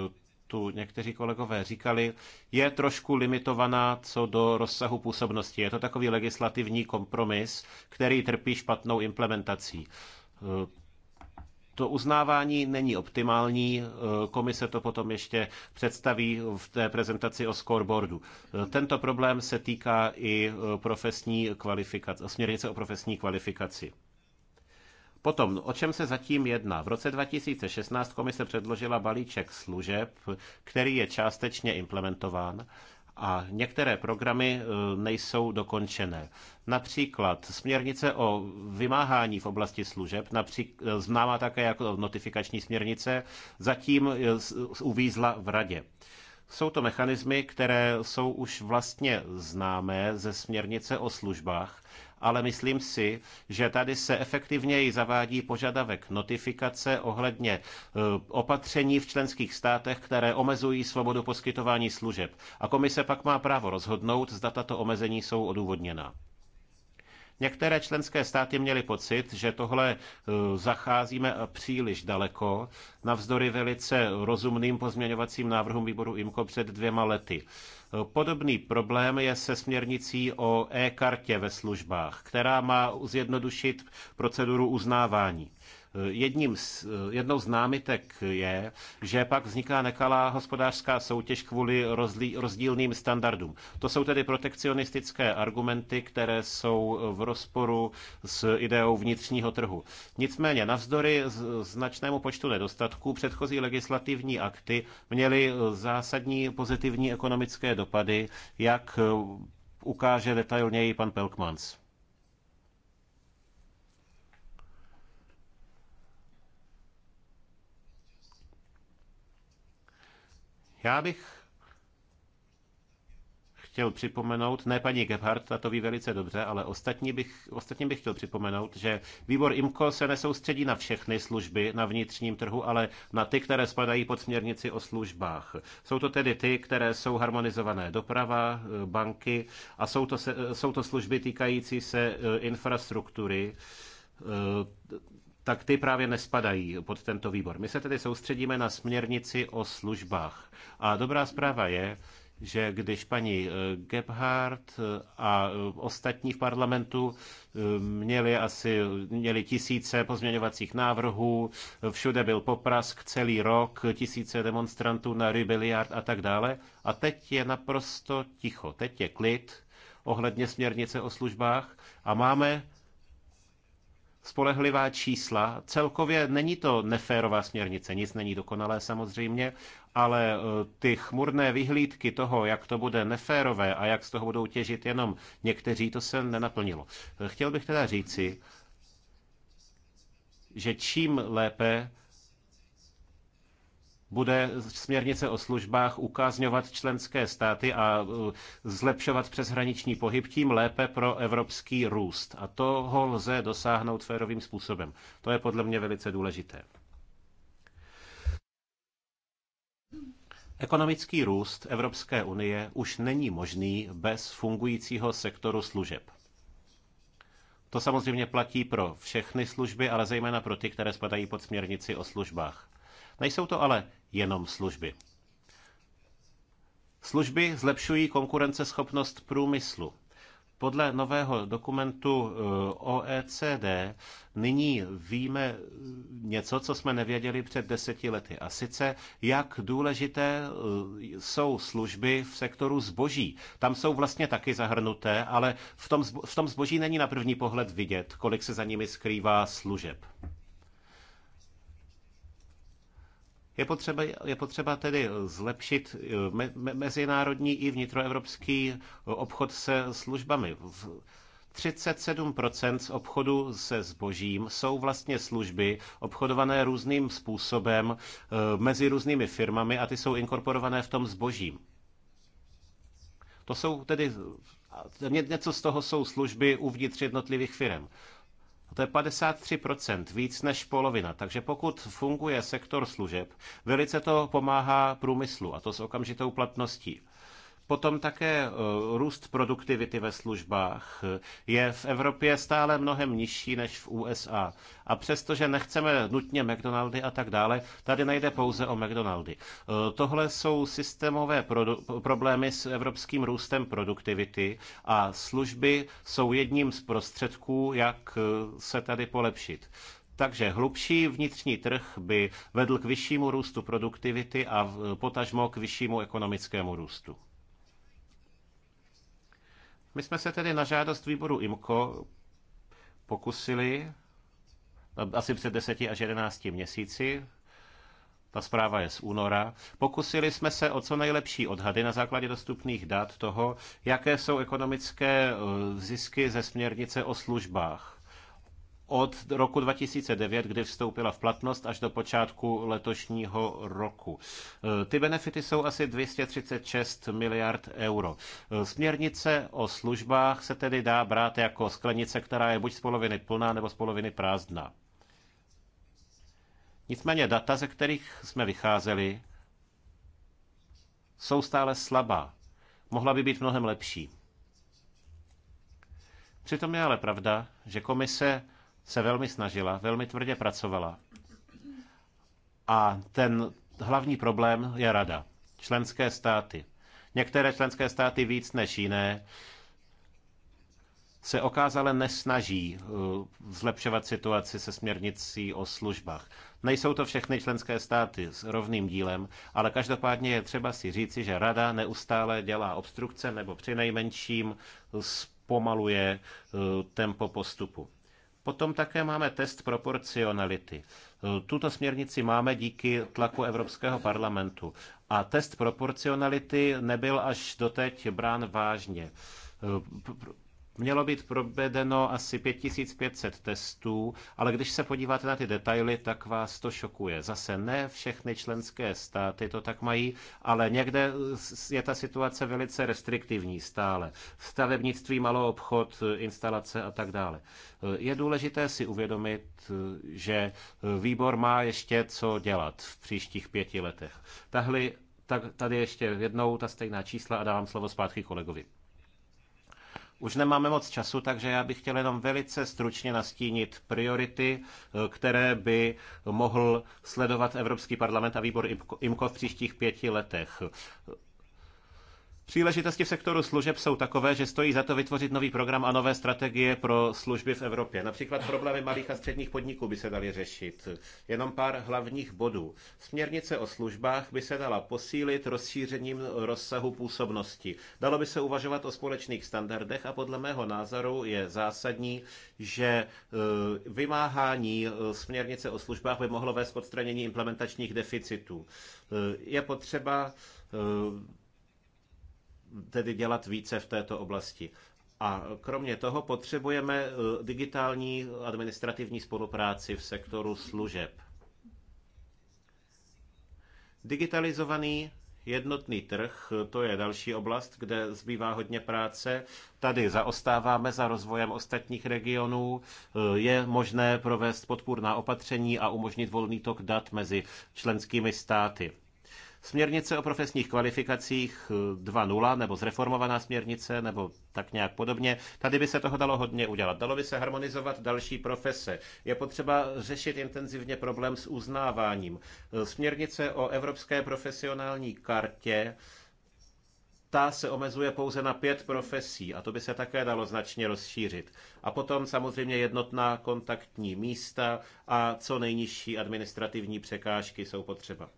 tu někteří kolegové říkali, je trošku limitovaná co do rozsahu působnosti. Je to takový legislativní kompromis, který trpí špatnou implementací. To uznávání není optimální, komise to potom ještě představí v té prezentaci o scoreboardu. Tento problém se týká i profesní kvalifikace, směrnice o profesní kvalifikaci. Potom, o čem se zatím jedná? V roce 2016 komise předložila balíček služeb, který je částečně implementován a některé programy e, nejsou dokončené. Například směrnice o vymáhání v oblasti služeb, například, e, známá také jako notifikační směrnice, zatím e, uvízla v radě. Jsou to mechanismy, které jsou už vlastně známé ze směrnice o službách ale myslím si, že tady se efektivněji zavádí požadavek notifikace ohledně e, opatření v členských státech, které omezují svobodu poskytování služeb. A komise pak má právo rozhodnout, zda tato omezení jsou odůvodněná. Některé členské státy měly pocit, že tohle e, zacházíme příliš daleko, navzdory velice rozumným pozměňovacím návrhům výboru IMCO před dvěma lety. Podobný problém je se směrnicí o e-kartě ve službách, která má zjednodušit proceduru uznávání. Jedním z, jednou z námitek je, že pak vzniká nekalá hospodářská soutěž kvůli rozlí, rozdílným standardům. To jsou tedy protekcionistické argumenty, které jsou v rozporu s ideou vnitřního trhu. Nicméně navzdory značnému počtu nedostatků předchozí legislativní akty měly zásadní pozitivní ekonomické dopady, jak ukáže detailněji pan Pelkmans. Já bych chtěl připomenout, ne paní Gebhardt, ta to ví velice dobře, ale ostatní bych, ostatní bych chtěl připomenout, že výbor IMCO se nesoustředí na všechny služby na vnitřním trhu, ale na ty, které spadají pod směrnici o službách. Jsou to tedy ty, které jsou harmonizované doprava, banky a jsou to, se, jsou to služby týkající se eh, infrastruktury, eh, tak ty právě nespadají pod tento výbor. My se tedy soustředíme na směrnici o službách. A dobrá zpráva je, že když paní eh, Gebhardt eh, a eh, ostatní v parlamentu měli asi měli tisíce pozměňovacích návrhů, všude byl poprask celý rok, tisíce demonstrantů na Rybiliard a tak dále. A teď je naprosto ticho, teď je klid ohledně směrnice o službách a máme spolehlivá čísla. Celkově není to neférová směrnice, nic není dokonalé samozřejmě, ale e, ty chmurné vyhlídky toho, jak to bude neférové a jak z toho budou těžit jenom někteří, to se nenaplnilo. E, chtěl bych teda říci, že čím lépe bude směrnice o službách ukázňovat členské státy a uh, zlepšovat přeshraniční pohyb tím lépe pro evropský růst. A toho lze dosáhnout férovým způsobem. To je podle mě velice důležité. Ekonomický růst Evropské unie už není možný bez fungujícího sektoru služeb. To samozřejmě platí pro všechny služby, ale zejména pro ty, které spadají pod směrnici o službách. Nejsou to ale jenom služby. Služby zlepšují konkurenceschopnost průmyslu. Podle nového dokumentu eh, OECD nyní víme něco, co jsme nevěděli před deseti lety. A sice, jak důležité eh, jsou služby v sektoru zboží. Tam jsou vlastně taky zahrnuté, ale v tom, v tom zboží není na první pohled vidět, kolik se za nimi skrývá služeb. Je potřeba, je potřeba tedy zlepšit eh, me, me, mezinárodní i vnitroevropský obchod se službami. 37% z obchodu se zbožím jsou vlastně služby obchodované různým způsobem eh, mezi různými firmami a ty jsou inkorporované v tom zbožím. To jsou tedy, něco z toho jsou služby uvnitř jednotlivých firm. A to je 53%, víc než polovina. Takže pokud funguje sektor služeb, velice to pomáhá průmyslu a to s okamžitou platností. Potom také e, růst produktivity ve službách e, je v Evropě stále mnohem nižší než v USA. A přestože nechceme nutně McDonaldy a tak dále, tady nejde pouze o McDonaldy. E, tohle jsou systémové problémy s evropským růstem produktivity a služby jsou jedním z prostředků, jak se tady polepšit. Takže hlubší vnitřní trh by vedl k vyššímu růstu produktivity a potažmo k vyššímu ekonomickému růstu. My jsme se tedy na žádost výboru IMCO pokusili asi před 10 až 11 měsíci, ta zpráva je z února. Pokusili jsme se o co nejlepší odhady na základě dostupných dat toho, jaké jsou ekonomické eh, zisky ze směrnice o službách od roku 2009, kdy vstoupila v platnost, až do počátku letošního roku. E, ty benefity jsou asi 236 miliard euro. E, směrnice o službách se tedy dá brát jako sklenice, která je buď z poloviny plná nebo z poloviny prázdná. Nicméně data, ze kterých jsme vycházeli, jsou stále slabá. Mohla by být mnohem lepší. Přitom je ale pravda, že komise se velmi snažila, velmi tvrdě pracovala. A ten hlavní problém je rada, členské státy. Některé členské státy víc než jiné se okázale nesnaží uh, zlepšovat situaci se směrnicí o službách. Nejsou to všechny členské státy s rovným dílem, ale každopádně je třeba si říci, že rada neustále dělá obstrukce nebo při nejmenším zpomaluje uh, tempo postupu. Potom také máme test proporcionality. Tuto směrnici máme díky tlaku Evropského parlamentu. A test proporcionality nebyl až doteď brán vážně Mělo být provedeno asi 5500 testů, ale když se podíváte na ty detaily, tak vás to šokuje. Zase ne všechny členské státy to tak mají, ale někde je ta situace velice restriktivní stále. Stavebnictví, malou obchod, instalace a tak dále. Je důležité si uvědomit, že výbor má ještě co dělat v příštích pěti letech. Tahle tak tady ještě jednou ta stejná čísla a dávám slovo zpátky kolegovi. Už nemáme moc času, takže já bych chtěl jenom velice stručně nastínit priority, eh, které by mohl sledovat Evropský parlament a výbor IMCO v příštích pěti letech. Příležitosti v sektoru služeb jsou takové, že stojí za to vytvořit nový program a nové strategie pro služby v Evropě. Například problémy malých a středních podniků by se daly řešit. Jenom pár hlavních bodů. Směrnice o službách by se dala posílit rozšířením rozsahu působnosti. Dalo by se uvažovat o společných standardech a podle mého názoru je zásadní, že e, vymáhání e, směrnice o službách by mohlo vést k odstranění implementačních deficitů. E, je potřeba tedy dělat více v této oblasti. A kromě toho potřebujeme eh, digitální administrativní spolupráci v sektoru služeb. Digitalizovaný jednotný trh, to je další oblast, kde zbývá hodně práce. Tady zaostáváme za rozvojem ostatních regionů. Eh, je možné provést podpůrná opatření a umožnit volný tok dat mezi členskými státy. Směrnice o profesních kvalifikacích 2.0 eh, nebo zreformovaná směrnice nebo tak nějak podobně. Tady by se toho dalo hodně udělat. Dalo by se harmonizovat další profese. Je potřeba řešit intenzivně problém s uznáváním. Eh, směrnice o evropské profesionální kartě ta se omezuje pouze na pět profesí a to by se také dalo značně rozšířit. A potom samozřejmě jednotná kontaktní místa a co nejnižší administrativní překážky jsou potřeba.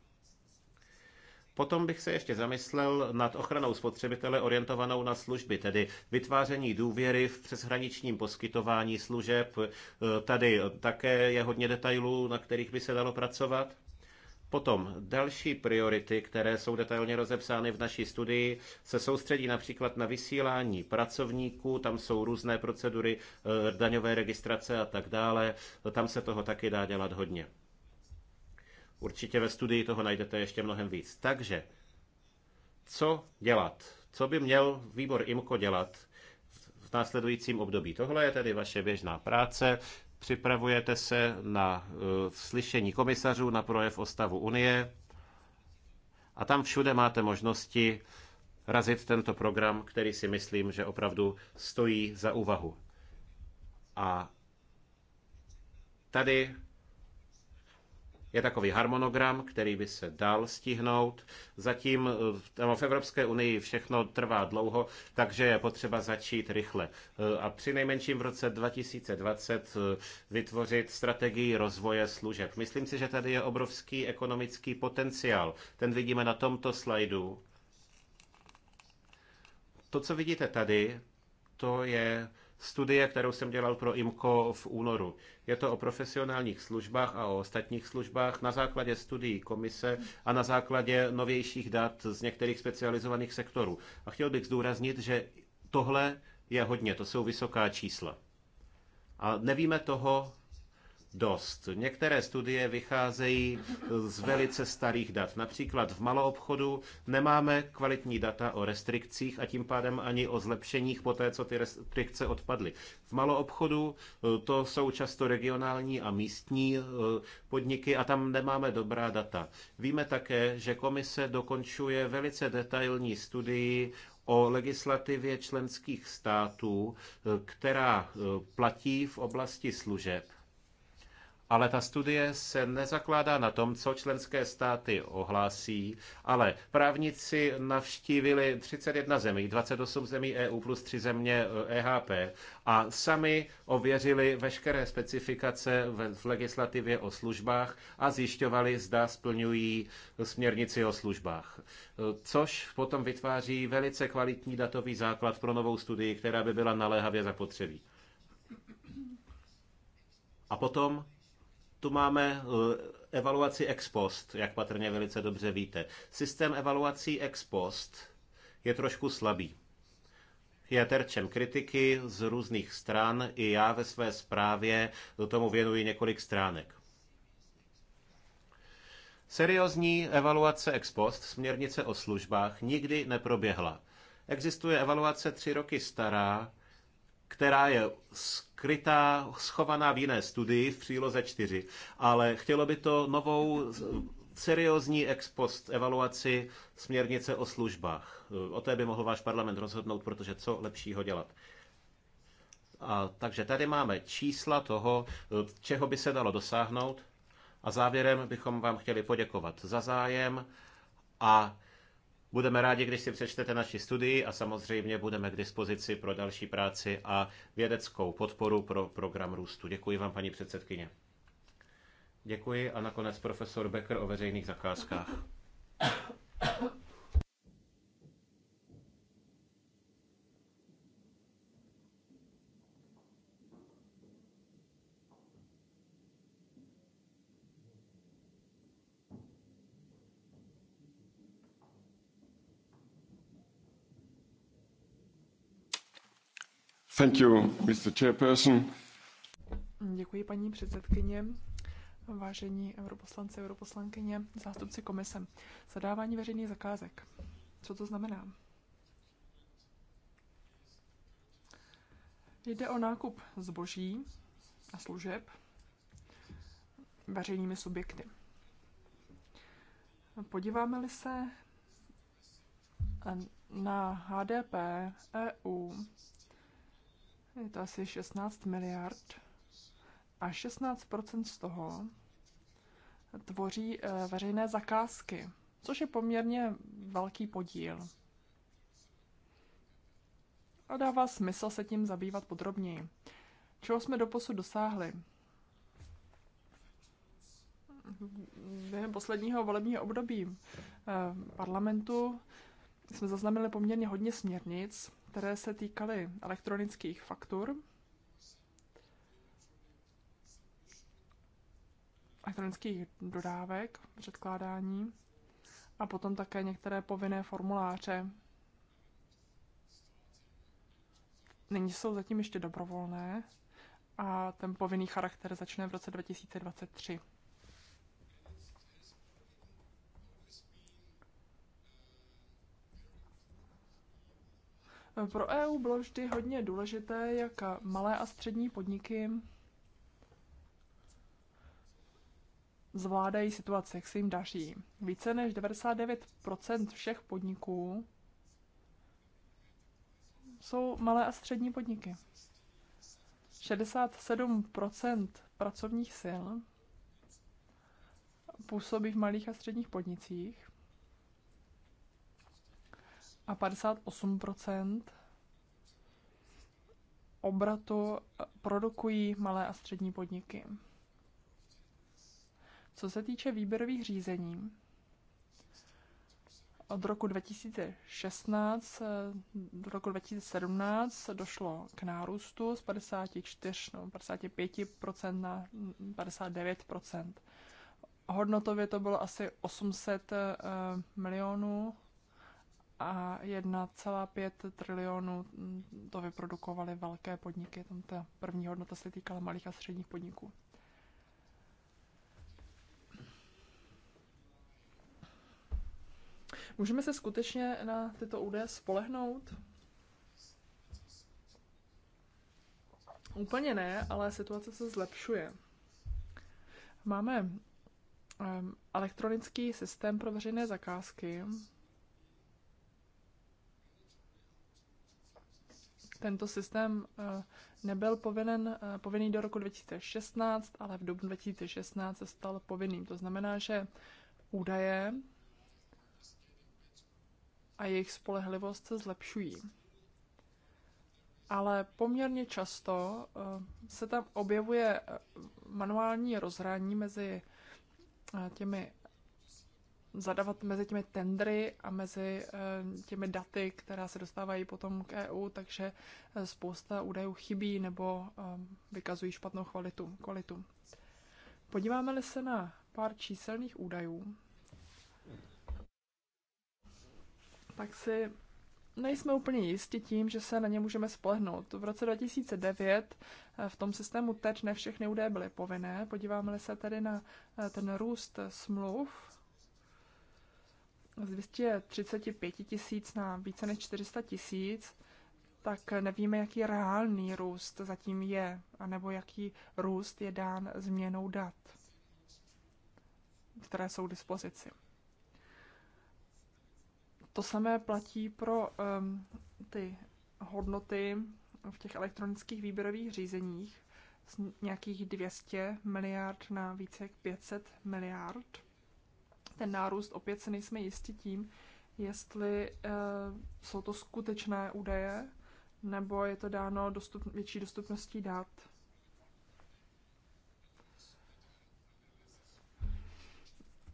Potom bych se ještě zamyslel nad ochranou spotřebitele orientovanou na služby, tedy vytváření důvěry v přeshraničním poskytování služeb. E, tady také je hodně detailů, na kterých by se dalo pracovat. Potom další priority, které jsou detailně rozepsány v naší studii, se soustředí například na vysílání pracovníků, tam jsou různé procedury e, daňové registrace a tak dále, tam se toho taky dá dělat hodně. Určitě ve studii toho najdete ještě mnohem víc. Takže, co dělat? Co by měl výbor IMKO dělat v následujícím období? Tohle je tedy vaše běžná práce. Připravujete se na uh, slyšení komisařů, na projev o stavu Unie a tam všude máte možnosti razit tento program, který si myslím, že opravdu stojí za úvahu. A tady je takový harmonogram, který by se dal stihnout. Zatím eh, v Evropské unii všechno trvá dlouho, takže je potřeba začít rychle. Eh, a při nejmenším v roce 2020 eh, vytvořit strategii rozvoje služeb. Myslím si, že tady je obrovský ekonomický potenciál. Ten vidíme na tomto slajdu. To, co vidíte tady, to je studie, kterou jsem dělal pro IMCO v únoru. Je to o profesionálních službách a o ostatních službách na základě studií komise a na základě novějších dat z některých specializovaných sektorů. A chtěl bych zdůraznit, že tohle je hodně, to jsou vysoká čísla. A nevíme toho dost. Některé studie vycházejí z velice starých dat. Například v maloobchodu nemáme kvalitní data o restrikcích a tím pádem ani o zlepšeních po té, co ty restrikce odpadly. V maloobchodu eh, to jsou často regionální a místní eh, podniky a tam nemáme dobrá data. Víme také, že komise dokončuje velice detailní studii o legislativě členských států, eh, která platí v oblasti služeb ale ta studie se nezakládá na tom, co členské státy ohlásí, ale právníci navštívili 31 zemí, 28 zemí EU plus 3 země EHP e a sami ověřili veškeré specifikace v legislativě o službách a zjišťovali, zda splňují směrnici o službách. Což potom vytváří velice kvalitní datový základ pro novou studii, která by byla naléhavě zapotřebí. A potom tu máme eh, evaluaci ex post, jak patrně velice dobře víte. Systém evaluací ex post je trošku slabý. Je terčem kritiky z různých stran, i já ve své zprávě do tomu věnuji několik stránek. Seriózní evaluace ex post směrnice o službách nikdy neproběhla. Existuje evaluace tři roky stará, která je skrytá, schovaná v jiné studii v příloze 4, ale chtělo by to novou seriózní ex post evaluaci směrnice o službách. O té by mohl váš parlament rozhodnout, protože co lepšího dělat. A, takže tady máme čísla toho, čeho by se dalo dosáhnout. A závěrem bychom vám chtěli poděkovat za zájem a Budeme rádi, když si přečtete naši studii a samozřejmě budeme k dispozici pro další práci a vědeckou podporu pro program růstu. Děkuji vám, paní předsedkyně. Děkuji a nakonec profesor Becker o veřejných zakázkách. Thank you, Mr. Chairperson. Děkuji, paní předsedkyně. Vážení europoslanci, europoslankyně, zástupci komise. Zadávání veřejných zakázek. Co to znamená? Jde o nákup zboží a služeb veřejnými subjekty. Podíváme-li se na HDP EU je to asi 16 miliard a 16 z toho tvoří eh, veřejné zakázky, což je poměrně velký podíl. A dává smysl se tím zabývat podrobněji. Čeho jsme do posud dosáhli? Během posledního volebního období eh, parlamentu jsme zaznamenali poměrně hodně směrnic, které se týkaly elektronických faktur, elektronických dodávek, předkládání a potom také některé povinné formuláře. Nyní jsou zatím ještě dobrovolné a ten povinný charakter začne v roce 2023. Pro EU bylo vždy hodně důležité, jak malé a střední podniky zvládají situaci, jak se jim daří. Více než 99 všech podniků jsou malé a střední podniky. 67 pracovních sil působí v malých a středních podnicích a 58 obratu produkují malé a střední podniky. Co se týče výběrových řízení, od roku 2016 eh, do roku 2017 došlo k nárůstu z 54, no 55% na 59%. Hodnotově to bylo asi 800 eh, milionů a 1,5 trilionů mm, to vyprodukovaly velké podniky. Tam ta první hodnota se týkala malých a středních podniků. Můžeme se skutečně na tyto údaje spolehnout? Úplně ne, ale situace se zlepšuje. Máme ehm, elektronický systém pro veřejné zakázky, Tento systém eh, nebyl povinen, eh, povinný do roku 2016, ale v dubnu 2016 se stal povinným. To znamená, že údaje a jejich spolehlivost se zlepšují. Ale poměrně často eh, se tam objevuje manuální rozhraní mezi těmi zadávat mezi těmi tendry a mezi eh, těmi daty, která se dostávají potom k EU, takže eh, spousta údajů chybí nebo eh, vykazují špatnou kvalitu. kvalitu. Podíváme-li se na pár číselných údajů, tak si nejsme úplně jistí tím, že se na ně můžeme spolehnout. V roce 2009 v tom systému teď ne všechny údaje byly povinné. Podíváme-li se tedy na ten růst smluv, z 235 tisíc na více než 400 tisíc, tak nevíme, jaký reálný růst zatím je, anebo jaký růst je dán změnou dat, které jsou k dispozici. To samé platí pro um, ty hodnoty v těch elektronických výběrových řízeních z nějakých 200 miliard na více jak 500 miliard ten nárůst, opět se nejsme jistí tím, jestli eh, jsou to skutečné údaje, nebo je to dáno dostup, větší dostupností dat.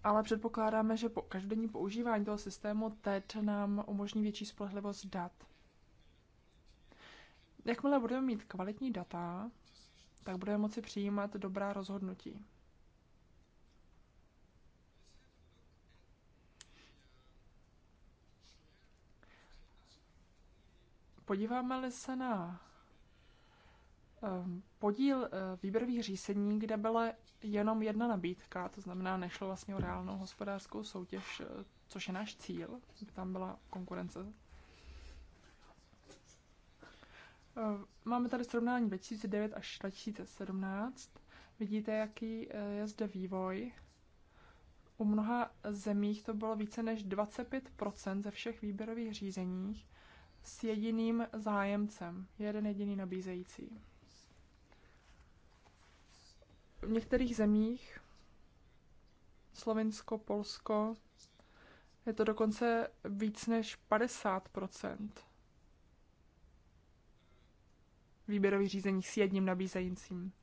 Ale předpokládáme, že po každodenní používání toho systému TED nám umožní větší spolehlivost dat. Jakmile budeme mít kvalitní data, tak budeme moci přijímat dobrá rozhodnutí. Podíváme-li se na ehm, podíl eh, výběrových řízení, kde byla jenom jedna nabídka, to znamená, nešlo vlastně o reálnou hospodářskou soutěž, eh, což je náš cíl, by tam byla konkurence. Ehm, máme tady srovnání 2009 až 2017. Vidíte, jaký eh, je zde vývoj. U mnoha zemích to bylo více než 25 ze všech výběrových řízeních s jediným zájemcem, jeden jediný nabízející. V některých zemích, Slovinsko, Polsko, je to dokonce víc než 50 výběrových řízení s jedním nabízejícím.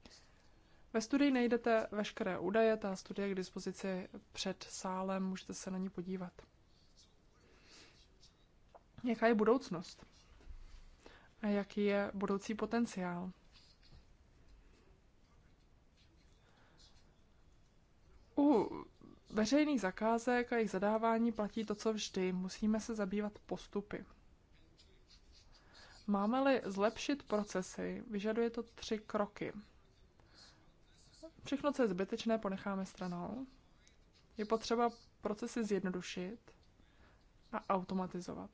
Ve studii najdete veškeré údaje, ta studie je k dispozici před sálem, můžete se na ní podívat jaká je budoucnost a jaký je budoucí potenciál. U veřejných zakázek a jejich zadávání platí to, co vždy. Musíme se zabývat postupy. Máme-li zlepšit procesy, vyžaduje to tři kroky. Všechno, co je zbytečné, ponecháme stranou. Je potřeba procesy zjednodušit a automatizovat.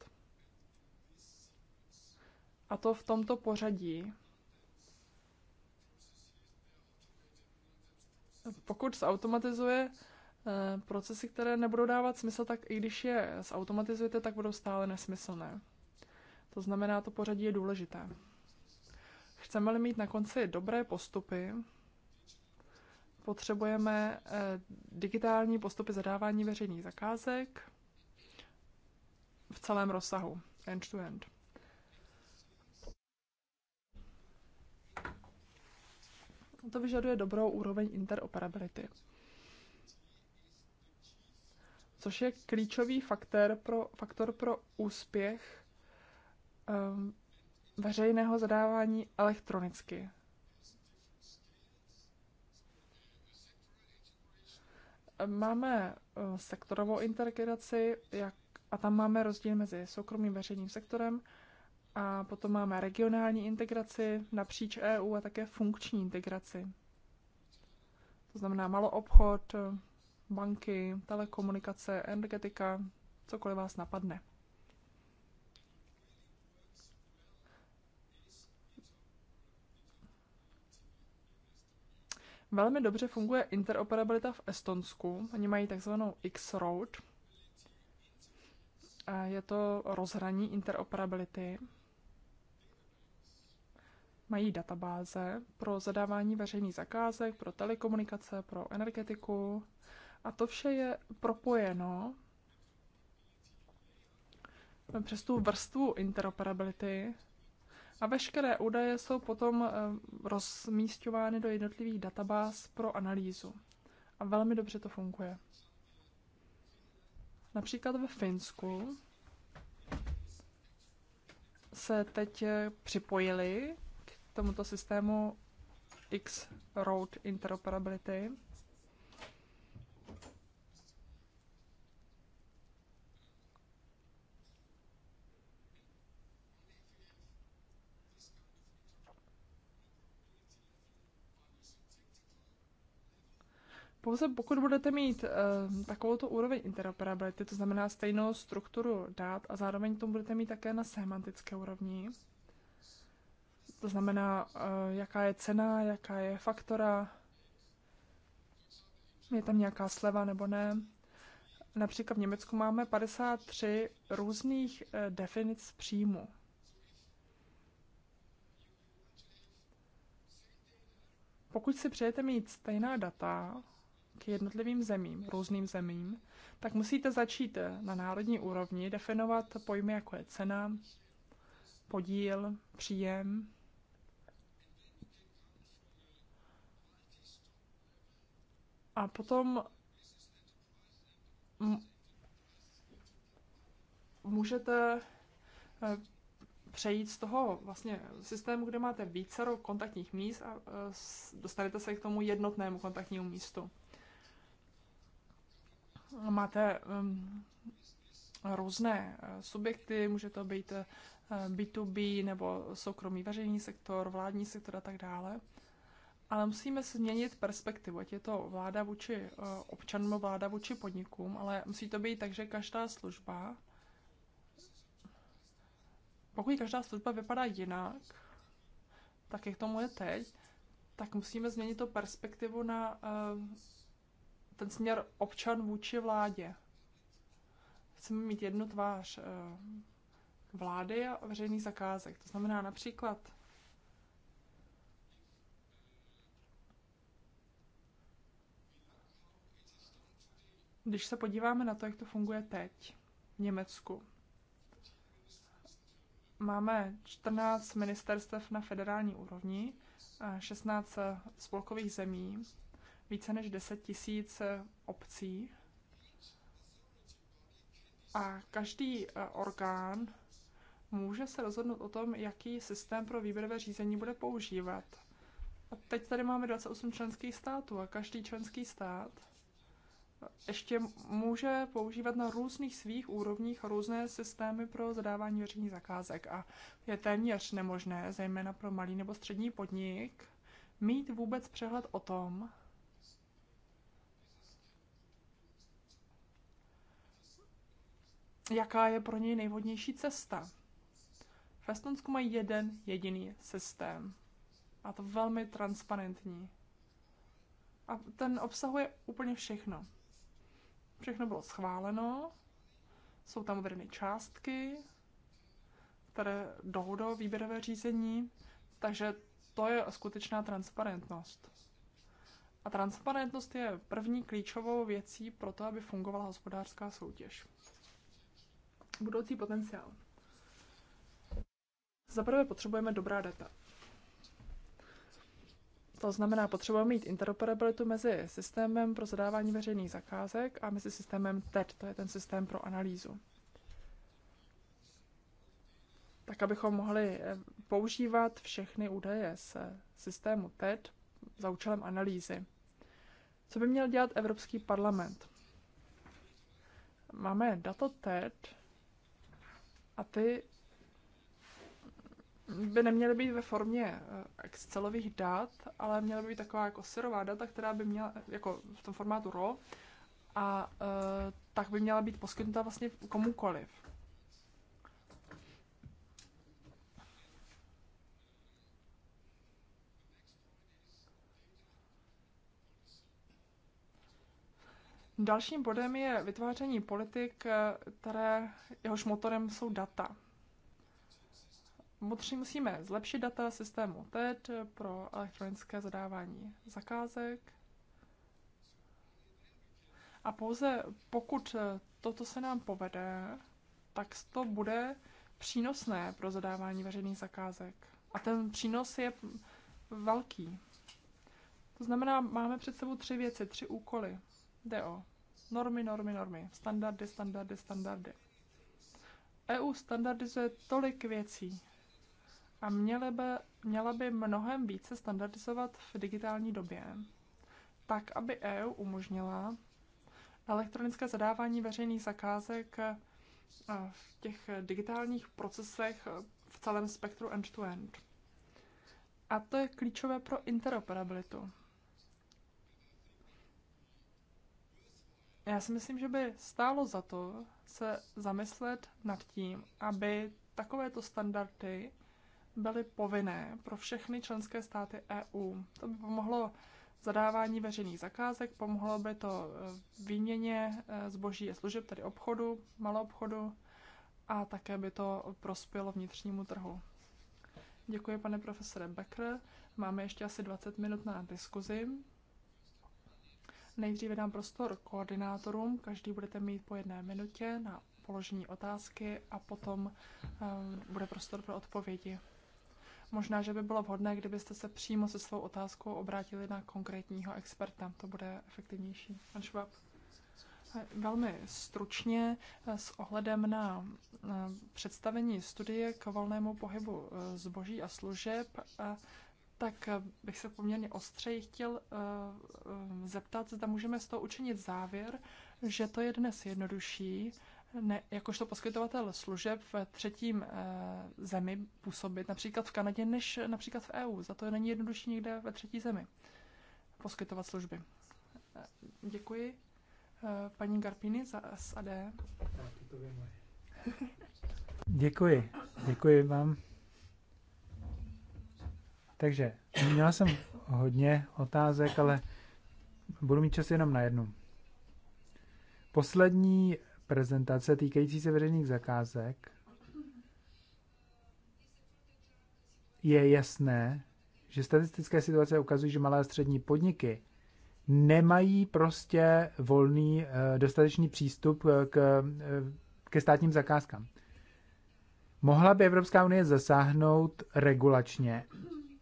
A to v tomto pořadí. Pokud se automatizuje eh, procesy, které nebudou dávat smysl, tak i když je zautomatizujete, tak budou stále nesmyslné. To znamená, to pořadí je důležité. Chceme-li mít na konci dobré postupy, potřebujeme eh, digitální postupy zadávání veřejných zakázek v celém rozsahu, end-to-end. end to end No, to vyžaduje dobrou úroveň interoperability, což je klíčový faktor pro, faktor pro úspěch um, veřejného zadávání elektronicky. Máme eh, sektorovou integraci jak, a tam máme rozdíl mezi soukromým a veřejným sektorem. A potom máme regionální integraci napříč EU a také funkční integraci. To znamená maloobchod, banky, telekomunikace, energetika, cokoliv vás napadne. Velmi dobře funguje interoperabilita v Estonsku. Oni mají takzvanou X-Road. Je to rozhraní interoperability mají databáze pro zadávání veřejných zakázek, pro telekomunikace, pro energetiku. A to vše je propojeno přes tu vrstvu interoperability. A veškeré údaje jsou potom eh, rozmístěvány do jednotlivých databáz pro analýzu. A velmi dobře to funguje. Například ve Finsku se teď eh, připojili tomuto systému X-Road Interoperability. Pouze pokud budete mít uh, eh, takovou úroveň interoperability, to znamená stejnou strukturu dát a zároveň tomu budete mít také na semantické úrovni, to znamená, eh, jaká je cena, jaká je faktora, je tam nějaká sleva nebo ne. Například v Německu máme 53 různých eh, definic příjmu. Pokud si přejete mít stejná data k jednotlivým zemím, různým zemím, tak musíte začít eh, na národní úrovni definovat pojmy jako je cena, podíl, příjem, A potom můžete eh, přejít z toho vlastně systému, kde máte více kontaktních míst a eh, dostanete se k tomu jednotnému kontaktnímu místu. Máte mm, různé eh, subjekty, může to být B2B nebo soukromý veřejný sektor, vládní sektor a tak dále. Ale musíme změnit perspektivu, ať je to vláda vůči eh, občanům, vláda vůči podnikům, ale musí to být tak, že každá služba, pokud každá služba vypadá jinak, tak jak tomu je teď, tak musíme změnit to perspektivu na eh, ten směr občan vůči vládě. Chceme mít jednu tvář eh, vlády a veřejných zakázek. To znamená například Když se podíváme na to, jak to funguje teď v Německu, máme 14 ministerstev na federální úrovni, 16 spolkových zemí, více než 10 tisíc obcí a každý eh, orgán může se rozhodnout o tom, jaký systém pro výběrové řízení bude používat. A teď tady máme 28 členských států a každý členský stát ještě může používat na různých svých úrovních různé systémy pro zadávání veřejných zakázek a je téměř nemožné, zejména pro malý nebo střední podnik, mít vůbec přehled o tom, jaká je pro něj nejvhodnější cesta. V Estonsku mají jeden jediný systém a to velmi transparentní. A ten obsahuje úplně všechno. Všechno bylo schváleno, jsou tam uvedeny částky, které dohodou výběrové řízení, takže to je skutečná transparentnost. A transparentnost je první klíčovou věcí pro to, aby fungovala hospodářská soutěž. Budoucí potenciál. Za prvé potřebujeme dobrá data. To znamená, potřeba mít interoperabilitu mezi systémem pro zadávání veřejných zakázek a mezi systémem TED, to je ten systém pro analýzu. Tak, abychom mohli eh, používat všechny údaje z systému TED za účelem analýzy. Co by měl dělat Evropský parlament? Máme data TED a ty by neměly být ve formě eh, Excelových dat, ale měla by být taková jako serová data, která by měla, jako v tom formátu RAW, a uh, tak by měla být poskytnuta vlastně komukoliv. Dalším bodem je vytváření politik, eh, které jehož motorem jsou data. Motři musíme zlepšit data systému TED pro elektronické zadávání zakázek. A pouze pokud eh, toto se nám povede, tak to bude přínosné pro zadávání veřejných zakázek. A ten přínos je velký. To znamená, máme před sebou tři věci, tři úkoly. Jde o normy, normy, normy, standardy, standardy, standardy. EU standardizuje tolik věcí a měla by, měla by mnohem více standardizovat v digitální době, tak aby EU umožnila elektronické zadávání veřejných zakázek eh, v těch digitálních procesech eh, v celém spektru end-to-end. -end. A to je klíčové pro interoperabilitu. Já si myslím, že by stálo za to se zamyslet nad tím, aby takovéto standardy byly povinné pro všechny členské státy EU. To by pomohlo zadávání veřejných zakázek, pomohlo by to e, výměně e, zboží a služeb, tedy obchodu, malou obchodu a také by to prospělo vnitřnímu trhu. Děkuji, pane profesore Becker. Máme ještě asi 20 minut na diskuzi. Nejdříve dám prostor koordinátorům, každý budete mít po jedné minutě na položení otázky a potom um, bude prostor pro odpovědi. Možná, že by bylo vhodné, kdybyste se přímo se svou otázkou obrátili na konkrétního experta. To bude efektivnější. Pan Švab. Velmi stručně eh, s ohledem na eh, představení studie k volnému pohybu eh, zboží a služeb, tak bych se poměrně ostřeji chtěl zeptat, zda můžeme z toho učinit závěr, že to je dnes jednodušší ne, jakožto poskytovatel služeb v třetím e, zemi působit, například v Kanadě, než například v EU. Za to není jednodušší někde ve třetí zemi poskytovat služby. E, děkuji e, paní Garpini za SAD. Děkuji, děkuji vám. Takže, měla jsem hodně otázek, ale budu mít čas jenom na jednu. Poslední prezentace týkající se veřejných zakázek, je jasné, že statistické situace ukazují, že malé a střední podniky nemají prostě volný eh, dostatečný přístup eh, k, eh, ke státním zakázkám. Mohla by Evropská unie zasáhnout regulačně,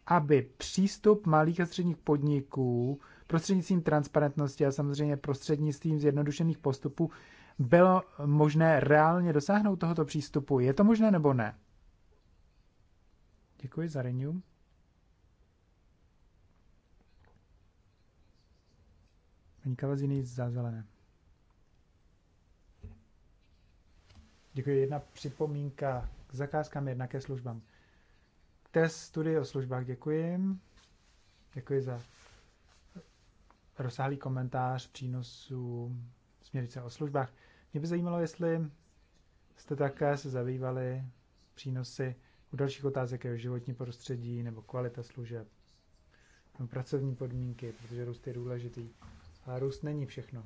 aby přístup malých a středních podniků prostřednictvím transparentnosti a samozřejmě prostřednictvím zjednodušených postupů bylo možné reálně dosáhnout tohoto přístupu. Je to možné nebo ne? Děkuji za renew. Paní Kavaziny za zelené. Děkuji. Jedna připomínka k zakázkám, jedna ke službám. Test studie o službách děkuji. Děkuji za rozsáhlý komentář přínosu směrnice o službách. Mě by zajímalo, jestli jste také se zabývali přínosy u dalších otázek, jako životní prostředí nebo kvalita služeb, nebo pracovní podmínky, protože růst je důležitý. Ale růst není všechno.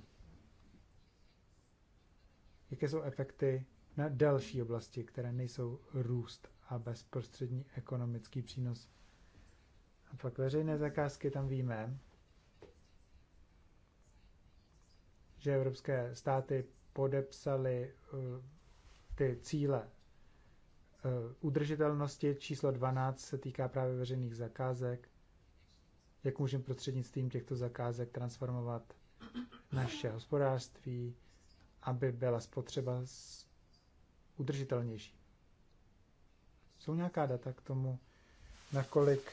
Jaké jsou efekty na další oblasti, které nejsou růst a bezprostřední ekonomický přínos? A pak veřejné zakázky tam víme, že evropské státy podepsali eh, ty cíle eh, udržitelnosti. Číslo 12 se týká právě veřejných zakázek. Jak můžeme prostřednictvím těchto zakázek transformovat naše hospodářství, aby byla spotřeba udržitelnější. Jsou nějaká data k tomu, nakolik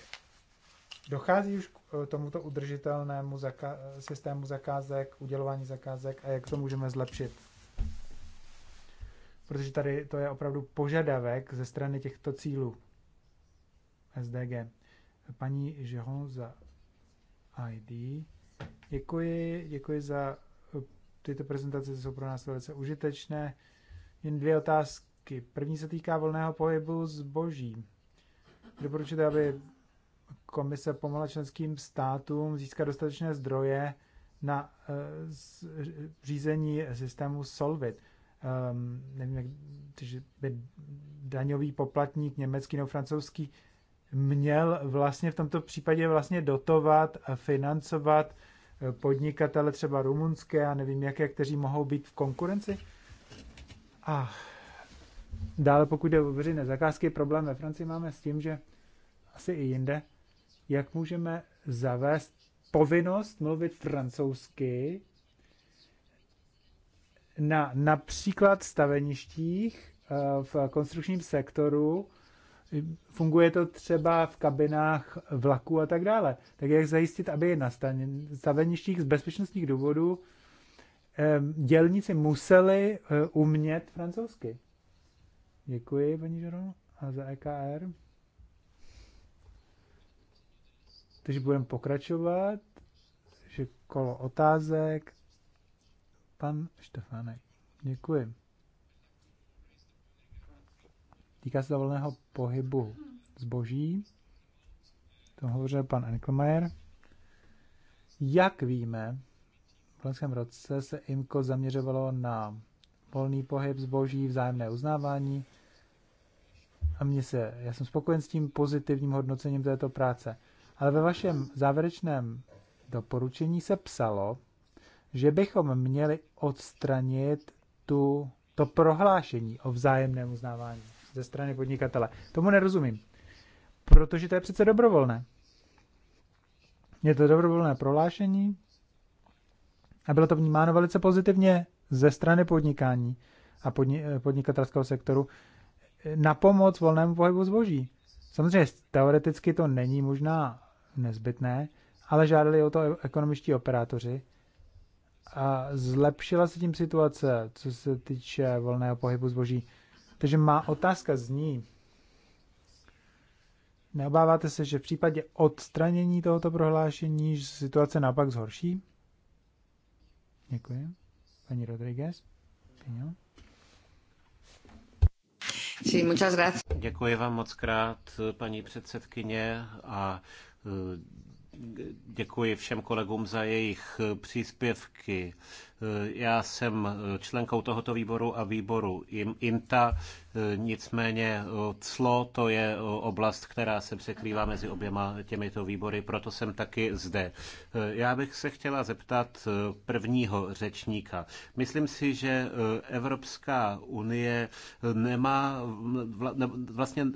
dochází už k eh, tomuto udržitelnému zaka- systému zakázek, udělování zakázek a jak to můžeme zlepšit? protože tady to je opravdu požadavek ze strany těchto cílů SDG. Paní Žehon za ID. Děkuji, děkuji za eh, tyto prezentace, jsou pro nás velice užitečné. Jen dvě otázky. První se týká volného pohybu zboží. Doporučujete, aby komise pomohla členským státům získat dostatečné zdroje na eh, řízení systému Solvit um, nevím, jak, že by daňový poplatník německý nebo francouzský měl vlastně v tomto případě vlastně dotovat a financovat eh, podnikatele třeba rumunské a nevím jaké, kteří mohou být v konkurenci. A dále pokud jde o veřejné zakázky, problém ve Francii máme s tím, že asi i jinde, jak můžeme zavést povinnost mluvit francouzsky na například staveništích eh, v konstrukčním sektoru, funguje to třeba v kabinách vlaku a tak dále. Tak jak zajistit, aby na staveništích z bezpečnostních důvodů eh, dělníci museli eh, umět francouzsky? Děkuji, paní Žeron, a za EKR. Takže budeme pokračovat. Takže kolo otázek Pan Štefánek, děkuji. Týká se dovoleného pohybu zboží. To hovořil pan Enkelmajer. Jak víme, v loňském roce se IMCO zaměřovalo na volný pohyb zboží, vzájemné uznávání. A mě se, já jsem spokojen s tím pozitivním hodnocením této práce. Ale ve vašem závěrečném doporučení se psalo, že bychom měli odstranit tu, to prohlášení o vzájemném uznávání ze strany podnikatele. Tomu nerozumím, protože to je přece dobrovolné. Je to dobrovolné prohlášení a bylo to vnímáno velice pozitivně ze strany podnikání a podni- podnikatelského sektoru na pomoc volnému pohybu zboží. Samozřejmě teoreticky to není možná nezbytné, ale žádali o to ekonomičtí operátoři a zlepšila se tím situace, co se týče volného pohybu zboží. Takže má otázka zní, neobáváte se, že v případě odstranění tohoto prohlášení že situace naopak zhorší? Děkuji. Paní Rodriguez. Děkuji. Děkuji vám moc krát, paní předsedkyně, a Děkuji všem kolegům za jejich eh, příspěvky. Eh, já jsem eh, členkou tohoto výboru a výboru INTA, nicméně clo to je oblast, která se překrývá mezi oběma těmito výbory, proto jsem taky zde. Já bych se chtěla zeptat prvního řečníka. Myslím si, že Evropská unie nemá vlastně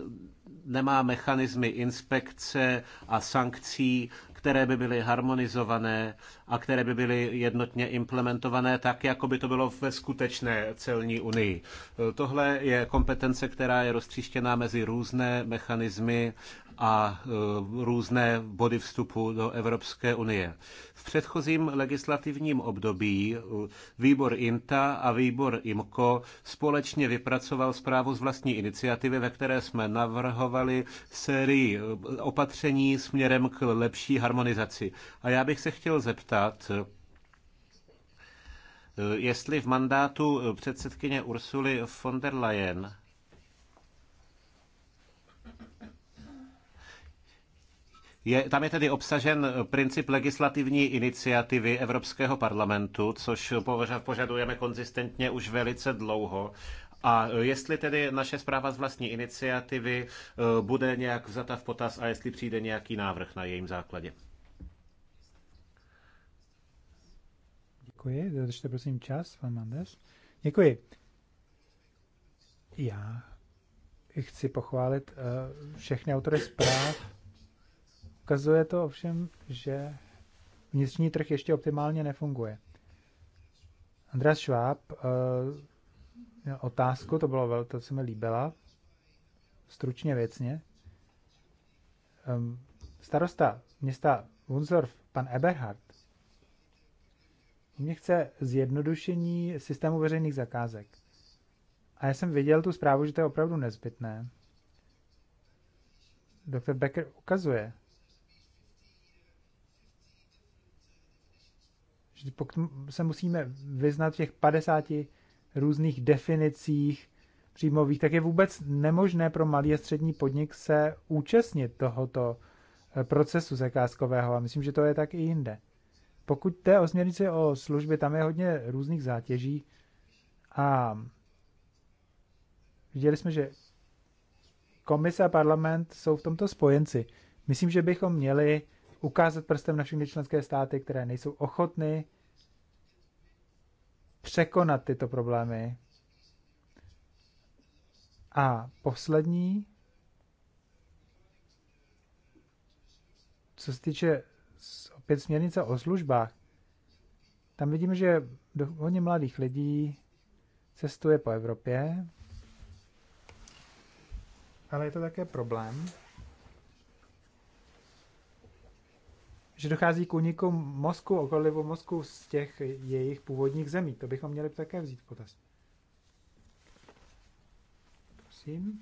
nemá mechanismy inspekce a sankcí které by byly harmonizované a které by byly jednotně implementované tak, jako by to bylo ve skutečné celní unii. Tohle je kompetence, která je roztříštěná mezi různé mechanismy a e, různé body vstupu do Evropské unie. V předchozím legislativním období e, výbor INTA a výbor IMCO společně vypracoval zprávu z vlastní iniciativy, ve které jsme navrhovali sérii e, opatření směrem k lepší harmonizaci harmonizaci. A já bych se chtěl zeptat, eh, jestli v mandátu eh, předsedkyně Ursuly von der Leyen Je, tam je tedy obsažen eh, princip legislativní iniciativy Evropského parlamentu, což požadujeme konzistentně už velice dlouho. A e, jestli tedy naše zpráva z vlastní iniciativy e, bude nějak vzata v potaz a jestli přijde nějaký návrh na jejím základě. Děkuji. Dodržte prosím čas, pan Mandes. Děkuji. Já chci pochválit e, všechny autory zpráv. Ukazuje to ovšem, že vnitřní trh ještě optimálně nefunguje. Andreas Schwab otázku, to bylo velké, to se mi líbila, stručně věcně. Starosta města Wunsdorf, pan Eberhard, mě chce zjednodušení systému veřejných zakázek. A já jsem viděl tu zprávu, že to je opravdu nezbytné. Dr. Becker ukazuje, že pokud se musíme vyznat v těch 50 různých definicích příjmových, tak je vůbec nemožné pro malý a střední podnik se účastnit tohoto eh, procesu zakázkového a myslím, že to je tak i jinde. Pokud jde o směrnici o služby, tam je hodně různých zátěží a viděli jsme, že komise a parlament jsou v tomto spojenci. Myslím, že bychom měli ukázat prstem na všechny členské státy, které nejsou ochotny překonat tyto problémy. A poslední, co se týče opět směrnice o službách, tam vidíme, že hodně mladých lidí cestuje po Evropě, ale je to také problém, že dochází k úniku mozku, okolivu mozku z těch jejich původních zemí. To bychom měli také vzít v potaz. Prosím.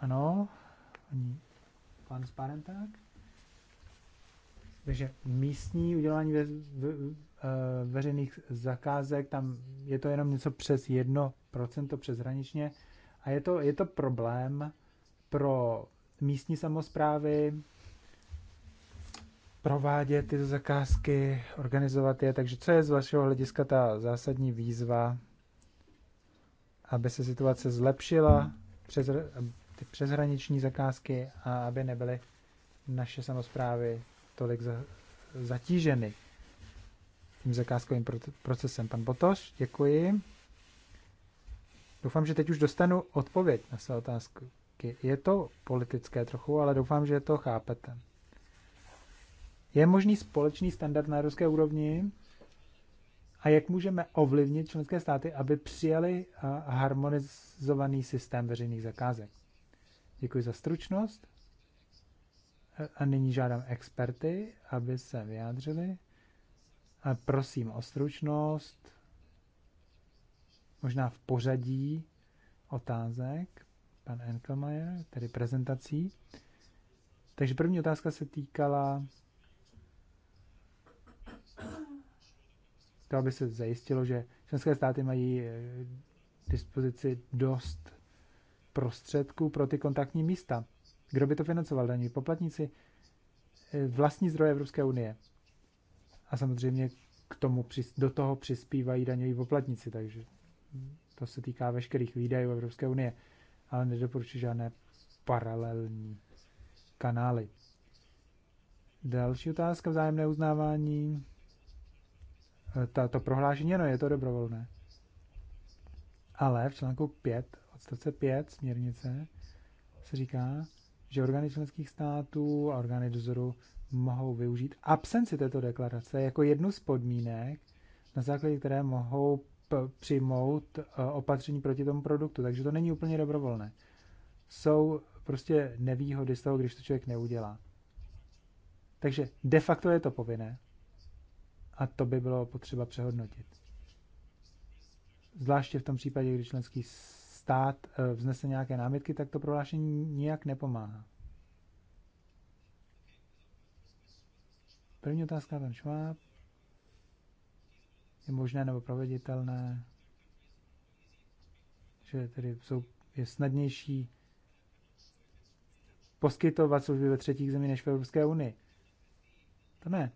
Ano, paní, pan Sparenták. Takže místní udělání ve, ve, e, veřejných zakázek, tam je to jenom něco přes 1% přeshraničně. A je to, je to problém pro místní samozprávy provádět tyto zakázky, organizovat je. Takže co je z vašeho hlediska ta zásadní výzva, aby se situace zlepšila hmm. přes, ty přeshraniční zakázky a aby nebyly naše samozprávy tolik za, zatíženy tím zakázkovým procesem. Pan Botoš, děkuji. Doufám, že teď už dostanu odpověď na své otázku taky. Je to politické trochu, ale doufám, že to chápete. Je možný společný standard na evropské úrovni? A jak můžeme ovlivnit členské státy, aby přijali harmonizovaný systém veřejných zakázek? Děkuji za stručnost. A nyní žádám experty, aby se vyjádřili. A prosím o stručnost, možná v pořadí otázek pan Enkelmajer, tedy prezentací. Takže první otázka se týkala to, aby se zajistilo, že členské státy mají eh, dispozici dost prostředků pro ty kontaktní místa. Kdo by to financoval? Daní poplatníci? Eh, vlastní zdroje Evropské unie. A samozřejmě k tomu, do toho přispívají daňoví poplatníci, takže to se týká veškerých výdajů Evropské unie ale nedoporučuji žádné paralelní kanály. Další otázka, vzájemné uznávání. To prohlášení, no je to dobrovolné. Ale v článku 5, odstavce 5 směrnice se říká, že orgány členských států a orgány dozoru mohou využít absenci této deklarace jako jednu z podmínek, na základě které mohou přijmout eh, opatření proti tomu produktu, takže to není úplně dobrovolné. Jsou prostě nevýhody z toho, když to člověk neudělá. Takže de facto je to povinné a to by bylo potřeba přehodnotit. Zvláště v tom případě, když členský stát eh, vznese nějaké námitky, tak to prohlášení nijak nepomáhá. První otázka, pan Šváb je možné nebo proveditelné, že tedy jsou, je snadnější poskytovat služby ve třetích zemích než v Evropské unii. To ne.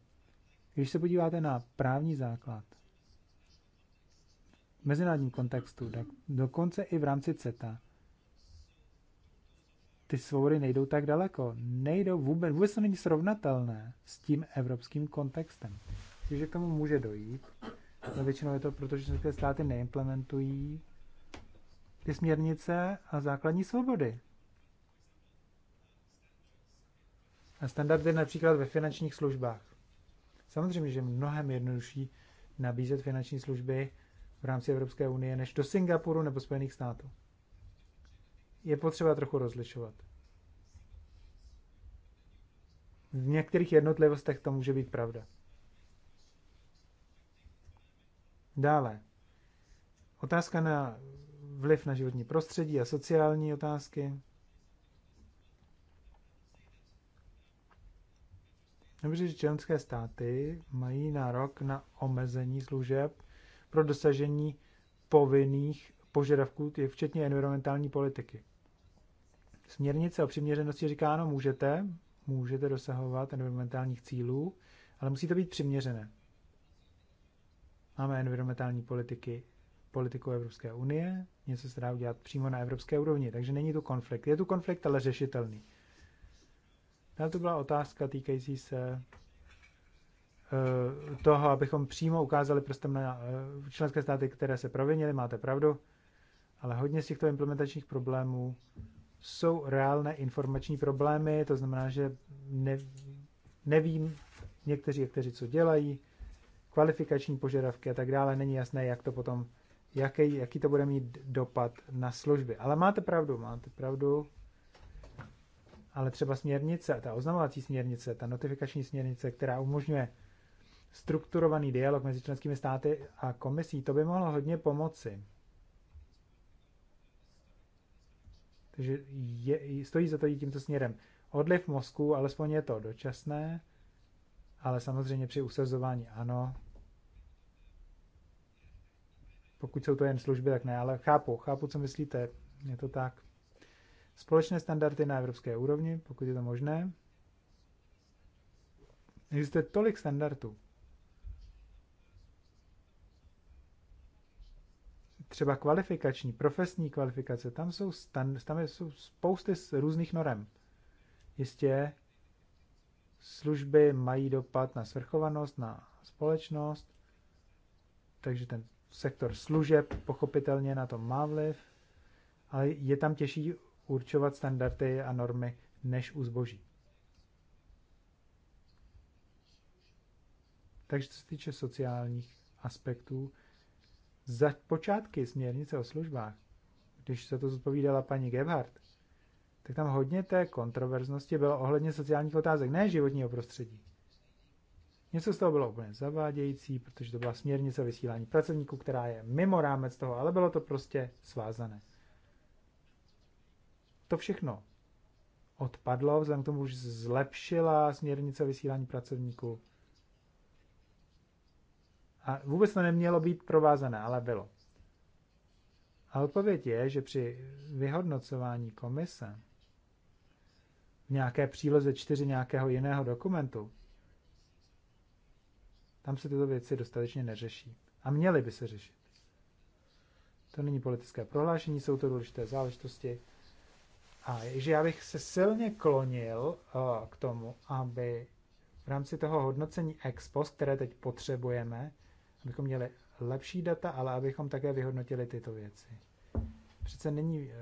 Když se podíváte na právní základ v mezinárodním kontextu, tak dokonce i v rámci CETA, ty svobody nejdou tak daleko. Nejdou vůbec, vůbec to není srovnatelné s tím evropským kontextem. Takže k tomu může dojít Většinou je to proto, že české státy neimplementují ty směrnice a základní svobody. A standardy například ve finančních službách. Samozřejmě, že je mnohem jednodušší nabízet finanční služby v rámci Evropské unie než do Singapuru nebo Spojených států. Je potřeba trochu rozlišovat. V některých jednotlivostech to může být pravda. Dále, otázka na vliv na životní prostředí a sociální otázky. Dobře, že členské státy mají nárok na omezení služeb pro dosažení povinných požadavků, včetně environmentální politiky. Směrnice o přiměřenosti říká, ano, můžete, můžete dosahovat environmentálních cílů, ale musí to být přiměřené. Máme environmentální politiky, politiku Evropské unie, něco se dá udělat přímo na evropské úrovni, takže není tu konflikt. Je tu konflikt, ale řešitelný. Na to byla otázka týkající se e, toho, abychom přímo ukázali prstem na e, členské státy, které se provinily, máte pravdu, ale hodně z těchto implementačních problémů jsou reálné informační problémy, to znamená, že ne, nevím někteří, kteří co dělají, kvalifikační požadavky a tak dále. Není jasné, jak to potom, jaký, jaký to bude mít dopad na služby. Ale máte pravdu, máte pravdu. Ale třeba směrnice, ta oznamovací směrnice, ta notifikační směrnice, která umožňuje strukturovaný dialog mezi členskými státy a komisí, to by mohlo hodně pomoci. Takže je, stojí za to jít tímto směrem. Odliv mozku, alespoň je to dočasné, ale samozřejmě při usazování ano. Pokud jsou to jen služby, tak ne, ale chápu, chápu, co myslíte, je to tak. Společné standardy na evropské úrovni, pokud je to možné. Existuje tolik standardů. Třeba kvalifikační, profesní kvalifikace, tam jsou, stand, tam jsou spousty různých norem. Jistě služby mají dopad na svrchovanost, na společnost, takže ten sektor služeb pochopitelně na to má vliv, ale je tam těžší určovat standardy a normy než u zboží. Takže co se týče sociálních aspektů, za počátky směrnice o službách, když se to zodpovídala paní Gebhardt, tak tam hodně té kontroverznosti bylo ohledně sociálních otázek, ne životního prostředí. Něco z toho bylo úplně zavádějící, protože to byla směrnice vysílání pracovníků, která je mimo rámec toho, ale bylo to prostě svázané. To všechno odpadlo, vzhledem k tomu už zlepšila směrnice vysílání pracovníků. A vůbec to nemělo být provázané, ale bylo. A odpověď je, že při vyhodnocování komise nějaké příloze čtyři nějakého jiného dokumentu, tam se tyto věci dostatečně neřeší. A měly by se řešit. To není politické prohlášení, jsou to důležité záležitosti. A že já bych se silně klonil eh, k tomu, aby v rámci toho hodnocení ex post, které teď potřebujeme, abychom měli lepší data, ale abychom také vyhodnotili tyto věci. Přece není eh,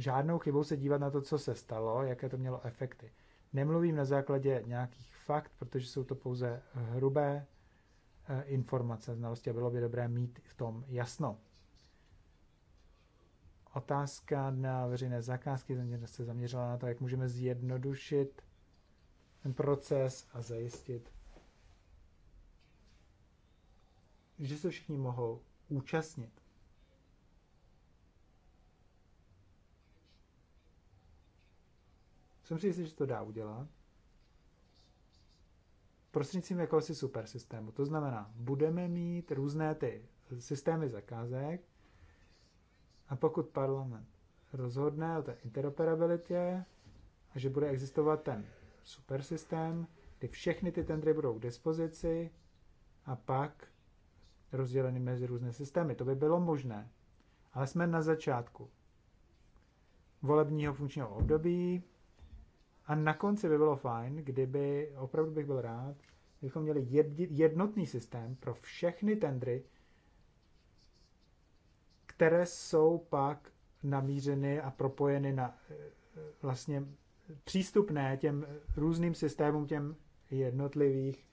žádnou chybou se dívat na to, co se stalo, jaké to mělo efekty. Nemluvím na základě nějakých fakt, protože jsou to pouze hrubé eh, informace, znalosti a bylo by dobré mít v tom jasno. Otázka na veřejné zakázky se zaměřila na to, jak můžeme zjednodušit ten proces a zajistit, že se všichni mohou účastnit. Jsem si jistý, že to dá udělat. Prostřednictvím jakéhosi supersystému. To znamená, budeme mít různé ty systémy zakázek a pokud parlament rozhodne o té interoperabilitě a že bude existovat ten supersystém, kdy všechny ty tendry budou k dispozici a pak rozděleny mezi různé systémy. To by bylo možné, ale jsme na začátku volebního funkčního období, a na konci by bylo fajn, kdyby, opravdu bych byl rád, kdybychom měli jednotný systém pro všechny tendry, které jsou pak namířeny a propojeny na eh, vlastně přístupné těm různým systémům, těm jednotlivých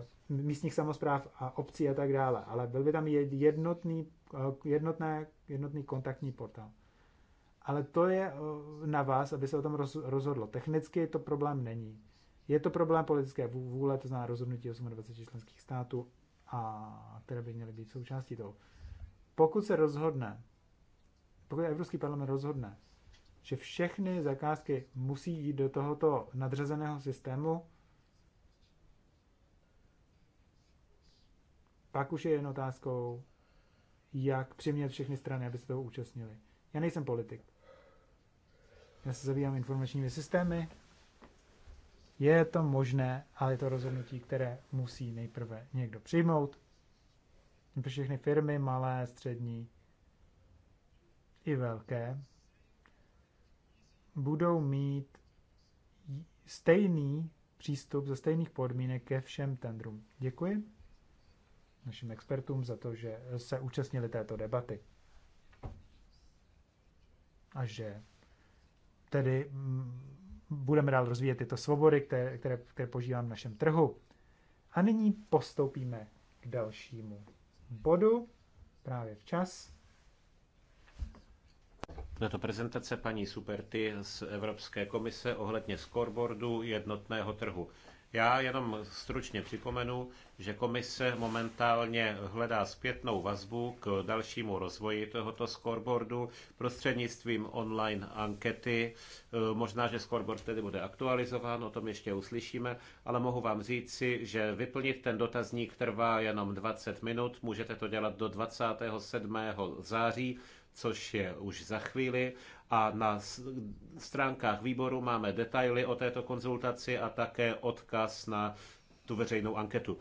eh, místních samozpráv a obcí a tak dále. Ale byl by tam jednotný, eh, jednotné, jednotný kontaktní portál. Ale to je eh, na vás, aby se o tom rozhodlo. Technicky to problém není. Je to problém politické vůle, to znamená rozhodnutí 28 členských států, a které by měly být součástí toho. Pokud se rozhodne, pokud Evropský parlament rozhodne, že všechny zakázky musí jít do tohoto nadřazeného systému, pak už je jen otázkou, jak přimět všechny strany, aby se toho účastnili. Já nejsem politik já se zabývám informačními systémy. Je to možné, ale je to rozhodnutí, které musí nejprve někdo přijmout. Pro všechny firmy, malé, střední i velké, budou mít stejný přístup za stejných podmínek ke všem tendrům. Děkuji našim expertům za to, že se účastnili této debaty a že tedy mm, budeme dál rozvíjet tyto svobody, které, které, které požívám v našem trhu. A nyní postoupíme k dalšímu bodu, právě včas. Bude to prezentace paní Superty z Evropské komise ohledně scoreboardu jednotného trhu. Já jenom stručně připomenu, že komise momentálně hledá zpětnou vazbu k dalšímu rozvoji tohoto scoreboardu prostřednictvím online ankety. E, možná, že scoreboard tedy bude aktualizován, o tom ještě uslyšíme, ale mohu vám říci, že vyplnit ten dotazník trvá jenom 20 minut, můžete to dělat do 27. září což je už za chvíli. A na stránkách výboru máme detaily o této konzultaci a také odkaz na tu veřejnou anketu.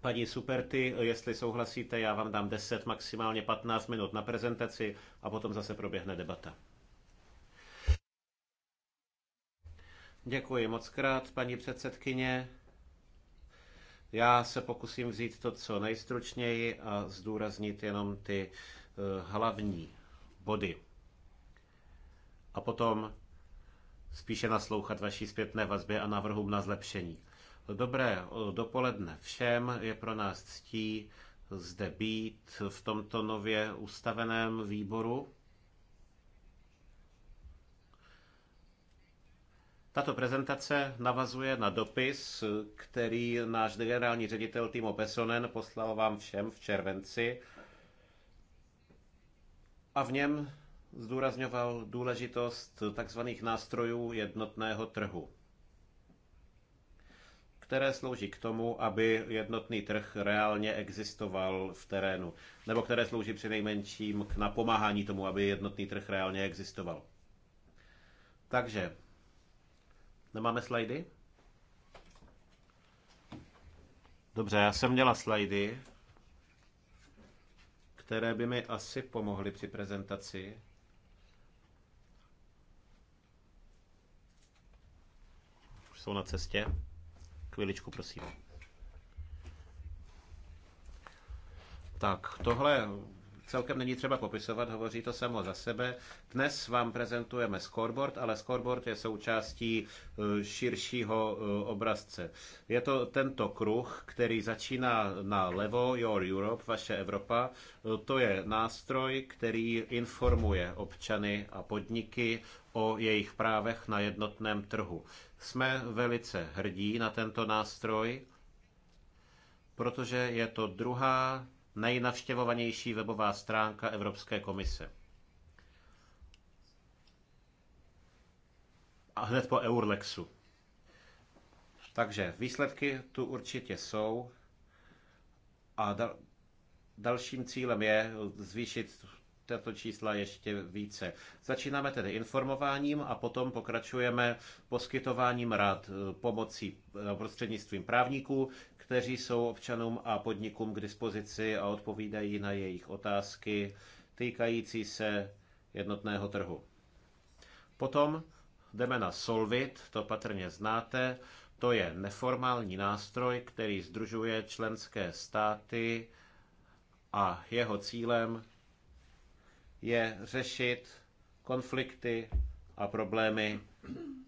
Paní Superty, jestli souhlasíte, já vám dám 10, maximálně 15 minut na prezentaci a potom zase proběhne debata. Děkuji moc krát, paní předsedkyně. Já se pokusím vzít to, co nejstručněji a zdůraznit jenom ty uh, Eh, hlavní body. A potom spíše naslouchat vaší zpětné vazbě a návrhům na zlepšení. Dobré eh, dopoledne všem, je pro nás ctí zde být v tomto nově ustaveném výboru. Tato prezentace navazuje na dopis, eh, který náš generální ředitel Timo Pesonen poslal vám všem v červenci a v něm zdůrazňoval důležitost tzv. nástrojů jednotného trhu, které slouží k tomu, aby jednotný trh reálně existoval v terénu, nebo které slouží při nejmenším k napomáhání tomu, aby jednotný trh reálně existoval. Takže, nemáme slajdy? Dobře, já jsem měla slajdy které by mi asi pomohly při prezentaci. Už jsou na cestě. Chviličku, prosím. Tak, tohle celkem není třeba popisovat, hovoří to samo za sebe. Dnes vám prezentujeme scoreboard, ale scoreboard je součástí e, širšího e, obrazce. Je to tento kruh, který začíná na levo, Your Europe, vaše Evropa. E, to je nástroj, který informuje občany a podniky o jejich právech na jednotném trhu. Jsme velice hrdí na tento nástroj, protože je to druhá nejnavštěvovanější webová stránka Evropské komise. A hned po Eurlexu. Takže výsledky tu určitě jsou. A dal, dalším cílem je zvýšit tato čísla ještě více. Začínáme tedy informováním a potom pokračujeme poskytováním rad eh, pomocí eh, prostřednictvím právníků, kteří jsou občanům a podnikům k dispozici a odpovídají na jejich otázky týkající se jednotného trhu. Potom jdeme na Solvit, to patrně znáte. To je neformální nástroj, který združuje členské státy a jeho cílem je řešit konflikty a problémy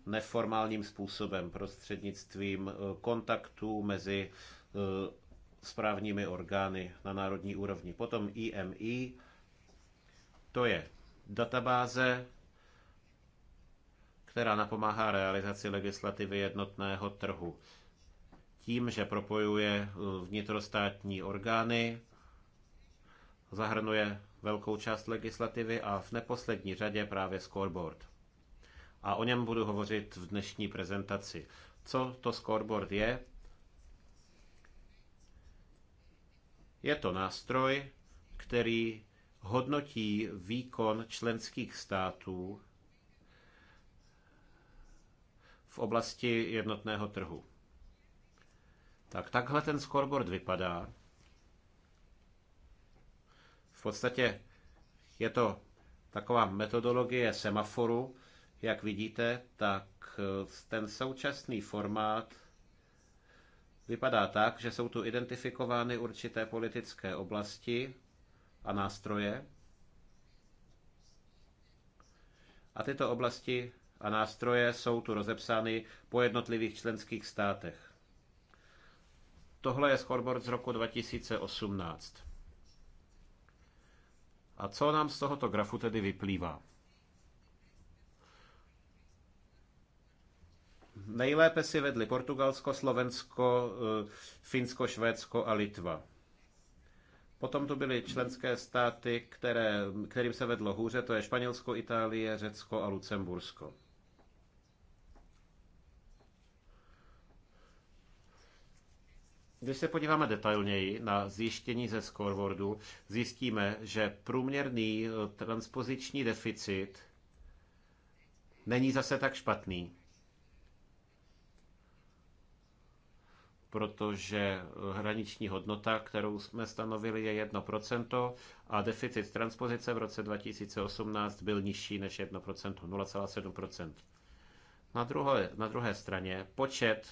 neformálním způsobem, prostřednictvím eh, kontaktů mezi eh, správními orgány na národní úrovni. Potom IMI, to je databáze, která napomáhá realizaci legislativy jednotného trhu tím, že propojuje eh, vnitrostátní orgány, zahrnuje velkou část legislativy a v neposlední řadě právě scoreboard. A o něm budu hovořit v dnešní prezentaci. Co to scoreboard je? Je to nástroj, který hodnotí výkon členských států v oblasti jednotného trhu. Tak takhle ten scoreboard vypadá podstatě je to taková metodologie semaforu. Jak vidíte, tak eh, ten současný formát vypadá tak, že jsou tu identifikovány určité politické oblasti a nástroje. A tyto oblasti a nástroje jsou tu rozepsány po jednotlivých členských státech. Tohle je scoreboard z roku 2018. A co nám z tohoto grafu tedy vyplývá? Nejlépe si vedli Portugalsko, Slovensko, eh, Finsko, Švédsko a Litva. Potom to byly členské státy, které, kterým se vedlo hůře, to je Španělsko, Itálie, Řecko a Lucembursko. Když se podíváme detailněji na zjištění ze scoreboardu, zjistíme, že průměrný eh, transpoziční deficit není zase tak špatný, protože eh, hraniční hodnota, kterou jsme stanovili, je 1% a deficit transpozice v roce 2018 byl nižší než 1%, 0,7%. Na druhé, na druhé straně počet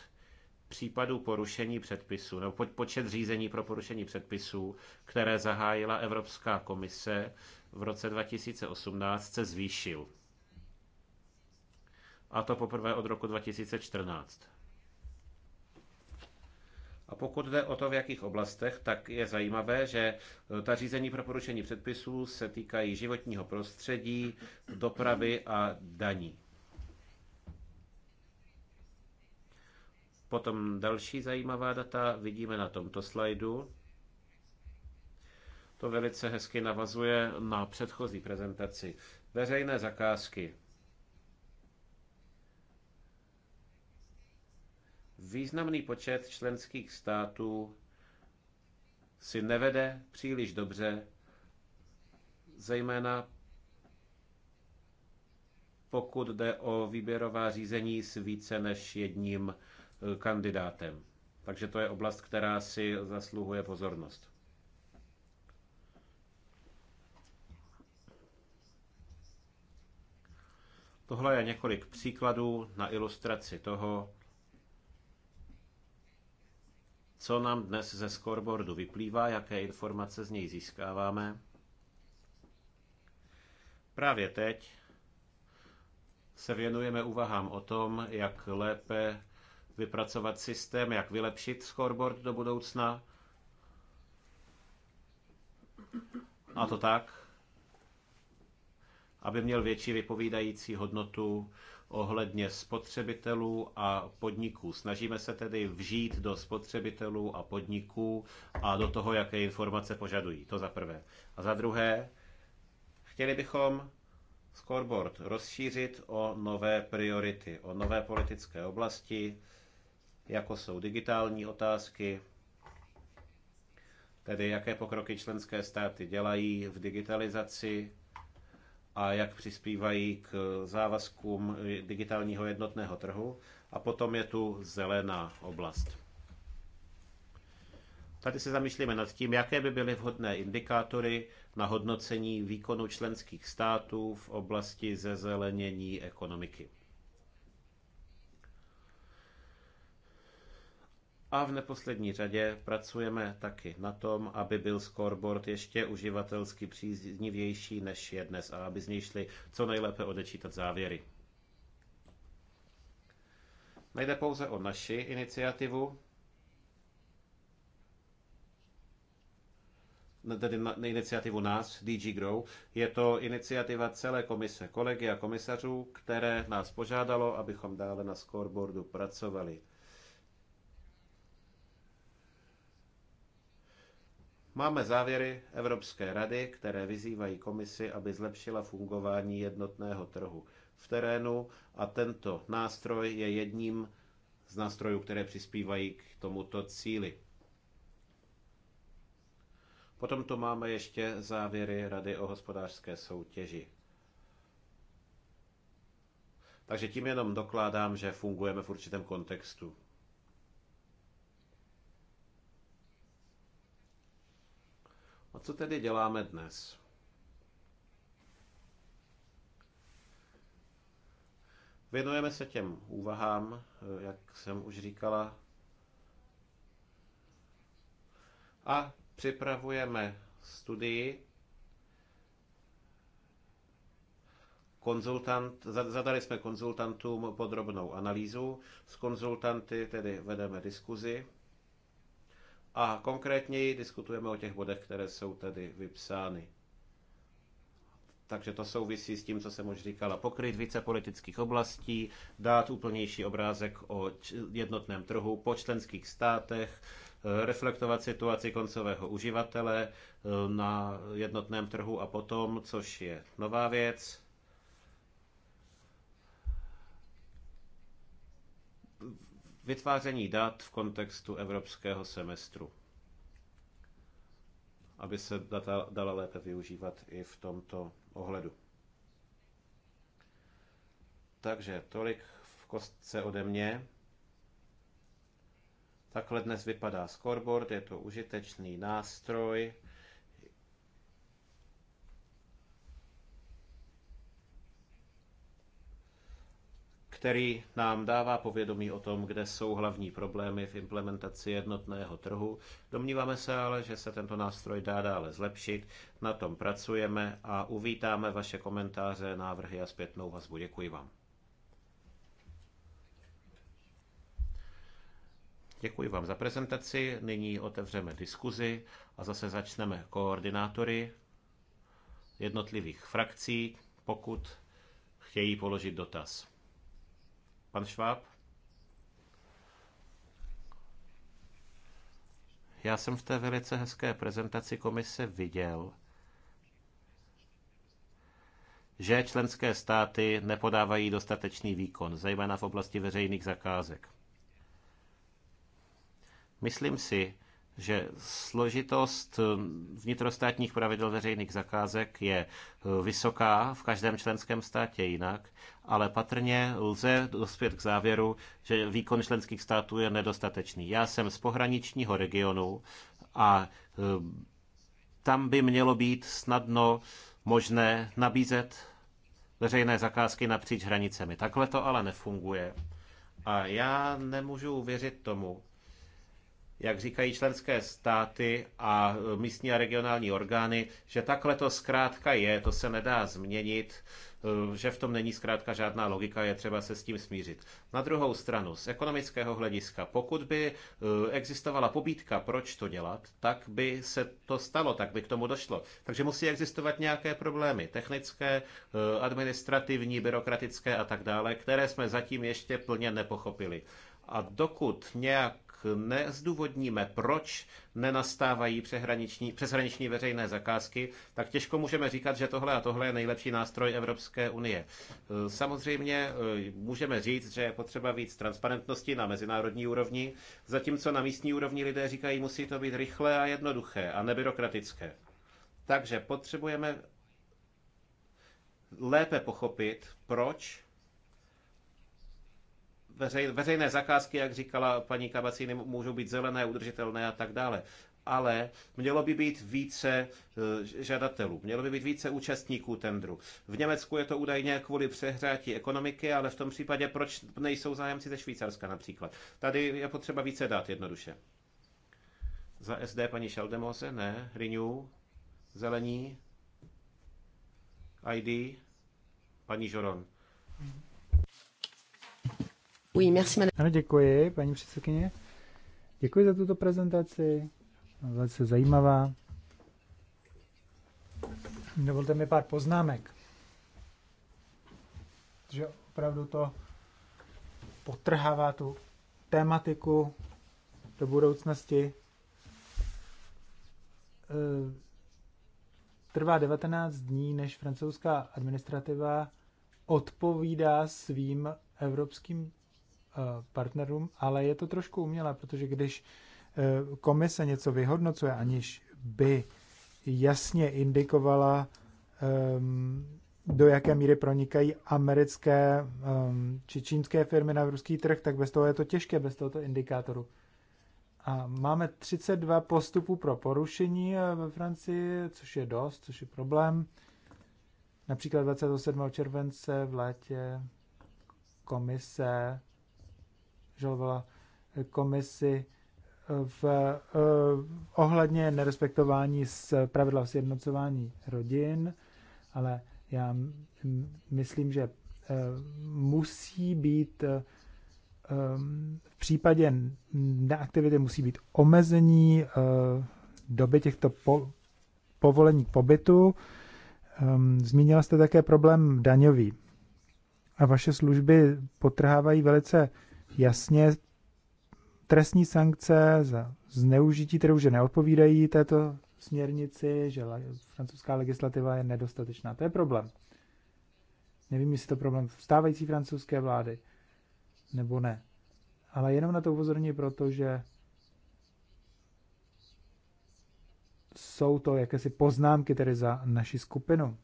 případů porušení předpisů, nebo počet řízení pro porušení předpisů, které zahájila Evropská komise v roce 2018, se zvýšil. A to poprvé od roku 2014. A pokud jde o to, v jakých oblastech, tak je zajímavé, že e, ta řízení pro porušení předpisů se týkají životního prostředí, dopravy a daní. Potom další zajímavá data vidíme na tomto slajdu. To velice hezky navazuje na předchozí prezentaci. Veřejné zakázky. Významný počet členských států si nevede příliš dobře, zejména pokud jde o výběrová řízení s více než jedním Eh, kandidátem. Takže to je oblast, která si zasluhuje pozornost. Tohle je několik příkladů na ilustraci toho, co nám dnes ze scoreboardu vyplývá, jaké informace z něj získáváme. Právě teď se věnujeme úvahám o tom, jak lépe vypracovat systém, jak vylepšit scoreboard do budoucna. A to tak, aby měl větší vypovídající hodnotu ohledně spotřebitelů a podniků. Snažíme se tedy vžít do spotřebitelů a podniků a do toho, jaké informace požadují. To za prvé. A za druhé, chtěli bychom scoreboard rozšířit o nové priority, o nové politické oblasti, jako jsou digitální otázky, tedy jaké pokroky členské státy dělají v digitalizaci a jak přispívají k závazkům digitálního jednotného trhu. A potom je tu zelená oblast. Tady se zamýšlíme nad tím, jaké by byly vhodné indikátory na hodnocení výkonu členských států v oblasti zezelenění ekonomiky. A v neposlední řadě pracujeme taky na tom, aby byl scoreboard ještě uživatelsky příznivější než je dnes a aby z něj šli co nejlépe odečítat závěry. Nejde pouze o naši iniciativu, tedy na, na iniciativu nás, DG Grow. Je to iniciativa celé komise, kolegy a komisařů, které nás požádalo, abychom dále na scoreboardu pracovali. Máme závěry Evropské rady, které vyzývají komisi, aby zlepšila fungování jednotného trhu v terénu a tento nástroj je jedním z nástrojů, které přispívají k tomuto cíli. Potom tu máme ještě závěry Rady o hospodářské soutěži. Takže tím jenom dokládám, že fungujeme v určitém kontextu. co tedy děláme dnes? Věnujeme se těm úvahám, jak jsem už říkala, a připravujeme studii. Konzultant, zadali jsme konzultantům podrobnou analýzu, s konzultanty tedy vedeme diskuzi a konkrétněji diskutujeme o těch bodech, které jsou tady vypsány. Takže to souvisí s tím, co jsem už říkala, pokryt více politických oblastí, dát úplnější obrázek o jednotném trhu po členských státech, eh, reflektovat situaci koncového uživatele eh, na jednotném trhu a potom, což je nová věc, vytváření dat v kontextu evropského semestru, aby se data dala lépe využívat i v tomto ohledu. Takže tolik v kostce ode mě. Takhle dnes vypadá scoreboard, je to užitečný nástroj, který nám dává povědomí o tom, kde jsou hlavní problémy v implementaci jednotného trhu. Domníváme se ale, že se tento nástroj dá dále zlepšit, na tom pracujeme a uvítáme vaše komentáře, návrhy a zpětnou vazbu. Děkuji vám. Děkuji vám za prezentaci. Nyní otevřeme diskuzi a zase začneme koordinátory jednotlivých frakcí, pokud chtějí položit dotaz. Pan Šváb? Já jsem v té velice hezké prezentaci komise viděl, že členské státy nepodávají dostatečný výkon, zejména v oblasti veřejných zakázek. Myslím si, že složitost eh, vnitrostátních pravidel veřejných zakázek je eh, vysoká v každém členském státě jinak, ale patrně lze dospět k závěru, že výkon členských států je nedostatečný. Já jsem z pohraničního regionu a eh, tam by mělo být snadno možné nabízet veřejné zakázky napříč hranicemi. Takhle to ale nefunguje. A já nemůžu věřit tomu, jak říkají členské státy a místní a regionální orgány, že takhle to zkrátka je, to se nedá změnit, eh, že v tom není zkrátka žádná logika, je třeba se s tím smířit. Na druhou stranu, z ekonomického hlediska, pokud by eh, existovala pobídka, proč to dělat, tak by se to stalo, tak by k tomu došlo. Takže musí existovat nějaké problémy technické, eh, administrativní, byrokratické a tak dále, které jsme zatím ještě plně nepochopili. A dokud nějak nezdůvodníme, proč nenastávají přeshraniční, přeshraniční veřejné zakázky, tak těžko můžeme říkat, že tohle a tohle je nejlepší nástroj Evropské unie. E, samozřejmě e, můžeme říct, že je potřeba víc transparentnosti na mezinárodní úrovni, zatímco na místní úrovni lidé říkají, musí to být rychlé a jednoduché a nebyrokratické. Takže potřebujeme lépe pochopit, proč veřej, veřejné zakázky, jak říkala paní Kabacíny, můžou být zelené, udržitelné a tak dále. Ale mělo by být více eh, žadatelů, mělo by být více účastníků tendru. V Německu je to údajně kvůli přehrátí ekonomiky, ale v tom případě proč nejsou zájemci ze Švýcarska například? Tady je potřeba více dát jednoduše. Za SD paní Šeldemose? Ne. Renew? Zelení? ID? Paní Žoron. Oui, merci, ano, děkuji, paní předsedkyně. Děkuji za tuto prezentaci. Velice zajímavá. Dovolte mi pár poznámek. Že opravdu to potrhává tu tématiku do budoucnosti. Eh, trvá 19 dní, než francouzská administrativa odpovídá svým evropským Eh, partnerům, ale je to trošku umělé, protože když eh, komise něco vyhodnocuje, aniž by jasně indikovala, ehm, do jaké míry pronikají americké ehm, či čínské firmy na ruský trh, tak bez toho je to těžké, bez tohoto indikátoru. A máme 32 postupů pro porušení eh, ve Francii, což je dost, což je problém. Například 27. července v létě komise žalovala komisi v, eh, ohledně nerespektování z pravidla sjednocování rodin, ale já myslím, že eh, musí být eh, v případě neaktivity musí být omezení eh, doby těchto po, povolení k pobytu. Ehm, zmínila jste také problém daňový. A vaše služby potrhávají velice uh, jasně trestní sankce za zneužití trhu, že neodpovídají této směrnici, že francouzská legislativa je nedostatečná. To je problém. Nevím, jestli to problém stávající francouzské vlády, nebo ne. Ale jenom na to upozorní, protože jsou to jakési poznámky tedy za naši skupinu.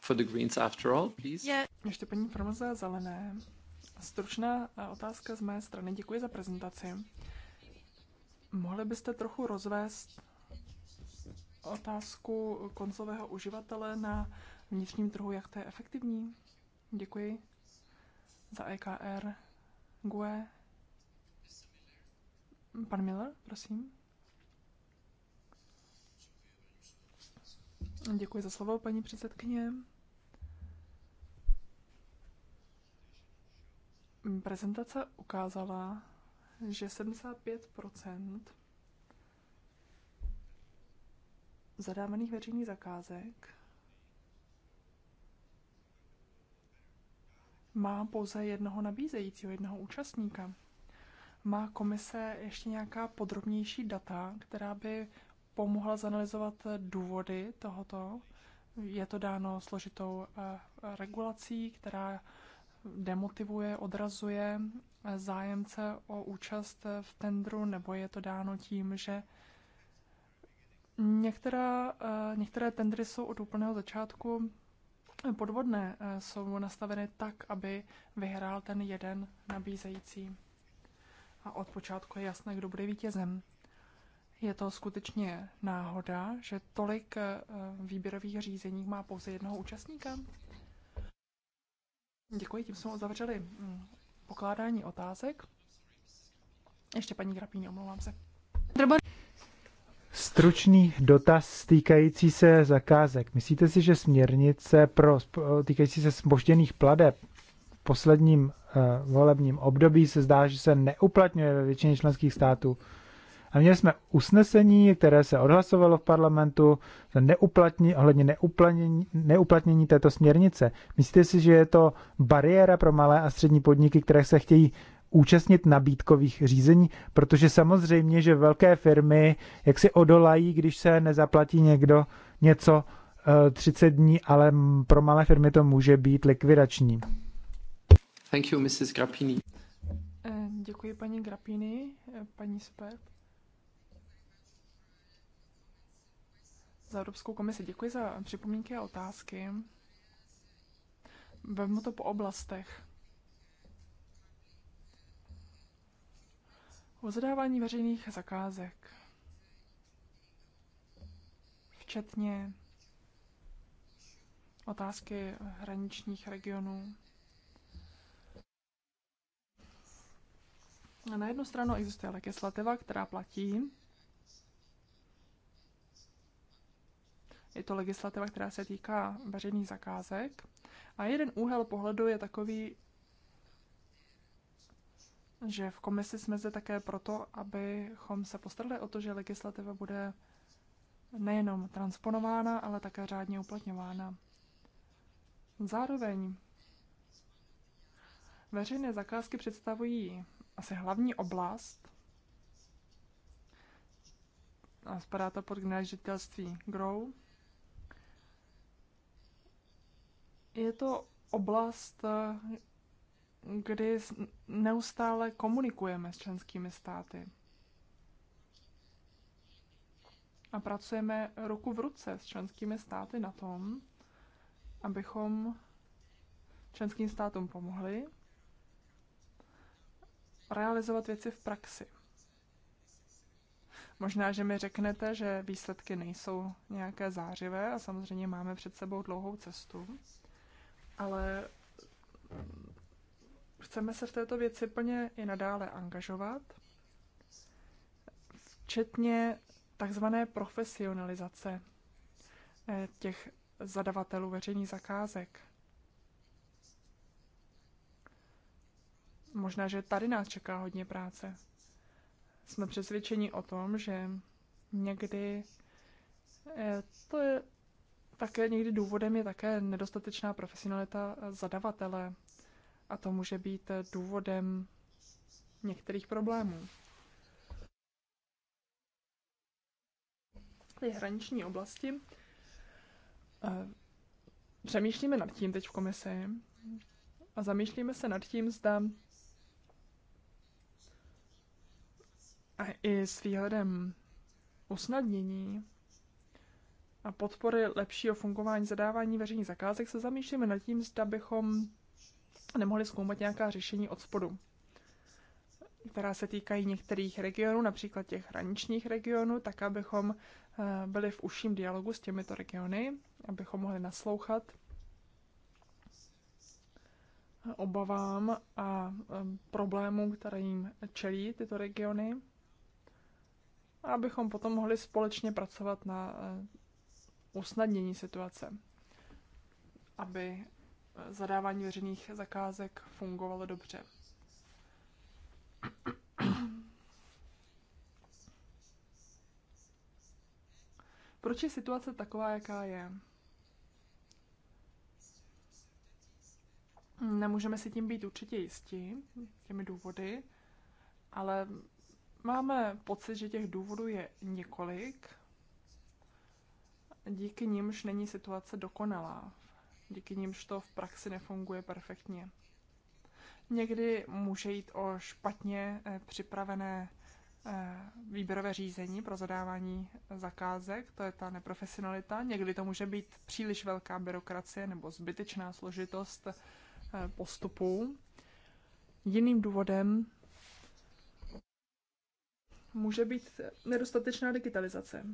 For the Greens after all, please. Yeah. Ještě paní Formoza zelené. Stručná eh, otázka z mé strany. Děkuji za prezentaci. Mohli byste trochu rozvést otázku koncového uživatele na vnitřním trhu, jak to je efektivní? Děkuji za EKR. GUE. Pan Miller, prosím. Děkuji za slovo, paní předsedkyně. Prezentace ukázala, že 75 zadávaných veřejných zakázek má pouze jednoho nabízejícího, jednoho účastníka. Má komise ještě nějaká podrobnější data, která by pomohla zanalizovat důvody tohoto? Je to dáno složitou eh, regulací, která demotivuje, odrazuje zájemce o účast v tendru, nebo je to dáno tím, že některá, eh, některé tendry jsou od úplného začátku podvodné, eh, jsou nastaveny tak, aby vyhrál ten jeden nabízející. A od počátku je jasné, kdo bude vítězem. Je to skutečně náhoda, že tolik eh, výběrových řízení má pouze jednoho účastníka? Děkuji, tím jsme uzavřeli mm, pokládání otázek. Ještě paní Grapíně omlouvám se. Stručný dotaz týkající se zakázek. Myslíte si, že směrnice pro týkající se spožděných pladeb v posledním uh, volebním období se zdá, že se neuplatňuje ve většině členských států? A měli jsme usnesení, které se odhlasovalo v parlamentu za neuplatní, ohledně neuplatnění, neuplatnění této směrnice. Myslíte si, že je to bariéra pro malé a střední podniky, které se chtějí účastnit nabídkových řízení, protože samozřejmě, že velké firmy jak si odolají, když se nezaplatí někdo něco 30 eh, dní, ale pro malé firmy to může být likvidační. Thank you, Mrs. Grappini. Eh, děkuji paní Grappini, eh, paní Sperb. za Evropskou komisi. Děkuji za připomínky a otázky. Vezmu to po oblastech. O zadávání veřejných zakázek. Včetně otázky hraničních regionů. Na jednu stranu existuje legislativa, která platí, Je to legislativa, která se týká veřejných zakázek. A jeden úhel pohledu je takový, že v komisi jsme zde také proto, abychom se postarali o to, že legislativa bude nejenom transponována, ale také řádně uplatňována. Zároveň veřejné zakázky představují asi hlavní oblast, a spadá to pod generální GROW, Je to oblast, eh, kdy neustále komunikujeme s členskými státy. A pracujeme ruku v ruce s členskými státy na tom, abychom členským státům pomohli realizovat věci v praxi. Možná, že mi řeknete, že výsledky nejsou nějaké zářivé a samozřejmě máme před sebou dlouhou cestu ale chceme se v této věci plně i nadále angažovat, včetně takzvané profesionalizace eh, těch zadavatelů veřejných zakázek. Možná, že tady nás čeká hodně práce. Jsme přesvědčeni o tom, že někdy eh, to je také někdy důvodem je také nedostatečná profesionalita zadavatele a to může být důvodem některých problémů. Ty hraniční oblasti eh, přemýšlíme nad tím teď v komisi a zamýšlíme se nad tím, zda a i s výhledem usnadnění a podpory lepšího fungování zadávání veřejných zakázek se zamýšlíme nad tím, zda bychom nemohli zkoumat nějaká řešení od spodu, která se týkají některých regionů, například těch hraničních regionů, tak abychom eh, byli v užším dialogu s těmito regiony, abychom mohli naslouchat eh, obavám a eh, problémům, které jim čelí tyto regiony, a abychom potom mohli společně pracovat na usnadnění situace, aby eh, zadávání veřejných zakázek fungovalo dobře. Proč je situace taková, jaká je? Nemůžeme si tím být určitě jistí, těmi důvody, ale máme pocit, že těch důvodů je několik díky nímž není situace dokonalá, díky nímž to v praxi nefunguje perfektně. Někdy může jít o špatně eh, připravené eh, výběrové řízení pro zadávání zakázek, to je ta neprofesionalita. Někdy to může být příliš velká byrokracie nebo zbytečná složitost eh, postupů. Jiným důvodem může být nedostatečná digitalizace.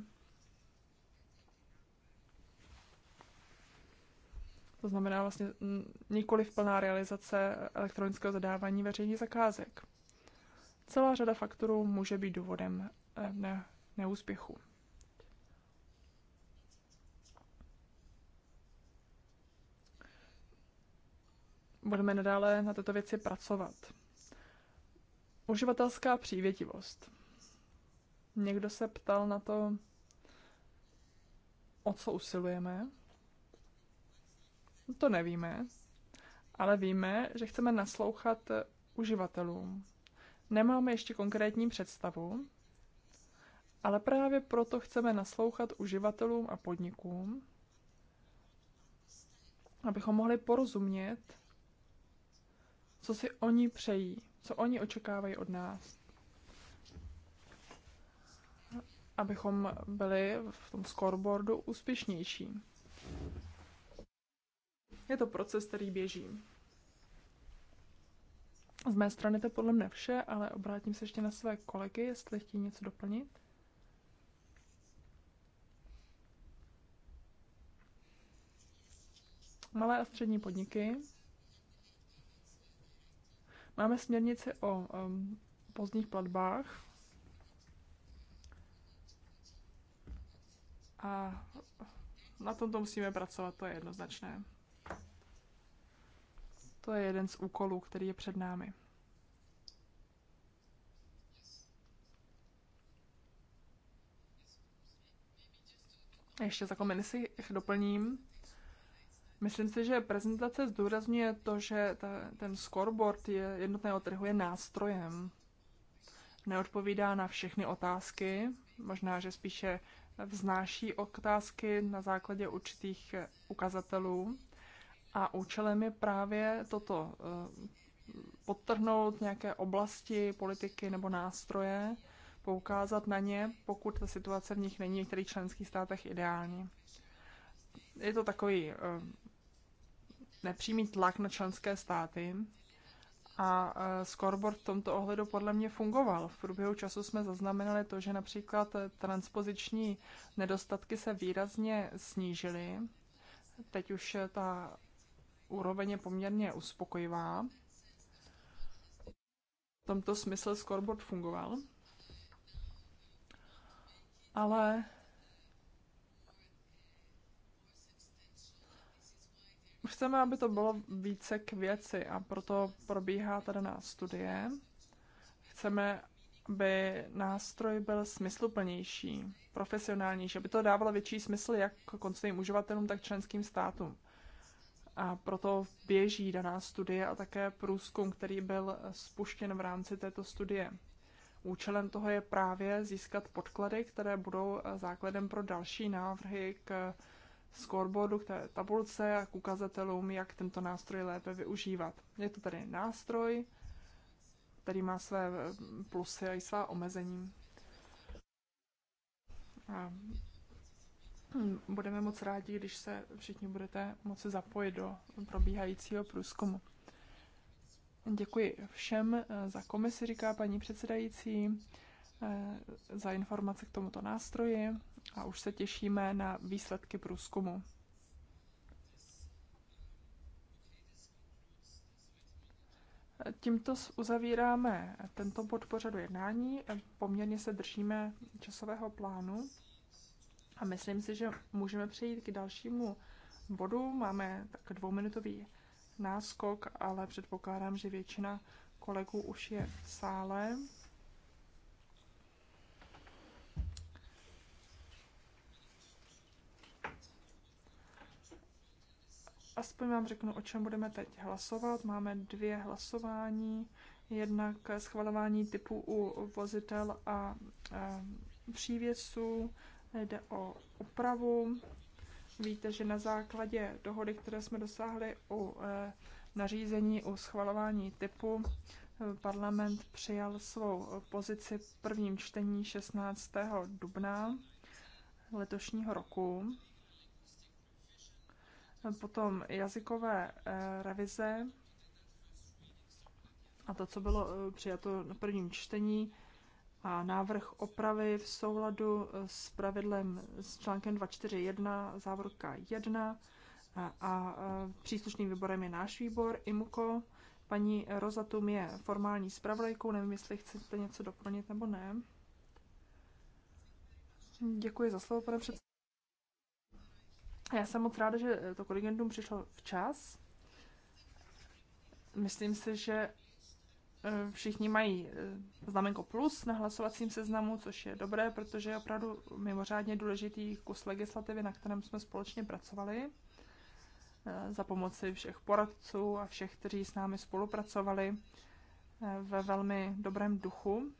To znamená vlastně mm, nikoli plná realizace elektronického zadávání veřejných zakázek. Celá řada faktorů může být důvodem eh, ne, neúspěchu. Budeme nadále na této věci pracovat. Uživatelská přívětivost. Někdo se ptal na to, o co usilujeme. To nevíme, ale víme, že chceme naslouchat uživatelům. Nemáme ještě konkrétní představu, ale právě proto chceme naslouchat uživatelům a podnikům, abychom mohli porozumět, co si oni přejí, co oni očekávají od nás. Abychom byli v tom scoreboardu úspěšnější. Je to proces, který běží. Z mé strany to podle mne vše, ale obrátím se ještě na své kolegy, jestli chtějí něco doplnit. Malé a střední podniky. Máme směrnici o um, pozdních platbách. A na tomto musíme pracovat, to je jednoznačné. To je jeden z úkolů, který je před námi. Ještě za komeny si doplním. Myslím si, že prezentace zdůrazňuje to, že ta, ten scoreboard je, jednotného trhu je nástrojem. Neodpovídá na všechny otázky, možná, že spíše vznáší otázky na základě určitých ukazatelů. A účelem je právě toto eh, podtrhnout nějaké oblasti politiky nebo nástroje, poukázat na ně, pokud ta situace v nich není v některých členských státech ideální. Je to takový eh, nepřímý tlak na členské státy a eh, scoreboard v tomto ohledu podle mě fungoval. V průběhu času jsme zaznamenali to, že například transpoziční nedostatky se výrazně snížily. Teď už ta úroveň je poměrně uspokojivá. V tomto smysl scoreboard fungoval. Ale chceme, aby to bylo více k věci a proto probíhá tady na studie. Chceme, aby nástroj byl smysluplnější, profesionálnější, aby to dávalo větší smysl jak koncovým uživatelům, tak členským státům a proto běží daná studie a také průzkum, který byl spuštěn v rámci této studie. Účelem toho je právě získat podklady, které budou základem pro další návrhy k scoreboardu, k té tabulce a k ukazatelům, jak tento nástroj lépe využívat. Je to tedy nástroj, který má své plusy a i svá omezení. A Hmm, budeme moc rádi, když se všichni budete moci zapojit do probíhajícího průzkumu. Děkuji všem eh, za komisi, říká paní předsedající, eh, za informace k tomuto nástroji a už se těšíme na výsledky průzkumu. Tímto uzavíráme tento bod pořadu jednání. Poměrně se držíme časového plánu. A myslím si, že můžeme přejít k dalšímu bodu. Máme tak dvouminutový náskok, ale předpokládám, že většina kolegů už je v sále. Aspoň vám řeknu, o čem budeme teď hlasovat. Máme dvě hlasování. Jednak schvalování typu u vozitel a, a eh, přívěsů, Jde o opravu. Víte, že na základě dohody, které jsme dosáhli u eh, nařízení o schvalování typu, eh, parlament přijal svou pozici v prvním čtení 16. dubna letošního roku. Potom jazykové eh, revize a to, co bylo přijato na prvním čtení, a návrh opravy v souladu eh, s pravidlem s článkem 241 závorka 1 a, a eh, příslušným výborem je náš výbor IMUKO. Paní Rozatum je formální zpravodajkou, nevím, jestli chcete něco doplnit nebo ne. Děkuji za slovo, pane předsedo. Já jsem moc ráda, že to korigendum přišlo včas. Myslím si, že Eh, všichni mají eh, znamenko plus na hlasovacím seznamu, což je dobré, protože je opravdu mimořádně důležitý kus legislativy, na kterém jsme společně pracovali eh, za pomoci všech poradců a všech, kteří s námi spolupracovali ve velmi dobrém duchu.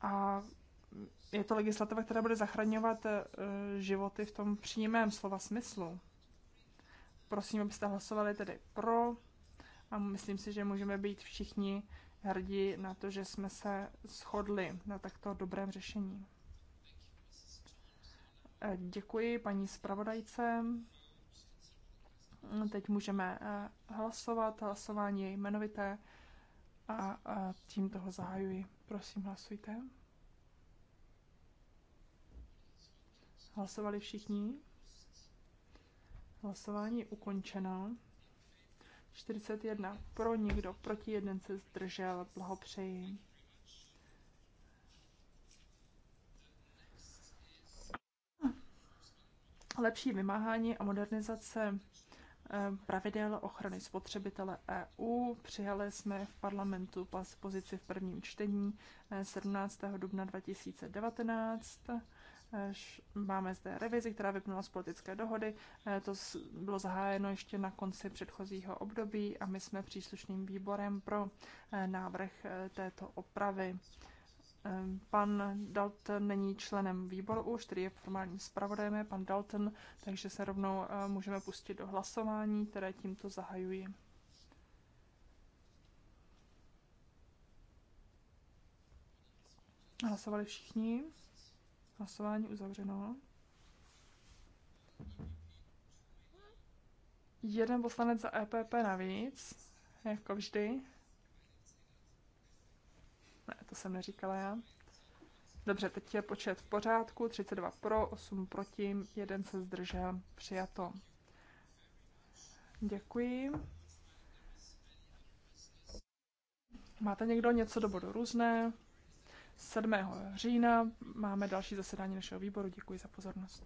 A je to legislativa, která bude zachraňovat životy v tom přímém slova smyslu. Prosím, abyste hlasovali tedy pro a myslím si, že můžeme být všichni hrdí na to, že jsme se shodli na takto dobrém řešení. Eh, děkuji paní zpravodajce. Teď můžeme eh, hlasovat. Hlasování je jmenovité a tím toho zahajuji. Prosím, hlasujte. Hlasovali všichni. Hlasování ukončeno. 41 pro, nikdo proti, jeden se zdržel, blahopřeji. Lepší vymáhání a modernizace eh, pravidel ochrany spotřebitele EU. Přijali jsme v parlamentu pozici v prvním čtení 17. Eh, dubna 2019 Máme zde revizi, která vyplnula z politické dohody. Eh, to bylo zahájeno ještě na konci předchozího období a my jsme příslušným výborem pro eh, návrh eh, této opravy. Ehm, pan Dalton není členem výboru už, který je formálním zpravodajem, je pan Dalton, takže se rovnou můžeme pustit do hlasování, které tímto zahajuji. Hlasovali všichni. Hlasování uzavřeno. Jeden poslanec za EPP navíc, jako vždy. Ne, to jsem neříkala já. Dobře, teď je počet v pořádku, 32 pro, 8 proti, jeden se zdržel, přijato. Děkuji. Máte někdo něco do bodu různé? 7. října máme další zasedání našeho výboru. Děkuji za pozornost.